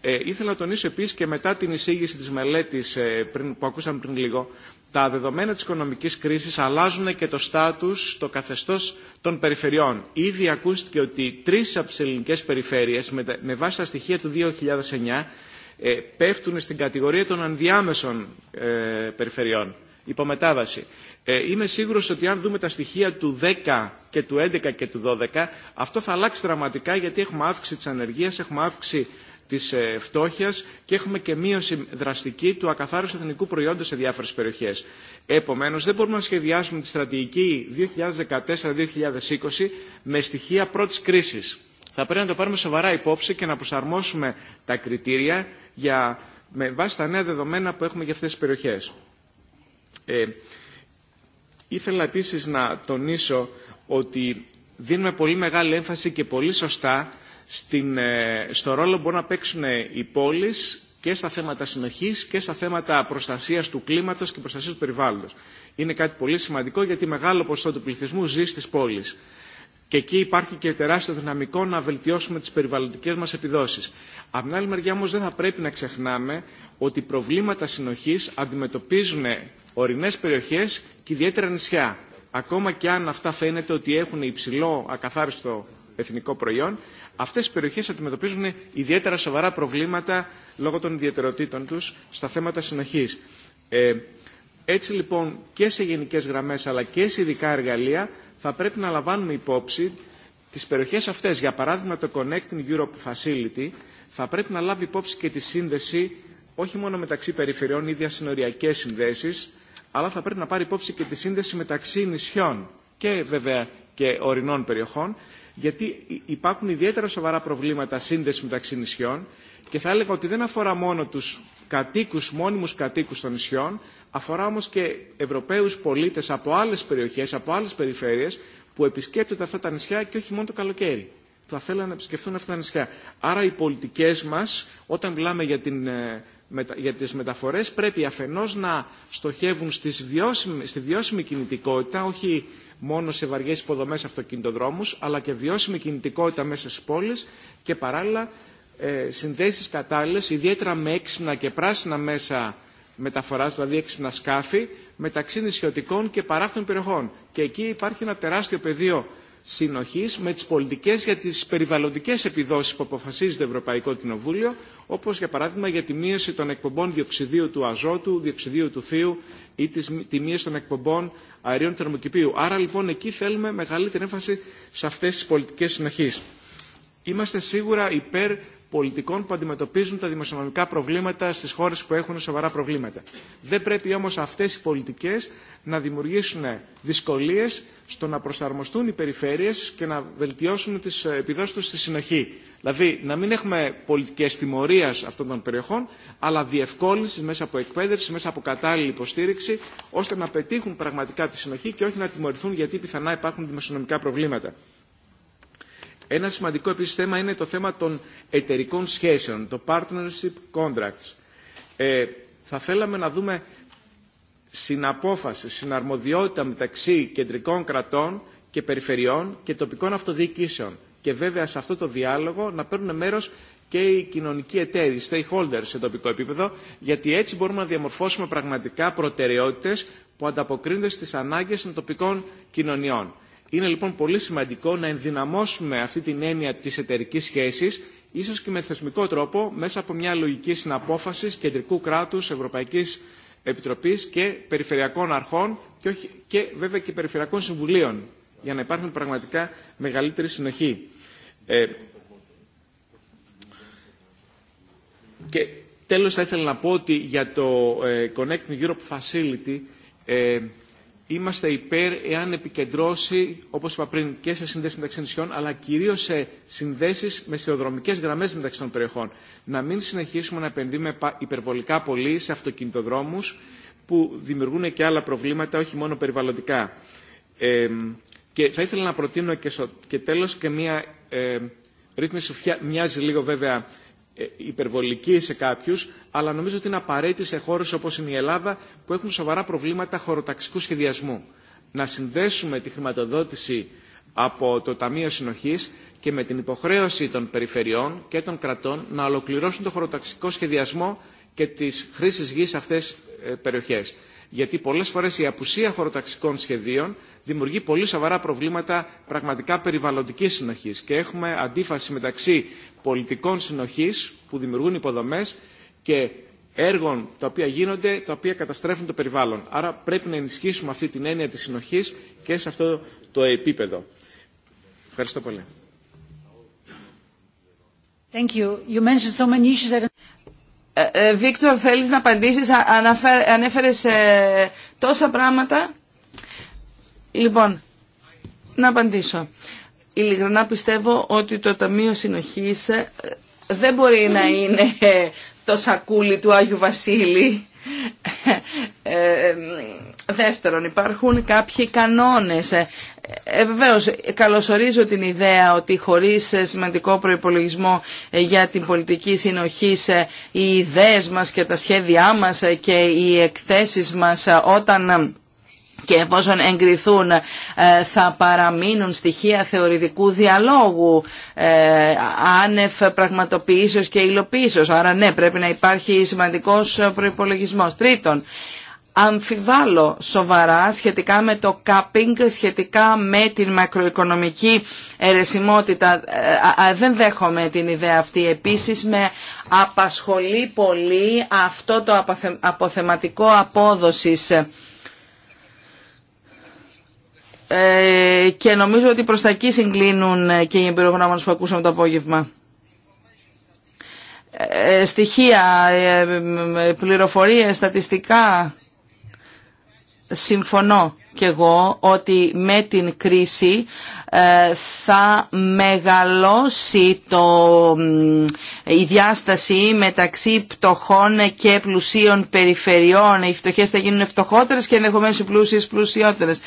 Ε, ήθελα να τονίσω επίσης και μετά την εισήγηση της μελέτης ε, που ακούσαμε πριν λίγο τα δεδομένα της οικονομικής κρίσης αλλάζουν και το στάτους, το καθεστώς των περιφερειών. Ήδη ακούστηκε ότι τρεις από τις ελληνικές περιφέρειες, με βάση τα στοιχεία του 2009, ε, πέφτουν στην κατηγορία των ανδιάμεσων ε, περιφερειών, υπομετάβαση. Ε, είμαι σίγουρος ότι αν δούμε τα στοιχεία του 10 και του 11 και του 12, αυτό θα αλλάξει δραματικά γιατί έχουμε αύξηση της ανεργίας, έχουμε αύξηση της ε, φτώχειας και έχουμε και μείωση δραστική του ακαθάριστου εθνικού προϊόντος σε διάφορες περιοχές. Επομένως, δεν μπορούμε να σχεδιάσουμε τη στρατηγική 2014-2020 με στοιχεία πρώτης κρίσης. Θα πρέπει να το πάρουμε σοβαρά υπόψη και να προσαρμόσουμε τα κριτήρια για, με βάση τα νέα δεδομένα που έχουμε για αυτές τις περιοχές. Ε, ήθελα επίσης να τονίσω ότι δίνουμε πολύ μεγάλη έμφαση και πολύ σωστά στην, ε, στο ρόλο μπορούν να παίξουν οι πόλεις και στα θέματα συνοχής και στα θέματα προστασίας του κλίματος και προστασίας του περιβάλλοντος. Είναι κάτι πολύ σημαντικό γιατί μεγάλο ποσό του πληθυσμού ζει στις πόλεις. Και εκεί υπάρχει και τεράστιο δυναμικό να βελτιώσουμε τις περιβαλλοντικές μας επιδόσεις. Από την άλλη μεριά όμως δεν θα πρέπει να ξεχνάμε ότι προβλήματα συνοχής αντιμετωπίζουν ορεινές περιοχές και ιδιαίτερα νησιά. Ακόμα και αν αυτά φαίνεται ότι έχουν υψηλό ακαθάριστο εθνικό προϊόν, αυτέ οι περιοχέ αντιμετωπίζουν ιδιαίτερα σοβαρά προβλήματα λόγω των ιδιαιτεροτήτων του στα θέματα συνοχή. Ε, έτσι λοιπόν και σε γενικέ γραμμέ αλλά και σε ειδικά εργαλεία θα πρέπει να λαμβάνουμε υπόψη τι περιοχέ αυτέ. Για παράδειγμα, το Connecting Europe Facility θα πρέπει να λάβει υπόψη και τη σύνδεση όχι μόνο μεταξύ περιφερειών ή διασυνοριακέ συνδέσει, αλλά θα πρέπει να πάρει υπόψη και τη σύνδεση μεταξύ νησιών και βέβαια και ορεινών περιοχών γιατί υπάρχουν ιδιαίτερα σοβαρά προβλήματα σύνδεση μεταξύ νησιών και θα έλεγα ότι δεν αφορά μόνο τους κατοίκους, μόνιμους κατοίκους των νησιών, αφορά όμως και Ευρωπαίους πολίτες από άλλες περιοχές, από άλλες περιφέρειες που επισκέπτονται αυτά τα νησιά και όχι μόνο το καλοκαίρι. Θα θέλουν να επισκεφθούν αυτά τα νησιά. Άρα οι πολιτικές μας, όταν μιλάμε για, την, ε, για τις μεταφορές, πρέπει αφενός να στοχεύουν στη βιώσιμη κινητικότητα, όχι μόνο σε βαριές υποδομές αυτοκινητοδρόμους, αλλά και βιώσιμη κινητικότητα μέσα στις πόλεις και παράλληλα ε, συνδέσεις κατάλληλες, ιδιαίτερα με έξυπνα και πράσινα μέσα μεταφοράς, δηλαδή έξυπνα σκάφη, μεταξύ νησιωτικών και παράκτων περιοχών. Και εκεί υπάρχει ένα τεράστιο πεδίο συνοχής με τις πολιτικές για τις περιβαλλοντικές επιδόσεις που αποφασίζει το Ευρωπαϊκό Κοινοβούλιο, όπως για παράδειγμα για τη μείωση των εκπομπών διοξιδίου του αζότου, διοξιδίου του θείου ή τις τιμίες των εκπομπών αερίων θερμοκηπίου. Άρα λοιπόν εκεί θέλουμε μεγαλύτερη έμφαση σε αυτές τις πολιτικές συνοχής. Είμαστε σίγουρα υπέρ πολιτικών που αντιμετωπίζουν τα δημοσιονομικά προβλήματα στις χώρες που έχουν σοβαρά προβλήματα. Δεν πρέπει όμως αυτές οι πολιτικές να δημιουργήσουν δυσκολίες στο να προσαρμοστούν οι περιφέρειες και να βελτιώσουν τις ε, επιδόσεις τους στη συνοχή. Δηλαδή να μην έχουμε πολιτικέ τιμωρία αυτών των περιοχών, αλλά διευκόλυνση μέσα από εκπαίδευση, μέσα από κατάλληλη υποστήριξη, ώστε να πετύχουν πραγματικά τη συνοχή και όχι να τιμωρηθούν γιατί πιθανά υπάρχουν δημοσιονομικά προβλήματα. Ένα σημαντικό επίση θέμα είναι το θέμα των εταιρικών σχέσεων, το partnership contracts. Ε, θα θέλαμε να δούμε συναπόφαση, συναρμοδιότητα μεταξύ κεντρικών κρατών και περιφερειών και τοπικών αυτοδιοικήσεων και βέβαια σε αυτό το διάλογο να παίρνουν μέρος και οι κοινωνικοί εταίροι, οι stakeholders σε τοπικό επίπεδο, γιατί έτσι μπορούμε να διαμορφώσουμε πραγματικά προτεραιότητες που ανταποκρίνονται στις ανάγκες των τοπικών κοινωνιών. Είναι λοιπόν πολύ σημαντικό να ενδυναμώσουμε αυτή την έννοια της εταιρική σχέσης, ίσως και με θεσμικό τρόπο, μέσα από μια λογική συναπόφαση κεντρικού κράτους, Ευρωπαϊκής Επιτροπής και περιφερειακών αρχών και, και βέβαια και περιφερειακών συμβουλίων, για να υπάρχουν πραγματικά μεγαλύτερη συνοχή. Ε, και τέλος θα ήθελα να πω ότι για το ε, Connecting Europe Facility ε, είμαστε υπέρ εάν επικεντρώσει, όπως είπα πριν, και σε συνδέσεις μεταξύ νησιών, αλλά κυρίως σε συνδέσεις με σιδηροδρομικές γραμμές μεταξύ των περιοχών. Να μην συνεχίσουμε να επενδύουμε υπερβολικά πολύ σε αυτοκινητοδρόμους που δημιουργούν και άλλα προβλήματα, όχι μόνο περιβαλλοντικά. και θα ήθελα να προτείνω και, και τέλος και μια ε, ρύθμιση μοιάζει λίγο βέβαια ε, υπερβολική σε κάποιους, αλλά νομίζω ότι είναι απαραίτητη σε χώρες όπως είναι η Ελλάδα που έχουν σοβαρά προβλήματα χωροταξικού σχεδιασμού. Να συνδέσουμε τη χρηματοδότηση από το Ταμείο Συνοχής και με την υποχρέωση των περιφερειών και των κρατών να ολοκληρώσουν το χωροταξικό σχεδιασμό και τις χρήσεις γης σε αυτές τις ε, περιοχές γιατί πολλές φορές η απουσία χωροταξικών σχεδίων δημιουργεί πολύ σοβαρά προβλήματα πραγματικά περιβαλλοντικής συνοχής και έχουμε αντίφαση μεταξύ πολιτικών συνοχής που δημιουργούν υποδομές και έργων τα οποία γίνονται, τα οποία καταστρέφουν το περιβάλλον. Άρα πρέπει να ενισχύσουμε αυτή την έννοια της συνοχής και σε αυτό το επίπεδο. Ευχαριστώ πολύ. Thank you. You mentioned so many issues ε, ε, Βίκτορ, θέλεις να απαντήσεις, ανέφερες ε, τόσα πράγματα. Λοιπόν, να απαντήσω. Ειλικρινά πιστεύω ότι το Ταμείο Συνοχής δεν μπορεί να είναι το σακούλι του Άγιου Βασίλη. Δεύτερον, υπάρχουν κάποιοι κανόνες. Ε, ε Βεβαίω, καλωσορίζω την ιδέα ότι χωρίς ε, σημαντικό προϋπολογισμό ε, για την πολιτική συνοχή οι ιδέες μας και τα σχέδιά μας και οι εκθέσεις μας όταν και εφόσον εγκριθούν θα παραμείνουν στοιχεία θεωρητικού διαλόγου άνευ πραγματοποιήσεως και υλοποίησεως. Άρα ναι, πρέπει να υπάρχει σημαντικός προϋπολογισμός. Τρίτον, αμφιβάλλω σοβαρά σχετικά με το κάπινγκ, σχετικά με την μακροοικονομική αιρεσιμότητα. Ε, δεν δέχομαι την ιδέα αυτή. Επίσης με απασχολεί πολύ αυτό το αποθεματικό απόδοσης ε, και νομίζω ότι προς τα εκεί συγκλίνουν και οι εμπειρογνώμονες που ακούσαμε το απόγευμα ε, στοιχεία, πληροφορίες, στατιστικά συμφωνώ και εγώ ότι με την κρίση ε, θα μεγαλώσει το, η διάσταση μεταξύ πτωχών και πλουσίων περιφερειών. Οι φτωχές θα γίνουν φτωχότερες και ενδεχομένως οι πλούσιες πλουσιότερες.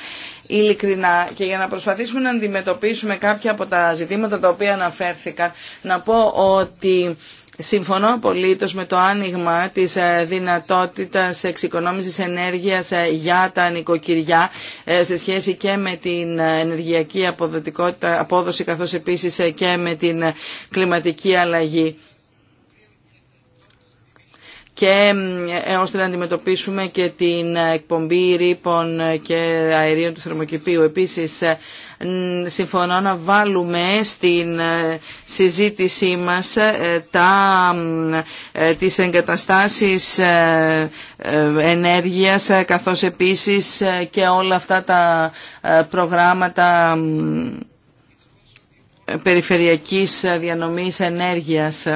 Ειλικρινά και για να προσπαθήσουμε να αντιμετωπίσουμε κάποια από τα ζητήματα τα οποία αναφέρθηκαν, να πω ότι Συμφωνώ απολύτως με το άνοιγμα της ε, δυνατότητας εξοικονόμησης ενέργειας ε, για τα νοικοκυριά ε, σε σχέση και με την ενεργειακή αποδοτικότητα, απόδοση καθώς επίσης και με την κλιματική αλλαγή και ε, ώστε να αντιμετωπίσουμε και την εκπομπή ρήπων και αερίων του θερμοκηπίου. Επίσης, ε, συμφωνώ να βάλουμε στην ε, συζήτησή μας τα, τις εγκαταστάσεις ενέργειας καθώς επίσης και όλα αυτά τα προγράμματα περιφερειακής διανομής ενέργειας.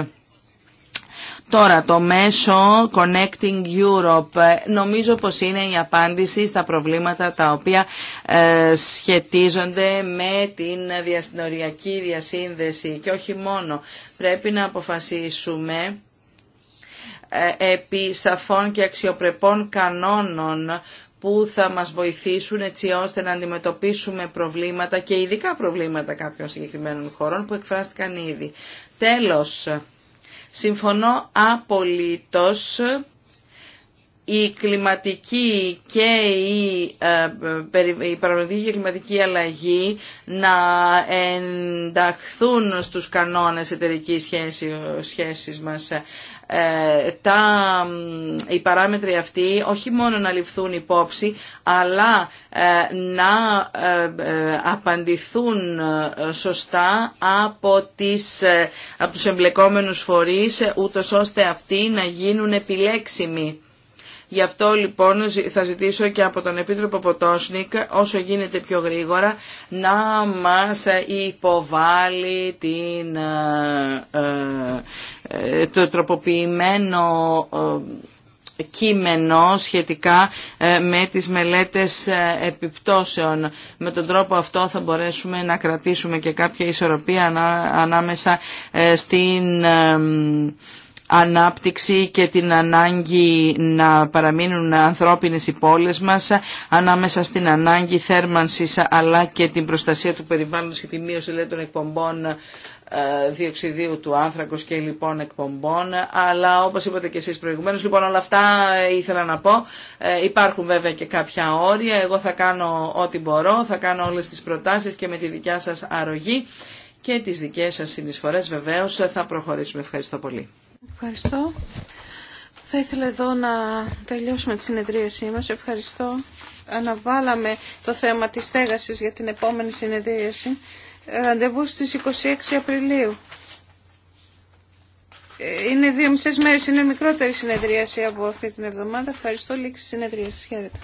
Τώρα το μέσο Connecting Europe ε, νομίζω πως είναι η απάντηση στα προβλήματα τα οποία ε, σχετίζονται με την διασυνοριακή διασύνδεση και όχι μόνο. Πρέπει να αποφασίσουμε ε, επί σαφών και αξιοπρεπών κανόνων που θα μας βοηθήσουν έτσι ώστε να αντιμετωπίσουμε προβλήματα και ειδικά προβλήματα κάποιων συγκεκριμένων χωρών που εκφράστηκαν ήδη. Τέλος, Συμφωνώ απολύτως η κλιματική και η, ε, κλιματική αλλαγή να ενταχθούν στους κανόνες εταιρικής σχέσης, σχέσης μας. Ε, τα, οι παράμετροι αυτοί όχι μόνο να ληφθούν υπόψη αλλά ε, να ε, απαντηθούν σωστά από, τις, από τους εμπλεκόμενους φορείς ούτως ώστε αυτοί να γίνουν επιλέξιμοι. Γι' αυτό λοιπόν θα ζητήσω και από τον Επίτροπο Ποτόσνικ όσο γίνεται πιο γρήγορα να μας υποβάλει την ε, το τροποποιημένο ε, κείμενο σχετικά ε, με τις μελέτες επιπτώσεων. Με τον τρόπο αυτό θα μπορέσουμε να κρατήσουμε και κάποια ισορροπία ανάμεσα στην ανάπτυξη και την ανάγκη να παραμείνουν ανθρώπινες οι πόλες μας ανάμεσα στην ανάγκη θέρμανσης αλλά και την προστασία του περιβάλλοντος και τη μείωση των εκπομπών ε, διοξιδίου του άνθρακος και λοιπόν εκπομπών, αλλά όπως είπατε και εσείς προηγουμένως, λοιπόν όλα αυτά ήθελα να πω, ε, υπάρχουν βέβαια και κάποια όρια, εγώ θα κάνω ό,τι μπορώ, θα κάνω όλες τις προτάσεις και με τη δικιά σας αρρωγή και τις δικές σας συνεισφορές βεβαίως θα προχωρήσουμε. Ευχαριστώ πολύ. Ευχαριστώ. Θα ήθελα εδώ να τελειώσουμε τη συνεδρίασή μας. Ευχαριστώ. Αναβάλαμε το θέμα της στέγασης για την επόμενη συνεδρίαση ραντεβού στις 26 Απριλίου. Ε, είναι δύο μισές μέρες, είναι μικρότερη συνεδρίαση από αυτή την εβδομάδα. Ευχαριστώ, λήξη συνεδρίαση. Χαίρετε.